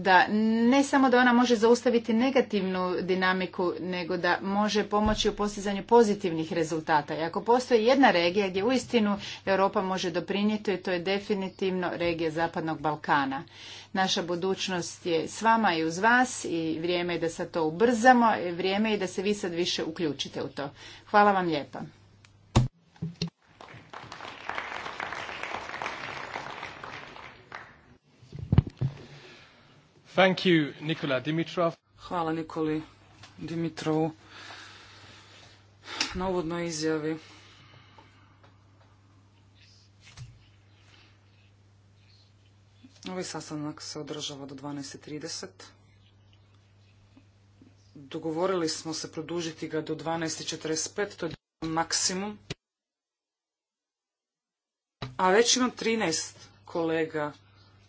da ne samo da ona može zaustaviti negativnu dinamiku, nego da može pomoći u postizanju pozitivnih rezultata. I ako postoji jedna regija gdje uistinu Europa može doprinijeti, to je definitivno regija Zapadnog Balkana. Naša budućnost je s vama i uz vas i vrijeme je da sad to ubrzamo, vrijeme je da se vi sad više uključite u to. Hvala vam lijepa. Thank Hvala Nikoli Dimitrovu na uvodnoj izjavi. Ovaj sastanak se održava do 12.30. Dogovorili smo se produžiti ga do 12.45, to je maksimum. A već imam 13 kolega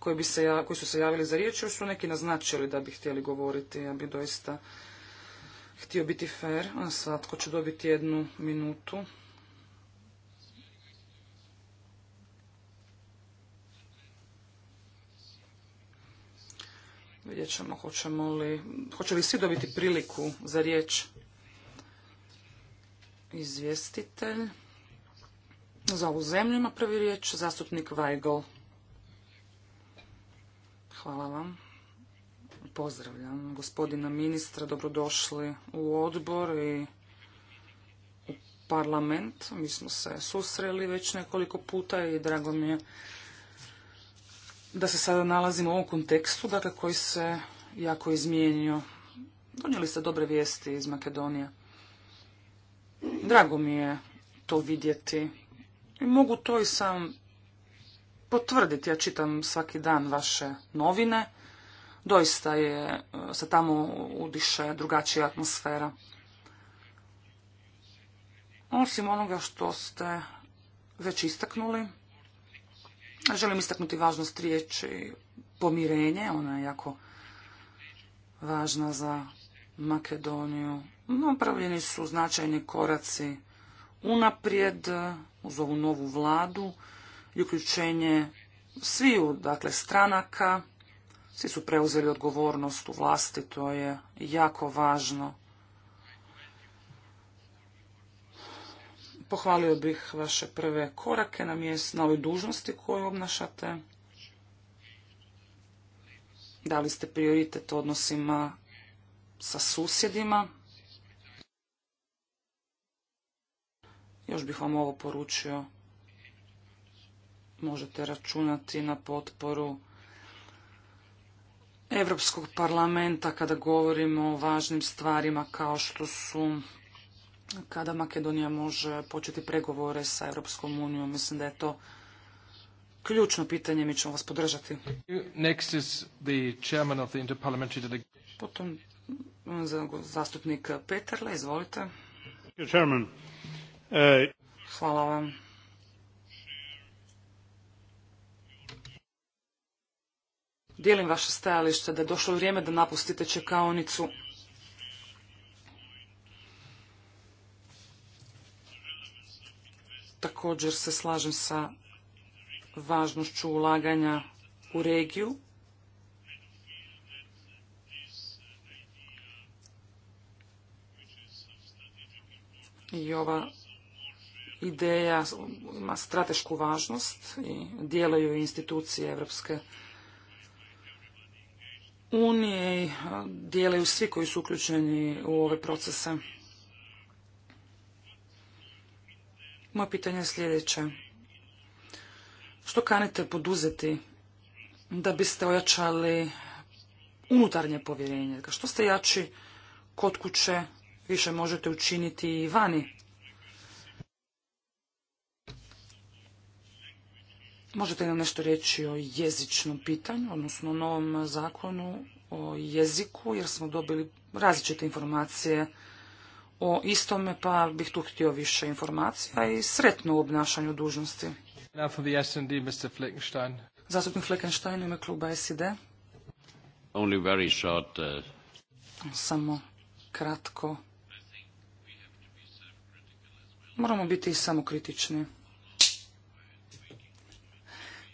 koji, bi se, koji su se javili za riječ, još su neki naznačili da bi htjeli govoriti. Ja bi doista htio biti fair. Svatko će dobiti jednu minutu. Vidjet ćemo hoćemo li, hoće li svi dobiti priliku za riječ. Izvjestitelj za ovu zemlju ima prvi riječ zastupnik Weigl. Hvala vam. Pozdravljam gospodina ministra, dobrodošli u odbor i u parlament. Mi smo se susreli već nekoliko puta i drago mi je da se sada nalazimo u ovom kontekstu, dakle koji se jako izmijenio. Donijeli ste dobre vijesti iz Makedonije. Drago mi je to vidjeti. I mogu to i sam potvrditi. Ja čitam svaki dan vaše novine. Doista je, e, se tamo udiše drugačija atmosfera. Osim onoga što ste već istaknuli, želim istaknuti važnost riječi pomirenje. Ona je jako važna za Makedoniju. Napravljeni su značajni koraci unaprijed e, uz ovu novu vladu i uključenje sviju, dakle, stranaka. Svi su preuzeli odgovornost u vlasti, to je jako važno. Pohvalio bih vaše prve korake na, mjesto, na ovoj dužnosti koju obnašate. Dali ste prioritet odnosima sa susjedima. Još bih vam ovo poručio možete računati na potporu Europskog parlamenta kada govorimo o važnim stvarima kao što su kada Makedonija može početi pregovore sa Europskom unijom. Mislim da je to ključno pitanje, mi ćemo vas podržati. Potom zastupnik Peterle, izvolite. Eh, Hvala vam. Dijelim vaše stajalište da je došlo vrijeme da napustite čekaonicu. Također se slažem sa važnošću ulaganja u regiju. I ova ideja ima stratešku važnost i djeluju institucije Evropske unije dijelaju svi koji su uključeni u ove procese. Moje pitanje je sljedeće. Što kanite poduzeti da biste ojačali unutarnje povjerenje? Što ste jači kod kuće više možete učiniti i vani? Možete li nam nešto reći o jezičnom pitanju, odnosno o novom zakonu o jeziku, jer smo dobili različite informacije o istome, pa bih tu htio više informacija i sretno u obnašanju dužnosti. Zastupnik Fleckenstein u ime kluba SID. Uh, Samo kratko. Moramo biti i samokritični.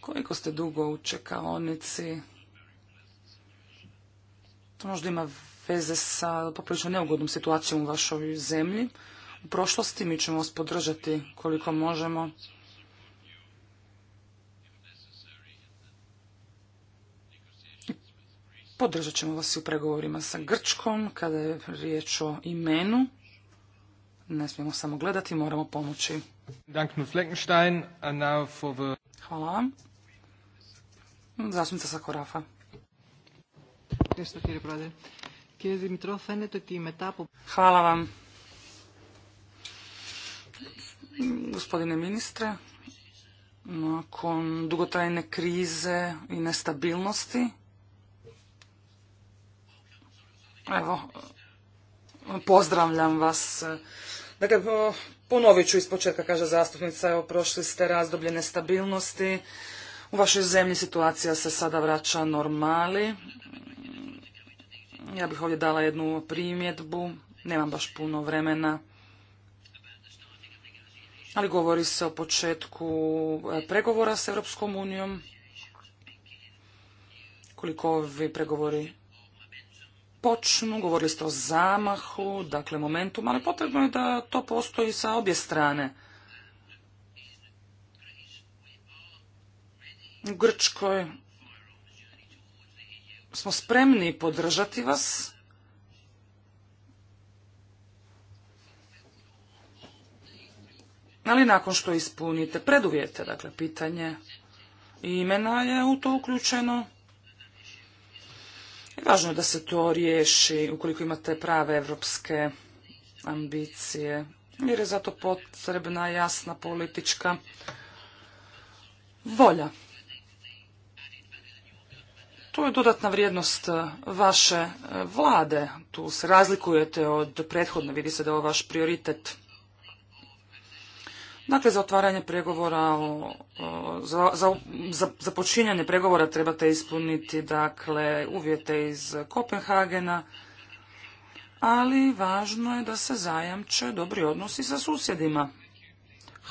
Koliko ste dugo u čekaonici? To možda ima veze sa poprilično neugodnom situacijom u vašoj zemlji. U prošlosti mi ćemo vas podržati koliko možemo. Podržat ćemo vas i u pregovorima sa Grčkom, kada je riječ o imenu. Ne smijemo samo gledati, moramo pomoći. Hvala vam. Zastupnica Sakorafa. Hvala vam. Gospodine ministre, nakon dugotrajne krize i nestabilnosti, evo, pozdravljam vas. Dakle, ponovit ću iz početka, kaže zastupnica, evo, prošli ste razdoblje nestabilnosti, u vašoj zemlji situacija se sada vraća normali. Ja bih ovdje dala jednu primjedbu, nemam baš puno vremena. Ali govori se o početku e, pregovora s Europskom unijom. Koliko ovi pregovori počnu, govorili ste o zamahu, dakle momentum, ali potrebno je da to postoji sa obje strane. u Grčkoj smo spremni podržati vas. Ali nakon što ispunite preduvjete, dakle pitanje imena je u to uključeno. I važno je da se to riješi ukoliko imate prave evropske ambicije, jer je zato potrebna jasna politička volja. To je dodatna vrijednost e, vaše e, vlade. Tu se razlikujete od prethodne, vidi se da je ovo vaš prioritet. Dakle, za otvaranje pregovora, za, počinjanje pregovora trebate ispuniti dakle, uvjete iz Kopenhagena, ali važno je da se zajamče dobri odnosi sa susjedima.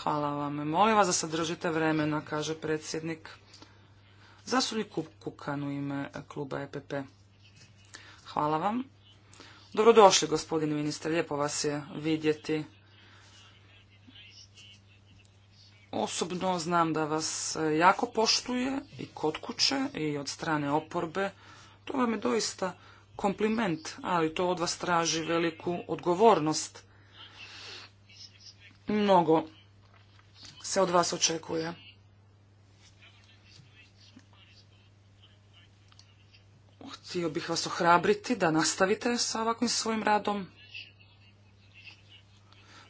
Hvala vam. Molim vas da sadržite vremena, kaže predsjednik. Zastupnik Kukan u ime e, kluba EPP. Hvala vam. Dobrodošli, gospodine ministre. Lijepo vas je vidjeti. Osobno znam da vas e, jako poštuje i kod kuće i od strane oporbe. To vam je doista kompliment, ali to od vas traži veliku odgovornost. Mnogo se od vas očekuje. htio bih vas ohrabriti da nastavite sa ovakvim svojim radom.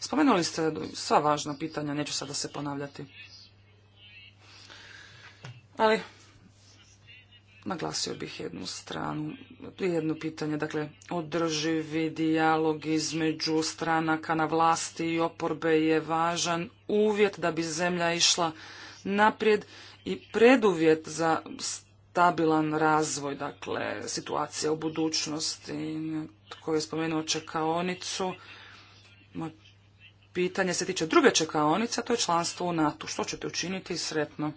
Spomenuli ste sva važna pitanja, neću sada se ponavljati. Ali, naglasio bih jednu stranu, jedno pitanje, dakle, održivi dijalog između stranaka na vlasti i oporbe je važan uvjet da bi zemlja išla naprijed i preduvjet za stabilan razvoj, dakle, situacija u budućnosti. Tko je spomenuo čekaonicu, moje pitanje se tiče druge čekaonice, to je članstvo u NATO. Što ćete učiniti? Sretno.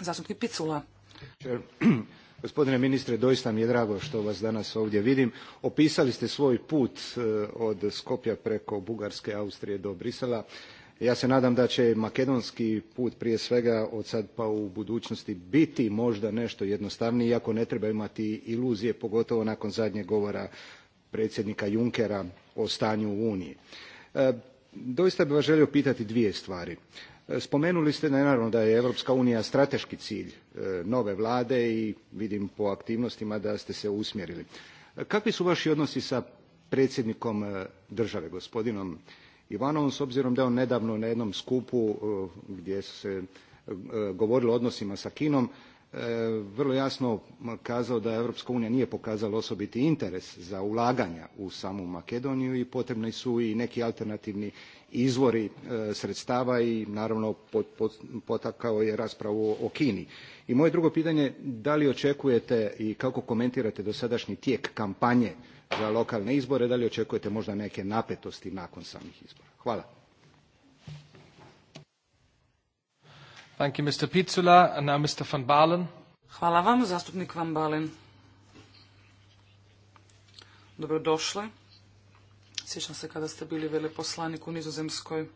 Zastupnik Picula. Gospodine ministre, doista mi je drago što vas danas ovdje vidim. Opisali ste svoj put eh, od Skopja preko Bugarske, Austrije do Brisela ja se nadam da će makedonski put prije svega od sad pa u budućnosti biti možda nešto jednostavniji iako ne treba imati iluzije pogotovo nakon zadnjeg govora predsjednika junckera o stanju u uniji. E, doista bih vas želio pitati dvije stvari. E, spomenuli ste naravno da je europska unija strateški cilj e, nove vlade i vidim po aktivnostima da ste se usmjerili. kakvi su vaši odnosi sa predsjednikom države gospodinom Ivanovom s obzirom da je on nedavno na jednom skupu eh, gdje se eh, eh, govorilo o odnosima sa Kinom vrlo jasno kazao da Europska unija nije pokazala osobiti interes za ulaganja u samu Makedoniju i potrebni su i neki alternativni izvori sredstava i naravno potakao je raspravu o Kini. I moje drugo pitanje, da li očekujete i kako komentirate dosadašnji tijek kampanje za lokalne izbore, da li očekujete možda neke napetosti nakon samih izbora? Hvala. Hvala vam, zastupnik Van Balen. Dobrodošle. Sjećam se kada ste bili veleposlanik u Nizozemskoj.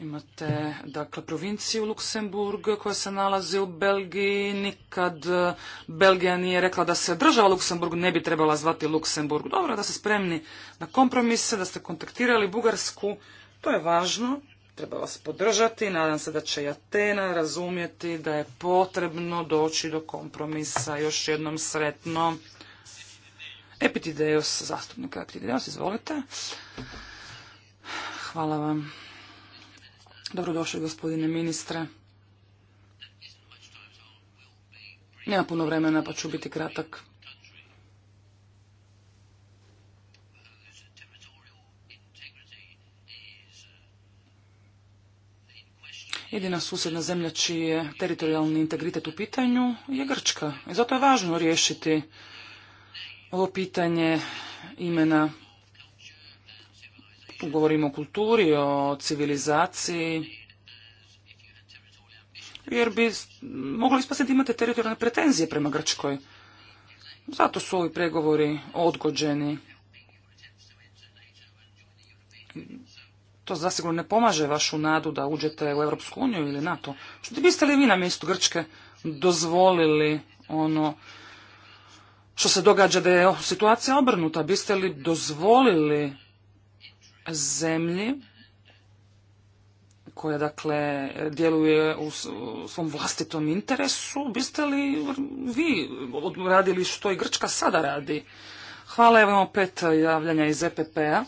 Imate dakle provinciju Luksemburg koja se nalazi u Belgiji. Nikad e, Belgija nije rekla da se država Luksemburg ne bi trebala zvati Luksemburg. Dobro da ste spremni na kompromise, da ste kontaktirali Bugarsku. To je važno. Treba vas podržati. Nadam se da će i Atena razumjeti da je potrebno doći do kompromisa. Još jednom sretno. Epitideos, zastupnika Epitideos, izvolite. Hvala vam. Dobrodošli gospodine ministre. Nema puno vremena pa ću biti kratak. Jedina susjedna zemlja čiji je teritorijalni integritet u pitanju je Grčka. I zato je važno riješiti ovo pitanje imena govorimo o kulturi, o civilizaciji, jer bi mogli ispasti da imate teritorijalne pretenzije prema Grčkoj. Zato su ovi pregovori odgođeni. To zasigurno ne pomaže vašu nadu da uđete u Europsku uniju ili NATO. Što biste li vi na mjestu Grčke dozvolili ono što se događa da je situacija obrnuta? Biste li dozvolili zemlji koja dakle djeluje u svom vlastitom interesu, biste li vi radili što i Grčka sada radi? Hvala, evo imamo pet javljanja iz EPP-a.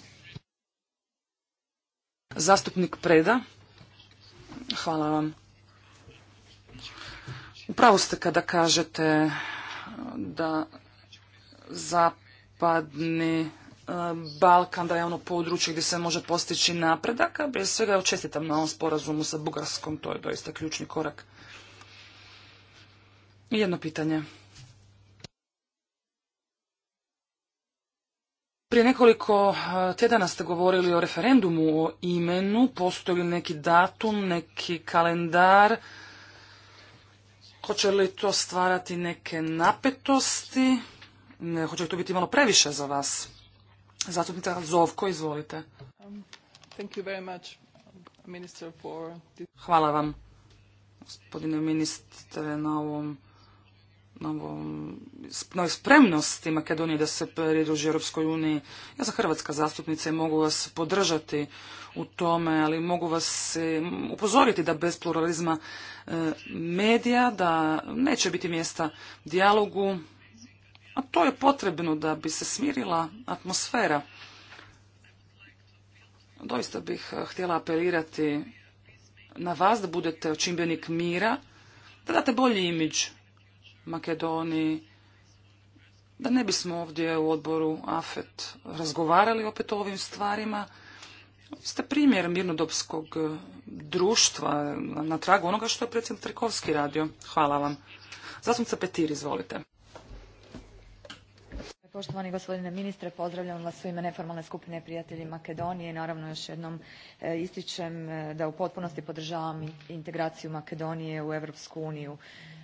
Zastupnik Preda, hvala vam. Upravo ste kada kažete da zapadni E, Balkan da je ono područje gdje se može postići napredak, a prije svega je čestitam na ovom sporazumu sa Bugarskom, to je doista ključni korak. I jedno pitanje. Prije nekoliko e, tjedana ste govorili o referendumu o imenu, postoji li neki datum, neki kalendar, hoće li to stvarati neke napetosti, hoće li to biti malo previše za vas? Zastupnica Zovko, izvolite. Um, Hvala vam, gospodine ministre, na ovom spremnosti Makedonije da se pridruži Europskoj uniji. Ja sam hrvatska zastupnica i mogu vas podržati u tome, ali mogu vas e, upozoriti da bez pluralizma e, medija, da neće biti mjesta dijalogu, a to je potrebno da bi se smirila atmosfera. Doista bih eh, htjela apelirati na vas da budete očimbenik mira, da date bolji imidž Makedoniji, da ne bismo ovdje u odboru AFET razgovarali opet o ovim stvarima. ste primjer mirnodopskog eh, društva na tragu onoga što je predsjednik Trikovski radio. Hvala vam. Zastupnica Petir, izvolite. Poštovani gospodine ministre, pozdravljam vas u ime neformalne skupine prijatelji Makedonije i naravno još jednom e, ističem e, da u potpunosti podržavam integraciju Makedonije u Europsku uniju.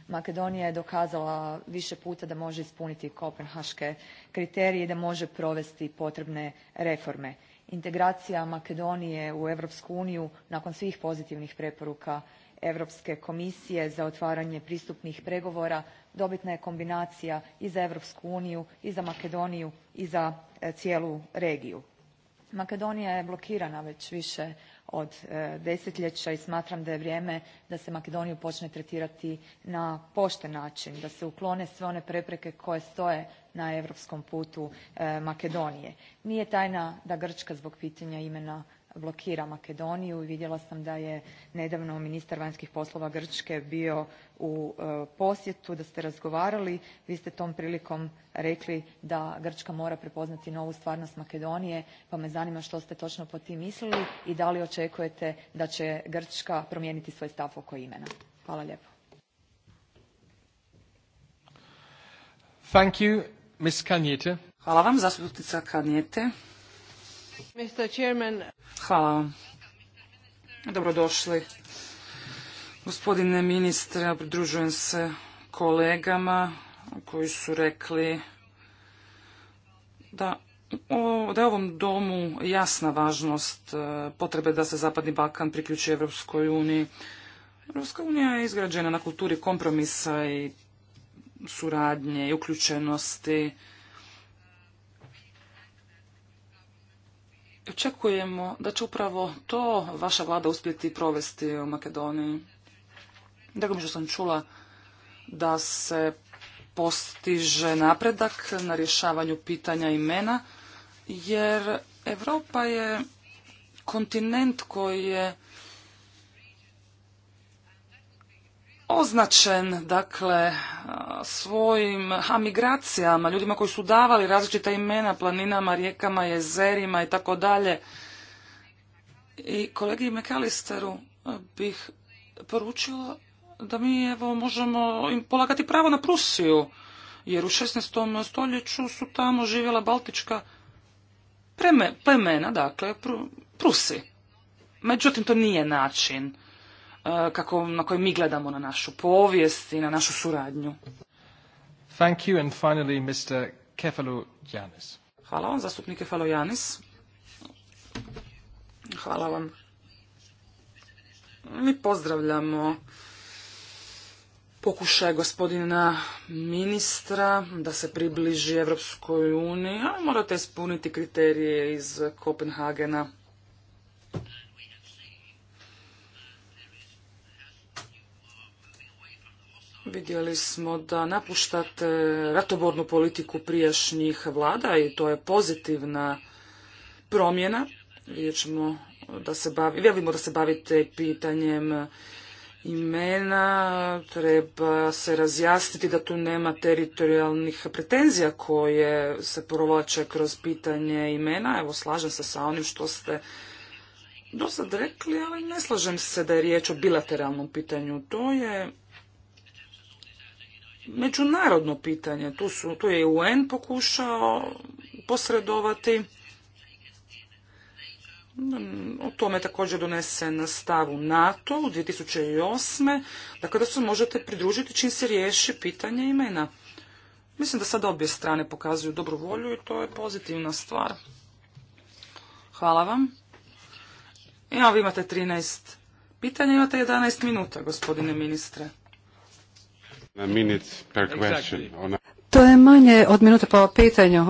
Makedonija je dokazala više puta da može ispuniti kopenhaške kriterije i da može provesti potrebne reforme. Integracija Makedonije u Europsku uniju nakon svih pozitivnih preporuka Europske komisije za otvaranje pristupnih pregovora dobitna je kombinacija i za europsku uniju i za makedoniju i za e, cijelu regiju. makedonija je blokirana već više od e, desetljeća i smatram da je vrijeme da se makedoniju počne tretirati na pošten način da se uklone sve one prepreke koje stoje na europskom putu e, makedonije. nije tajna da grčka zbog pitanja imena blokira Makedoniju i vidjela sam da je nedavno ministar vanjskih poslova Grčke bio u e, posjetu, da ste razgovarali. Vi ste tom prilikom rekli da Grčka mora prepoznati novu stvarnost Makedonije, pa me zanima što ste točno pod tim mislili i da li očekujete da će Grčka promijeniti svoj stav oko imena. Hvala lijepo. Hvala vam, zastupnica Kanjete. Hvala vam. Dobrodošli. Gospodine ministre, pridružujem se kolegama koji su rekli da, da je ovom domu jasna važnost e, potrebe da se Zapadni Balkan priključi Evropskoj uniji. Evropska unija je izgrađena na kulturi kompromisa i suradnje i uključenosti Očekujemo da će upravo to vaša vlada uspjeti provesti u Makedoniji. Drago mi što sam čula da se postiže napredak na rješavanju pitanja imena, jer Europa je kontinent koji je označen dakle svojim amigracijama, ljudima koji su davali različita imena planinama, rijekama, jezerima i tako dalje. I kolegi Mekalisteru bih poručila da mi evo možemo im polagati pravo na Prusiju, jer u 16. stoljeću su tamo živjela baltička plemena, dakle, Prusi. Međutim, to nije način Eh, kako, na koje mi gledamo na našu povijest i na našu suradnju. Thank you and finally Mr. Hvala vam, zastupnik Kefalo Janis. Hvala vam. Mi pozdravljamo pokušaj gospodina ministra da se približi Evropskoj uniji, ali morate ispuniti kriterije iz Kopenhagena. Vidjeli smo da napuštate ratobornu politiku prijašnjih vlada i to je pozitivna promjena. Velimo da se bavite pitanjem imena, treba se razjasniti da tu nema teritorijalnih pretenzija koje se provlače kroz pitanje imena. Evo, slažem se sa onim što ste do rekli, ali ne slažem se da je riječ o bilateralnom pitanju. To je međunarodno pitanje. Tu, su, tu je UN pokušao posredovati. O tome je također donesen stav u NATO u 2008. Dakle, da se možete pridružiti čim se riješi pitanje imena. Mislim da sada obje strane pokazuju dobru volju i to je pozitivna stvar. Hvala vam. I vi imate 13 pitanja, imate 11 minuta, gospodine ministre. To je manje od minute po pitanju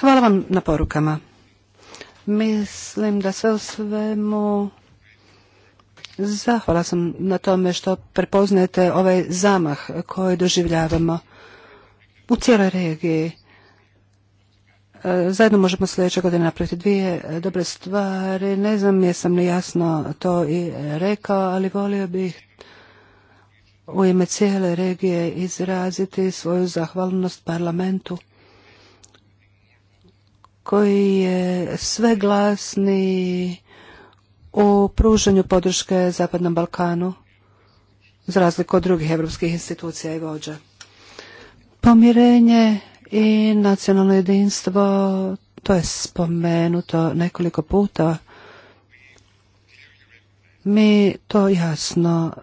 Hvala vam na porukama. Mislim da sve svemu zahvala sam na tome što prepoznajete ovaj zamah koji doživljavamo u cijeloj regiji. E, zajedno možemo sljedeće godine napraviti dvije dobre stvari. Ne znam jesam li jasno to i rekao, ali volio bih u ime cijele regije izraziti svoju zahvalnost parlamentu koji je sve glasni u pružanju podrške Zapadnom Balkanu za razliku od drugih evropskih institucija i vođa. Pomirenje i nacionalno jedinstvo, to je spomenuto nekoliko puta. Mi to jasno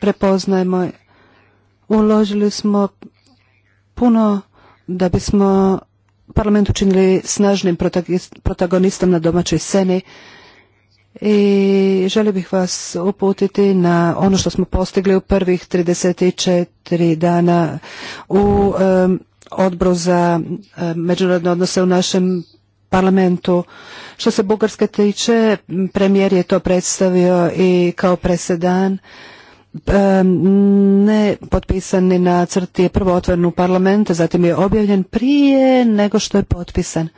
prepoznajemo. Uložili smo puno da bismo parlament učinili snažnim protagonistom na domaćoj sceni i želio bih vas uputiti na ono što smo postigli u prvih 34 dana u um, odboru za međunarodne odnose u našem parlamentu. Što se Bugarske tiče, premijer je to predstavio i kao presedan E, na crti je prvo otvoren u parlamentu, zatim je objavljen prije nego što je potpisan.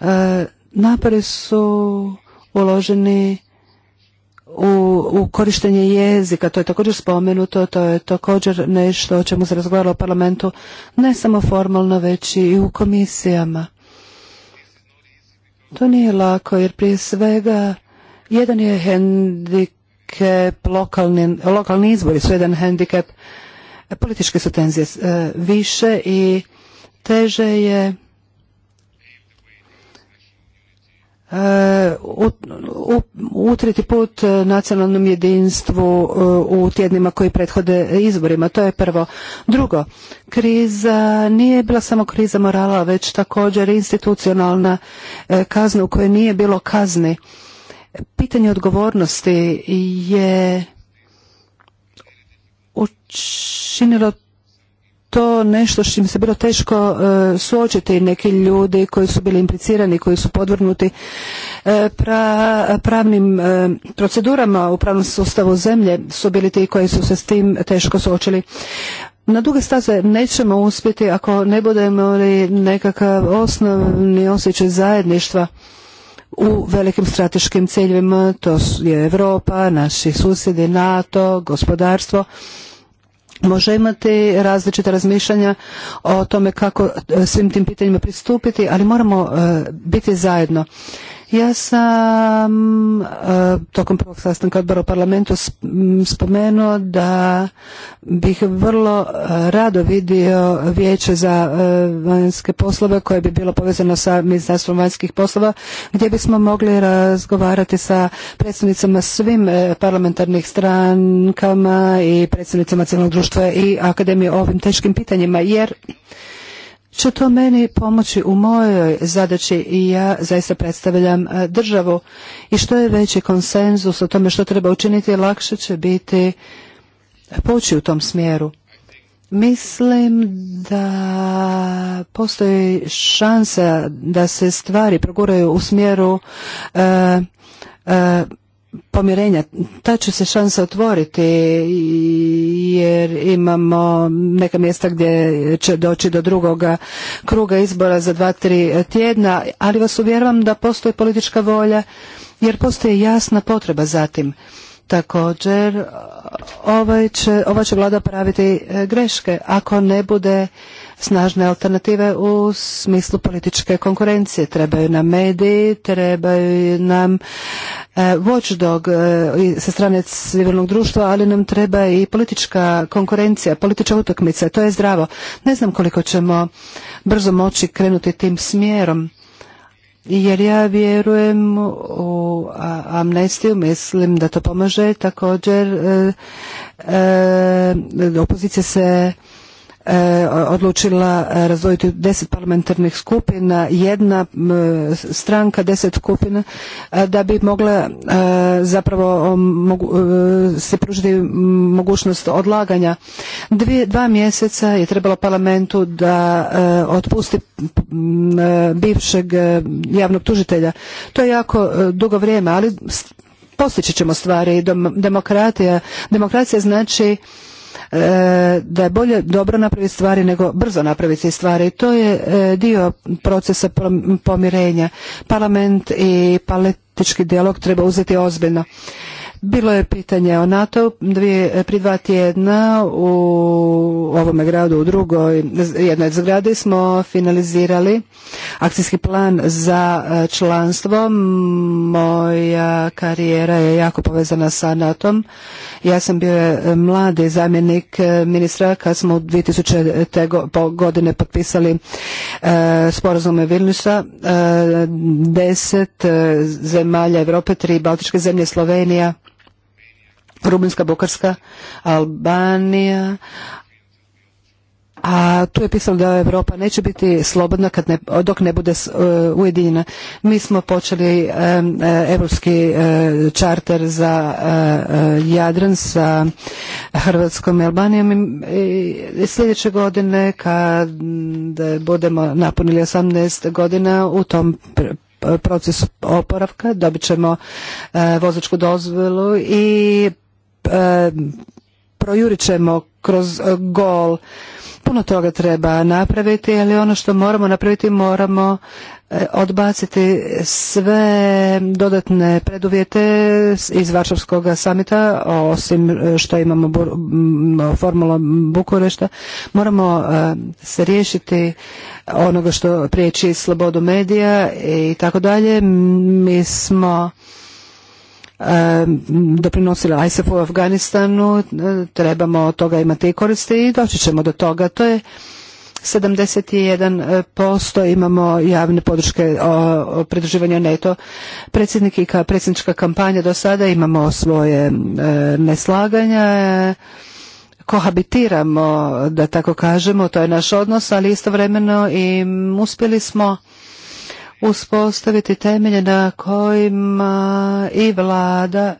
E, napori su uloženi u, u korištenje jezika, to je također spomenuto, to je također nešto o čemu se razgovaralo u parlamentu, ne samo formalno, već i u komisijama. To nije lako, jer prije svega jedan je hendikep, lokalni, lokalni izbori su jedan hendikep, političke su tenzije e, više i teže je e, utriti put nacionalnom jedinstvu e, u tjednima koji prethode izborima. To je prvo. Drugo, kriza nije bila samo kriza morala, već također institucionalna kazna u kojoj nije bilo kazni. Pitanje odgovornosti je učinilo to nešto s čim se bilo teško e, suočiti neki ljudi koji su bili implicirani, koji su podvrnuti e, pravnim e, procedurama u pravnom sustavu zemlje su bili ti koji su se s tim teško suočili. Na duge staze nećemo uspjeti ako ne budemo li nekakav osnovni osjećaj zajedništva u velikim strateškim ciljevima, to je Europa, naši susjedi, NATO, gospodarstvo može imati različita razmišljanja o tome kako e, svim tim pitanjima pristupiti, ali moramo e, biti zajedno. Ja sam e, tokom prvog sastanka odbora u parlamentu spomenuo da bih vrlo e, rado vidio vijeće za e, vanjske poslove koje bi bilo povezano sa ministarstvom vanjskih poslova gdje bismo mogli razgovarati sa predstavnicama svim parlamentarnih strankama i predstavnicama civilnog društva i akademije o ovim teškim pitanjima jer će to meni pomoći u mojoj zadaći i ja zaista predstavljam e, državu i što je veći konsenzus o tome što treba učiniti lakše će biti poći u tom smjeru. Mislim da postoji šansa da se stvari proguraju u smjeru e, e, pomirenja. Ta će se šansa otvoriti jer imamo neka mjesta gdje će doći do drugoga kruga izbora za dva, tri tjedna, ali vas uvjeravam da postoji politička volja jer postoji jasna potreba za tim. Također, ovaj će, ova će vlada praviti e, greške ako ne bude snažne alternative u smislu političke konkurencije. Trebaju nam mediji, trebaju nam e, watchdog e, sa strane civilnog društva, ali nam treba i politička konkurencija, politička utakmica. To je zdravo. Ne znam koliko ćemo brzo moći krenuti tim smjerom jer ja vjerujem u amnestiju, mislim da to pomaže također e, opozicija se E, odlučila e, razvojiti deset parlamentarnih skupina, jedna stranka deset skupina e, da bi mogla zapravo se pružiti mogućnost odlaganja. dva mjeseca je trebalo parlamentu da otpusti bivšeg javnog tužitelja. To je jako dugo vrijeme, ali postići ćemo stvari. demokracija znači E, da je bolje dobro napraviti stvari nego brzo napraviti stvari. To je e, dio procesa pomirenja. Parlament i politički dijalog treba uzeti ozbiljno. Bilo je pitanje o NATO dvije, pri dva tjedna u ovome gradu u drugoj jednoj zgradi smo finalizirali akcijski plan za e, članstvo. Moja karijera je jako povezana sa nato Ja sam bio e, mladi zamjenik e, ministra kad smo u 2000. godine potpisali e, sporazume deset zemalja Europe, tri Baltičke zemlje, Slovenija, Rumunjska, Bukarska, Albanija, a tu je pisalo da Europa neće biti slobodna kad ne, dok ne bude e, ujedinjena. Mi smo počeli europski e, e, čarter za Jadran sa Hrvatskom i Albanijom i sljedeće godine kad budemo napunili 18 godina u tom procesu oporavka dobit ćemo vozačku dozvolu i E, projurit ćemo kroz e, gol. Puno toga treba napraviti, ali ono što moramo napraviti moramo e, odbaciti sve dodatne preduvjete iz Varšavskog samita, osim što imamo formula Bukurešta. Moramo se riješiti onoga što priječi slobodu medija i tako dalje. Mi smo doprinosila ISAF u Afganistanu, e, trebamo od toga imati i koristi i doći ćemo do toga. To je 71% imamo javne podrške o pridruživanju neto Predsjednik i kao predsjednička kampanja do sada imamo svoje neslaganja, e, kohabitiramo, da tako kažemo, to je naš odnos, ali istovremeno i uspjeli smo uspostaviti temelje na kojima i vlada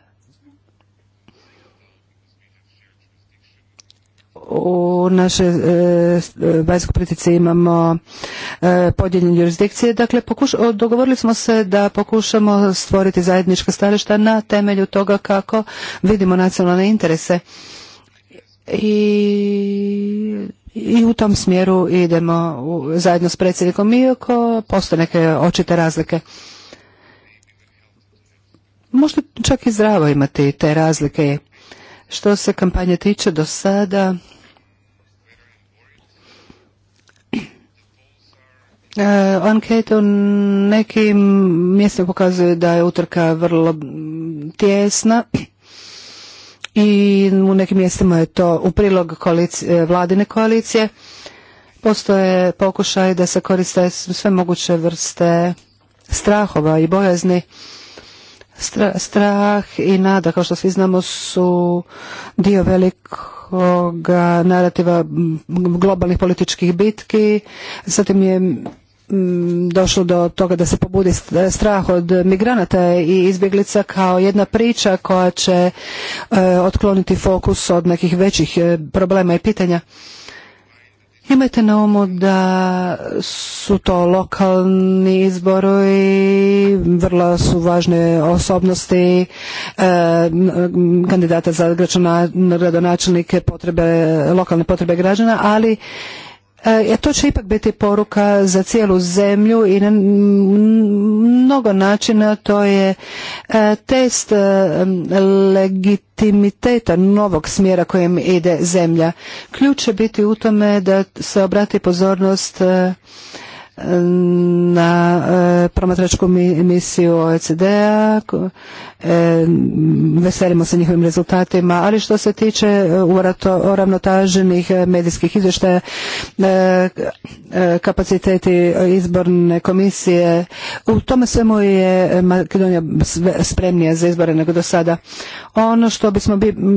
u našoj e, e vanjskoj politici imamo e, podijeljene jurisdikcije. Dakle, dogovorili smo se da pokušamo stvoriti zajednička starišta na temelju toga kako vidimo nacionalne interese. I i u tom smjeru idemo zajedno s predsjednikom Mijoko, postoje neke očite razlike. Možda čak i zdravo imati te razlike. Što se kampanje tiče do sada, Uh, anketu nekim mjestima pokazuje da je utrka vrlo tjesna i u nekim mjestima je to u prilog koalicije, vladine koalicije. Postoje pokušaj da se koriste sve moguće vrste strahova i bojazni. strah i nada, kao što svi znamo, su dio velikog narativa globalnih političkih bitki. Zatim je došlo do toga da se pobudi strah od migranata i izbjeglica kao jedna priča koja će e, otkloniti fokus od nekih većih e, problema i pitanja. Imajte na umu da su to lokalni izbori, vrlo su važne osobnosti e, kandidata za gradonačelnike, potrebe, lokalne potrebe građana, ali ja e, e, to će ipak biti poruka za cijelu zemlju i na mnogo načina to je e, test legitimiteta novog smjera kojem ide zemlja. Ključ će biti u tome da se obrati pozornost na e, promatračku emisiju OECD-a. E, veselimo se njihovim rezultatima, ali što se tiče e, uravnotaženih medijskih izvještaja, kapaciteti izborne komisije, u tome svemu je Makedonija spremnija za izbore nego do sada. Ono što bismo mm,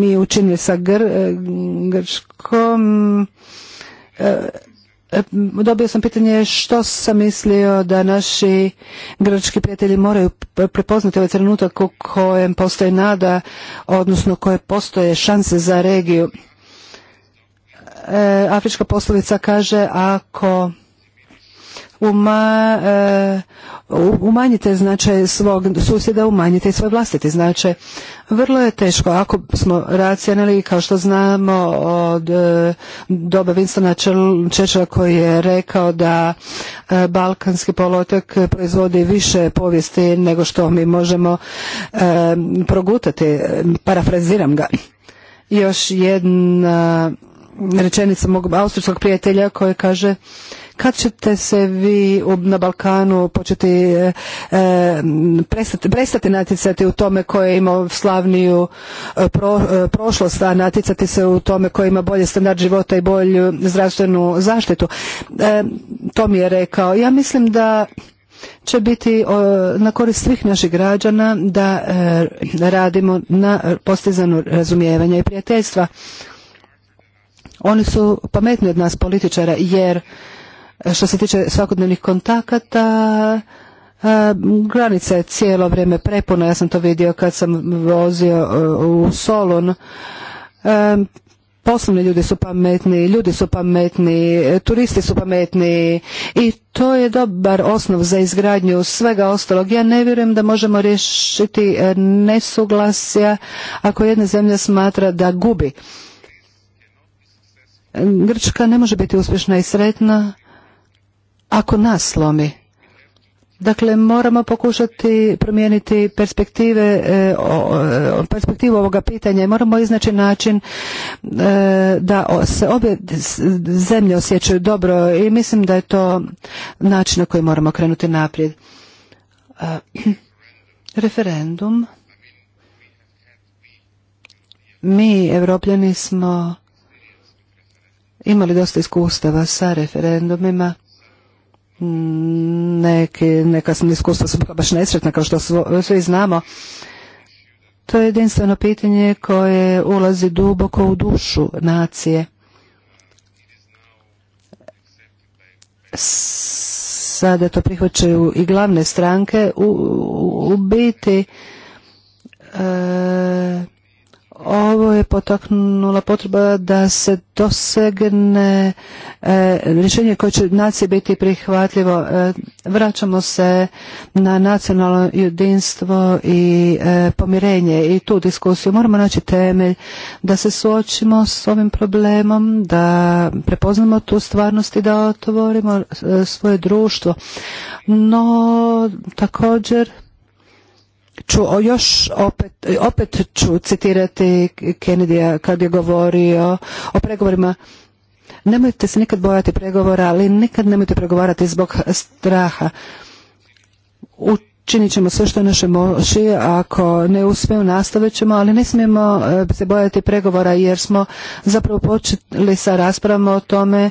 mi učinili sa Gr Grčkom, E, dobio sam pitanje što sam mislio da naši grčki prijatelji moraju prepoznati ovaj trenutak u kojem postoji nada, odnosno koje postoje šanse za regiju. E, afrička poslovica kaže ako uma, e, umanjite značaj svog susjeda, umanjite i svoj vlastiti značaj. Vrlo je teško, ako smo racionalni, kao što znamo od e, doba Winstona Čeča koji je rekao da e, Balkanski polotok proizvodi više povijesti nego što mi možemo progutati, parafraziram ga. Još jedna rečenica mog austrijskog prijatelja koji kaže kad ćete se vi na Balkanu početi e, e, prestati, naticati natjecati u tome koje ima slavniju e, prošlost, a naticati se u tome koje ima bolje standard života i bolju zdravstvenu zaštitu? to mi je rekao. Ja mislim da će biti na korist svih naših građana da radimo na postizanu razumijevanja i prijateljstva. Oni su pametni od nas političara jer što se tiče svakodnevnih kontakata, granica je cijelo vrijeme prepuna. Ja sam to vidio kad sam vozio e, u Solon. E, poslovni ljudi su pametni, ljudi su pametni, turisti su pametni i to je dobar osnov za izgradnju svega ostalog. Ja ne vjerujem da možemo riješiti e, nesuglasja ako jedna zemlja smatra da gubi. Grčka ne može biti uspješna i sretna ako nas slomi. Dakle, moramo pokušati promijeniti perspektive, e, perspektivu ovoga pitanja i moramo iznaći način e, da se obje zemlje osjećaju dobro i mislim da je to način na koji moramo krenuti naprijed. E, referendum. Mi, evropljani, smo imali dosta iskustava sa referendumima neke neka iskustva su baš nesretna kao što svi znamo. To je jedinstveno pitanje koje ulazi duboko u dušu nacije. Sada to prihvaćaju i glavne stranke. U, u, u biti e, ovo je potaknula potreba da se dosegne e, rješenje koje će nacije biti prihvatljivo. E, vraćamo se na nacionalno jedinstvo i e, pomirenje i tu diskusiju. Moramo naći temelj da se suočimo s ovim problemom, da prepoznamo tu stvarnost i da otvorimo svoje društvo. No, također ću o još opet, opet ću citirati Kennedy kad je govorio o pregovorima nemojte se nikad bojati pregovora ali nikad nemojte pregovarati zbog straha učinit ćemo sve što naše moći ako ne uspijemo nastavit ćemo ali ne smijemo e, se bojati pregovora jer smo zapravo počeli sa raspravom o tome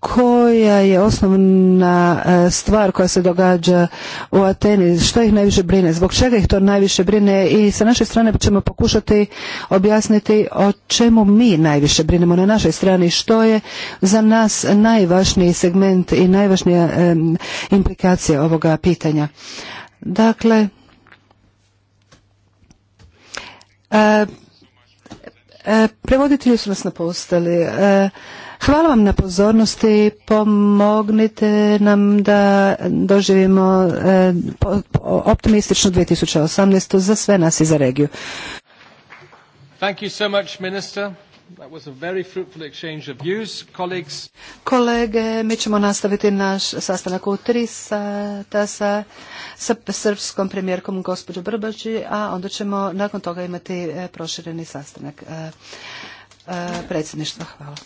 koja je osnovna e, stvar koja se događa u Ateni, što ih najviše brine, zbog čega ih to najviše brine i sa naše strane ćemo pokušati objasniti o čemu mi najviše brinemo na našoj strani, što je za nas najvažniji segment i najvažnija implikacija ovoga pitanja. Dakle, e, e, prevoditelji su nas napustili. Uh, Hvala vam na pozornosti, pomognite nam da doživimo e, optimističnu 2018. za sve nas i za regiju. Thank Kolege, mi ćemo nastaviti naš sastanak u tri sata sa, srpskom premijerkom gospođo Brbađi, a onda ćemo nakon toga imati e, prošireni sastanak e, predsjedništva. Hvala.